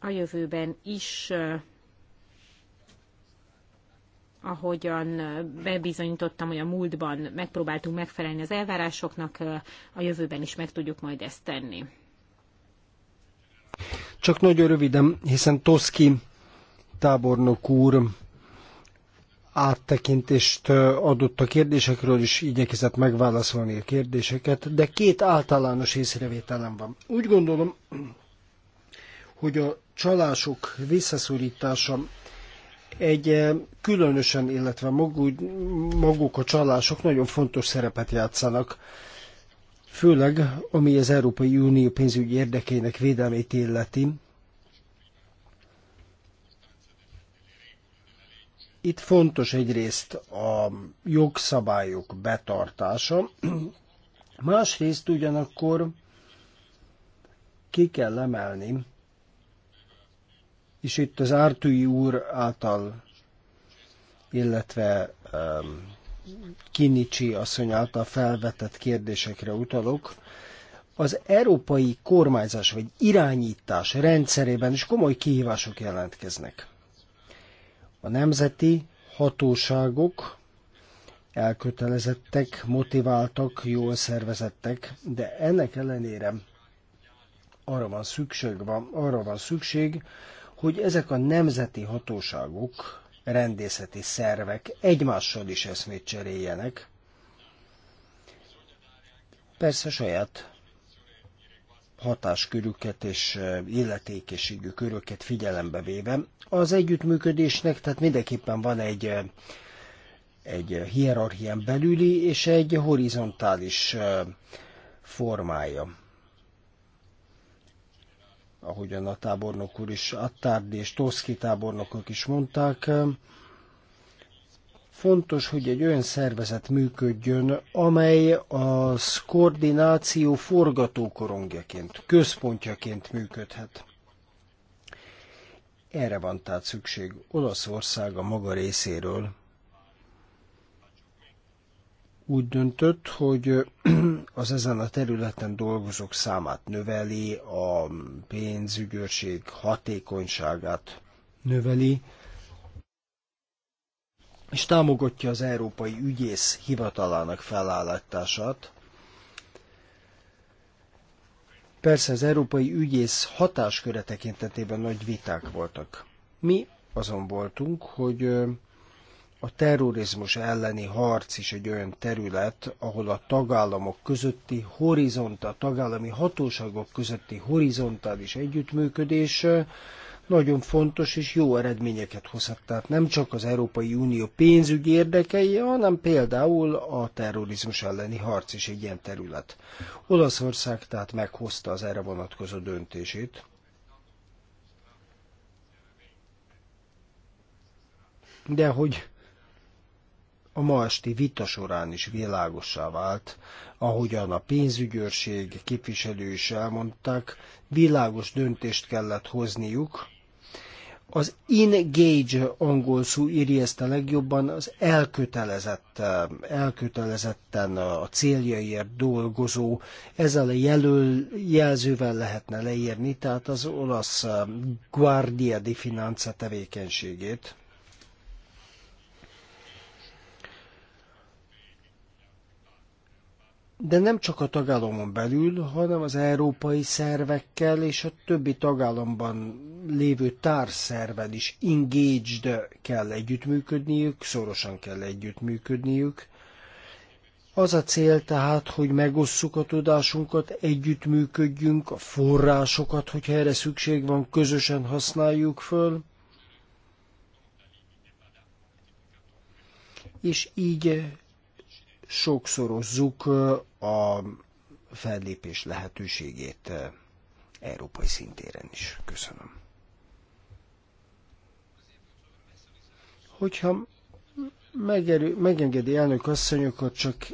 a jövőben is ahogyan bebizonyítottam, hogy a múltban megpróbáltunk megfelelni az elvárásoknak, a jövőben is meg tudjuk majd ezt tenni. Csak nagyon röviden, hiszen Toszki tábornok úr áttekintést adott a kérdésekről, és igyekezett megválaszolni a kérdéseket, de két általános észrevételem van. Úgy gondolom, hogy a csalások visszaszorítása egy különösen, illetve maguk, maguk a csalások nagyon fontos szerepet játszanak, főleg ami az Európai Unió pénzügyi érdekének védelmét illeti, Itt fontos egyrészt a jogszabályok betartása, másrészt ugyanakkor ki kell emelni, és itt az Ártúi úr által, illetve um, Kinicsi asszony által felvetett kérdésekre utalok, az európai kormányzás vagy irányítás rendszerében is komoly kihívások jelentkeznek. A nemzeti hatóságok elkötelezettek, motiváltak, jól szervezettek, de ennek ellenére arra van szükség, van, arra van szükség, hogy ezek a nemzeti hatóságok, rendészeti szervek egymással is eszmét cseréljenek. Persze saját hatáskörüket és illetékességű köröket figyelembe véve. Az együttműködésnek tehát mindenképpen van egy, egy hierarchián belüli és egy horizontális formája ahogyan a tábornok úr is, Attárdi és Toszki tábornokok is mondták, Fontos, hogy egy olyan szervezet működjön, amely a koordináció forgatókorongjaként, központjaként működhet. Erre van tehát szükség Olaszország a maga részéről. Úgy döntött, hogy az ezen a területen dolgozók számát növeli, a pénzügyőrség hatékonyságát növeli, és támogatja az Európai Ügyész Hivatalának felállítását. Persze az Európai Ügyész hatásköre tekintetében nagy viták voltak. Mi azon voltunk, hogy a terrorizmus elleni harc is egy olyan terület, ahol a tagállamok közötti a tagállami hatóságok közötti horizontális együttműködés nagyon fontos és jó eredményeket hozhat. Tehát nem csak az Európai Unió pénzügyi érdekei, hanem például a terrorizmus elleni harc is egy ilyen terület. Olaszország tehát meghozta az erre vonatkozó döntését. De hogy a ma esti vita során is világossá vált, ahogyan a pénzügyőrség képviselő is elmondták, világos döntést kellett hozniuk. Az engage angol szó írja ezt a legjobban, az elkötelezett, elkötelezetten a céljaiért dolgozó, ezzel a jelöl, jelzővel lehetne leírni, tehát az olasz Guardia di Finanza tevékenységét de nem csak a tagállamon belül, hanem az európai szervekkel és a többi tagállamban lévő társszervel is engaged kell együttműködniük, szorosan kell együttműködniük. Az a cél tehát, hogy megosszuk a tudásunkat, együttműködjünk, a forrásokat, hogyha erre szükség van, közösen használjuk föl, és így sokszorozzuk a fellépés lehetőségét eh, európai szintéren is. Köszönöm. Hogyha megerő, megengedi elnök asszony, csak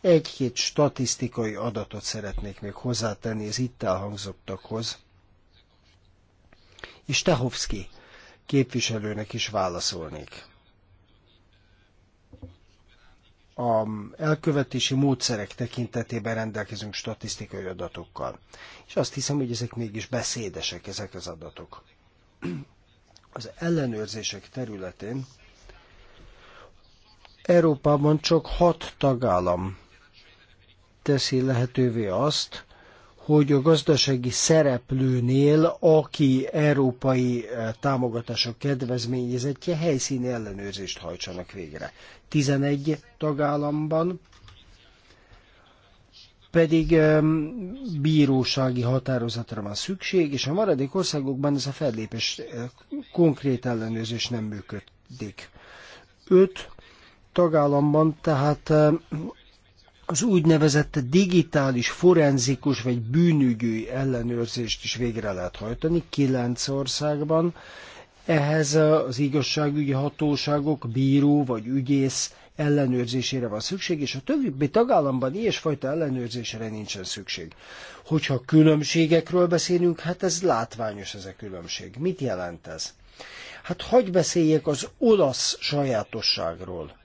egy-két statisztikai adatot szeretnék még hozzátenni az itt elhangzottakhoz. És Tehovszki képviselőnek is válaszolnék a elkövetési módszerek tekintetében rendelkezünk statisztikai adatokkal. És azt hiszem, hogy ezek mégis beszédesek, ezek az adatok. Az ellenőrzések területén Európában csak hat tagállam teszi lehetővé azt, hogy a gazdasági szereplőnél, aki európai eh, támogatások kedvezményezettje, helyszíni ellenőrzést hajtsanak végre. 11 tagállamban pedig bírósági határozatra van szükség, és a maradék országokban ez a fellépés eh, konkrét ellenőrzés nem működik. Öt tagállamban tehát az úgynevezett digitális forenzikus vagy bűnügyi ellenőrzést is végre lehet hajtani kilenc országban. Ehhez az igazságügyi hatóságok, bíró vagy ügyész ellenőrzésére van szükség, és a többi tagállamban ilyesfajta ellenőrzésre nincsen szükség. Hogyha különbségekről beszélünk, hát ez látványos ez a különbség. Mit jelent ez? Hát hagy beszéljek az olasz sajátosságról.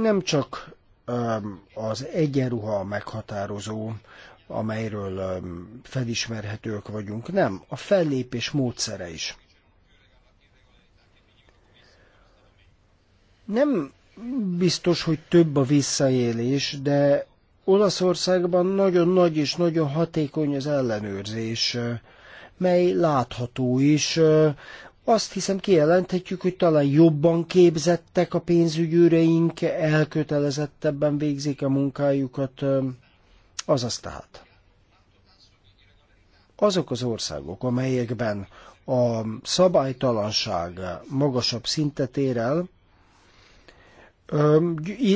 nem csak az egyenruha a meghatározó, amelyről felismerhetők vagyunk, nem, a fellépés módszere is. Nem biztos, hogy több a visszaélés, de Olaszországban nagyon nagy és nagyon hatékony az ellenőrzés, mely látható is azt hiszem kijelenthetjük, hogy talán jobban képzettek a pénzügyőreink, elkötelezettebben végzik a munkájukat, azaz tehát. Azok az országok, amelyekben a szabálytalanság magasabb szintet ér el,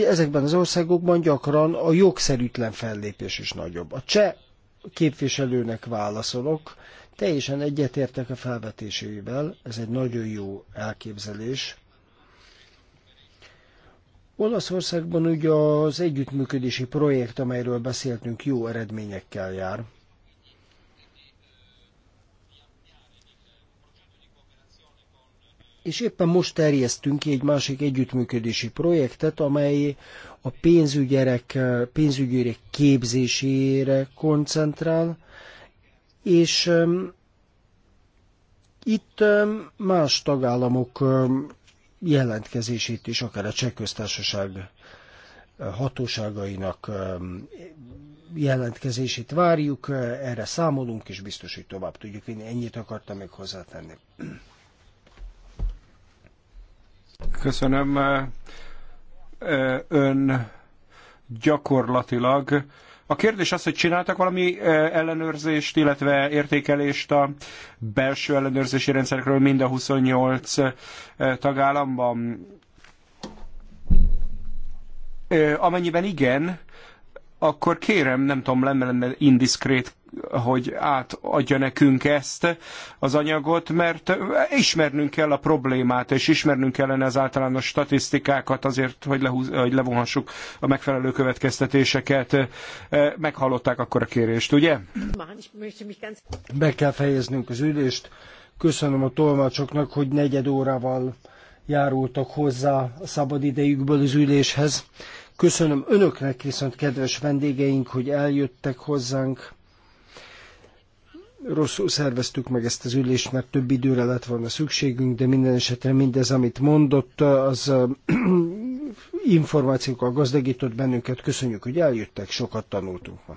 ezekben az országokban gyakran a jogszerűtlen fellépés is nagyobb. A cseh képviselőnek válaszolok, Teljesen egyetértek a felvetésével, ez egy nagyon jó elképzelés. Olaszországban ugye az együttműködési projekt, amelyről beszéltünk, jó eredményekkel jár. és éppen most terjesztünk ki egy másik együttműködési projektet, amely a pénzügyerek, pénzügyőrek képzésére koncentrál, és itt más tagállamok jelentkezését is, akár a cseh köztársaság hatóságainak jelentkezését várjuk, erre számolunk, és biztos, hogy tovább tudjuk vinni. Ennyit akartam még hozzátenni. Köszönöm. Ön gyakorlatilag a kérdés az, hogy csináltak valami ellenőrzést, illetve értékelést a belső ellenőrzési rendszerekről mind a 28 tagállamban. Amennyiben igen, akkor kérem, nem tudom, nem lenne indiszkrét hogy átadja nekünk ezt az anyagot, mert ismernünk kell a problémát, és ismernünk kellene az általános statisztikákat azért, hogy, lehúz, hogy levonhassuk a megfelelő következtetéseket. E, meghallották akkor a kérést, ugye? Be kell fejeznünk az ülést. Köszönöm a tolmácsoknak, hogy negyed órával járultak hozzá a szabadidejükből az üléshez. Köszönöm önöknek viszont, kedves vendégeink, hogy eljöttek hozzánk rosszul szerveztük meg ezt az ülést, mert több időre lett volna szükségünk, de minden esetre mindez, amit mondott, az információkkal gazdagított bennünket. Köszönjük, hogy eljöttek, sokat tanultunk ma.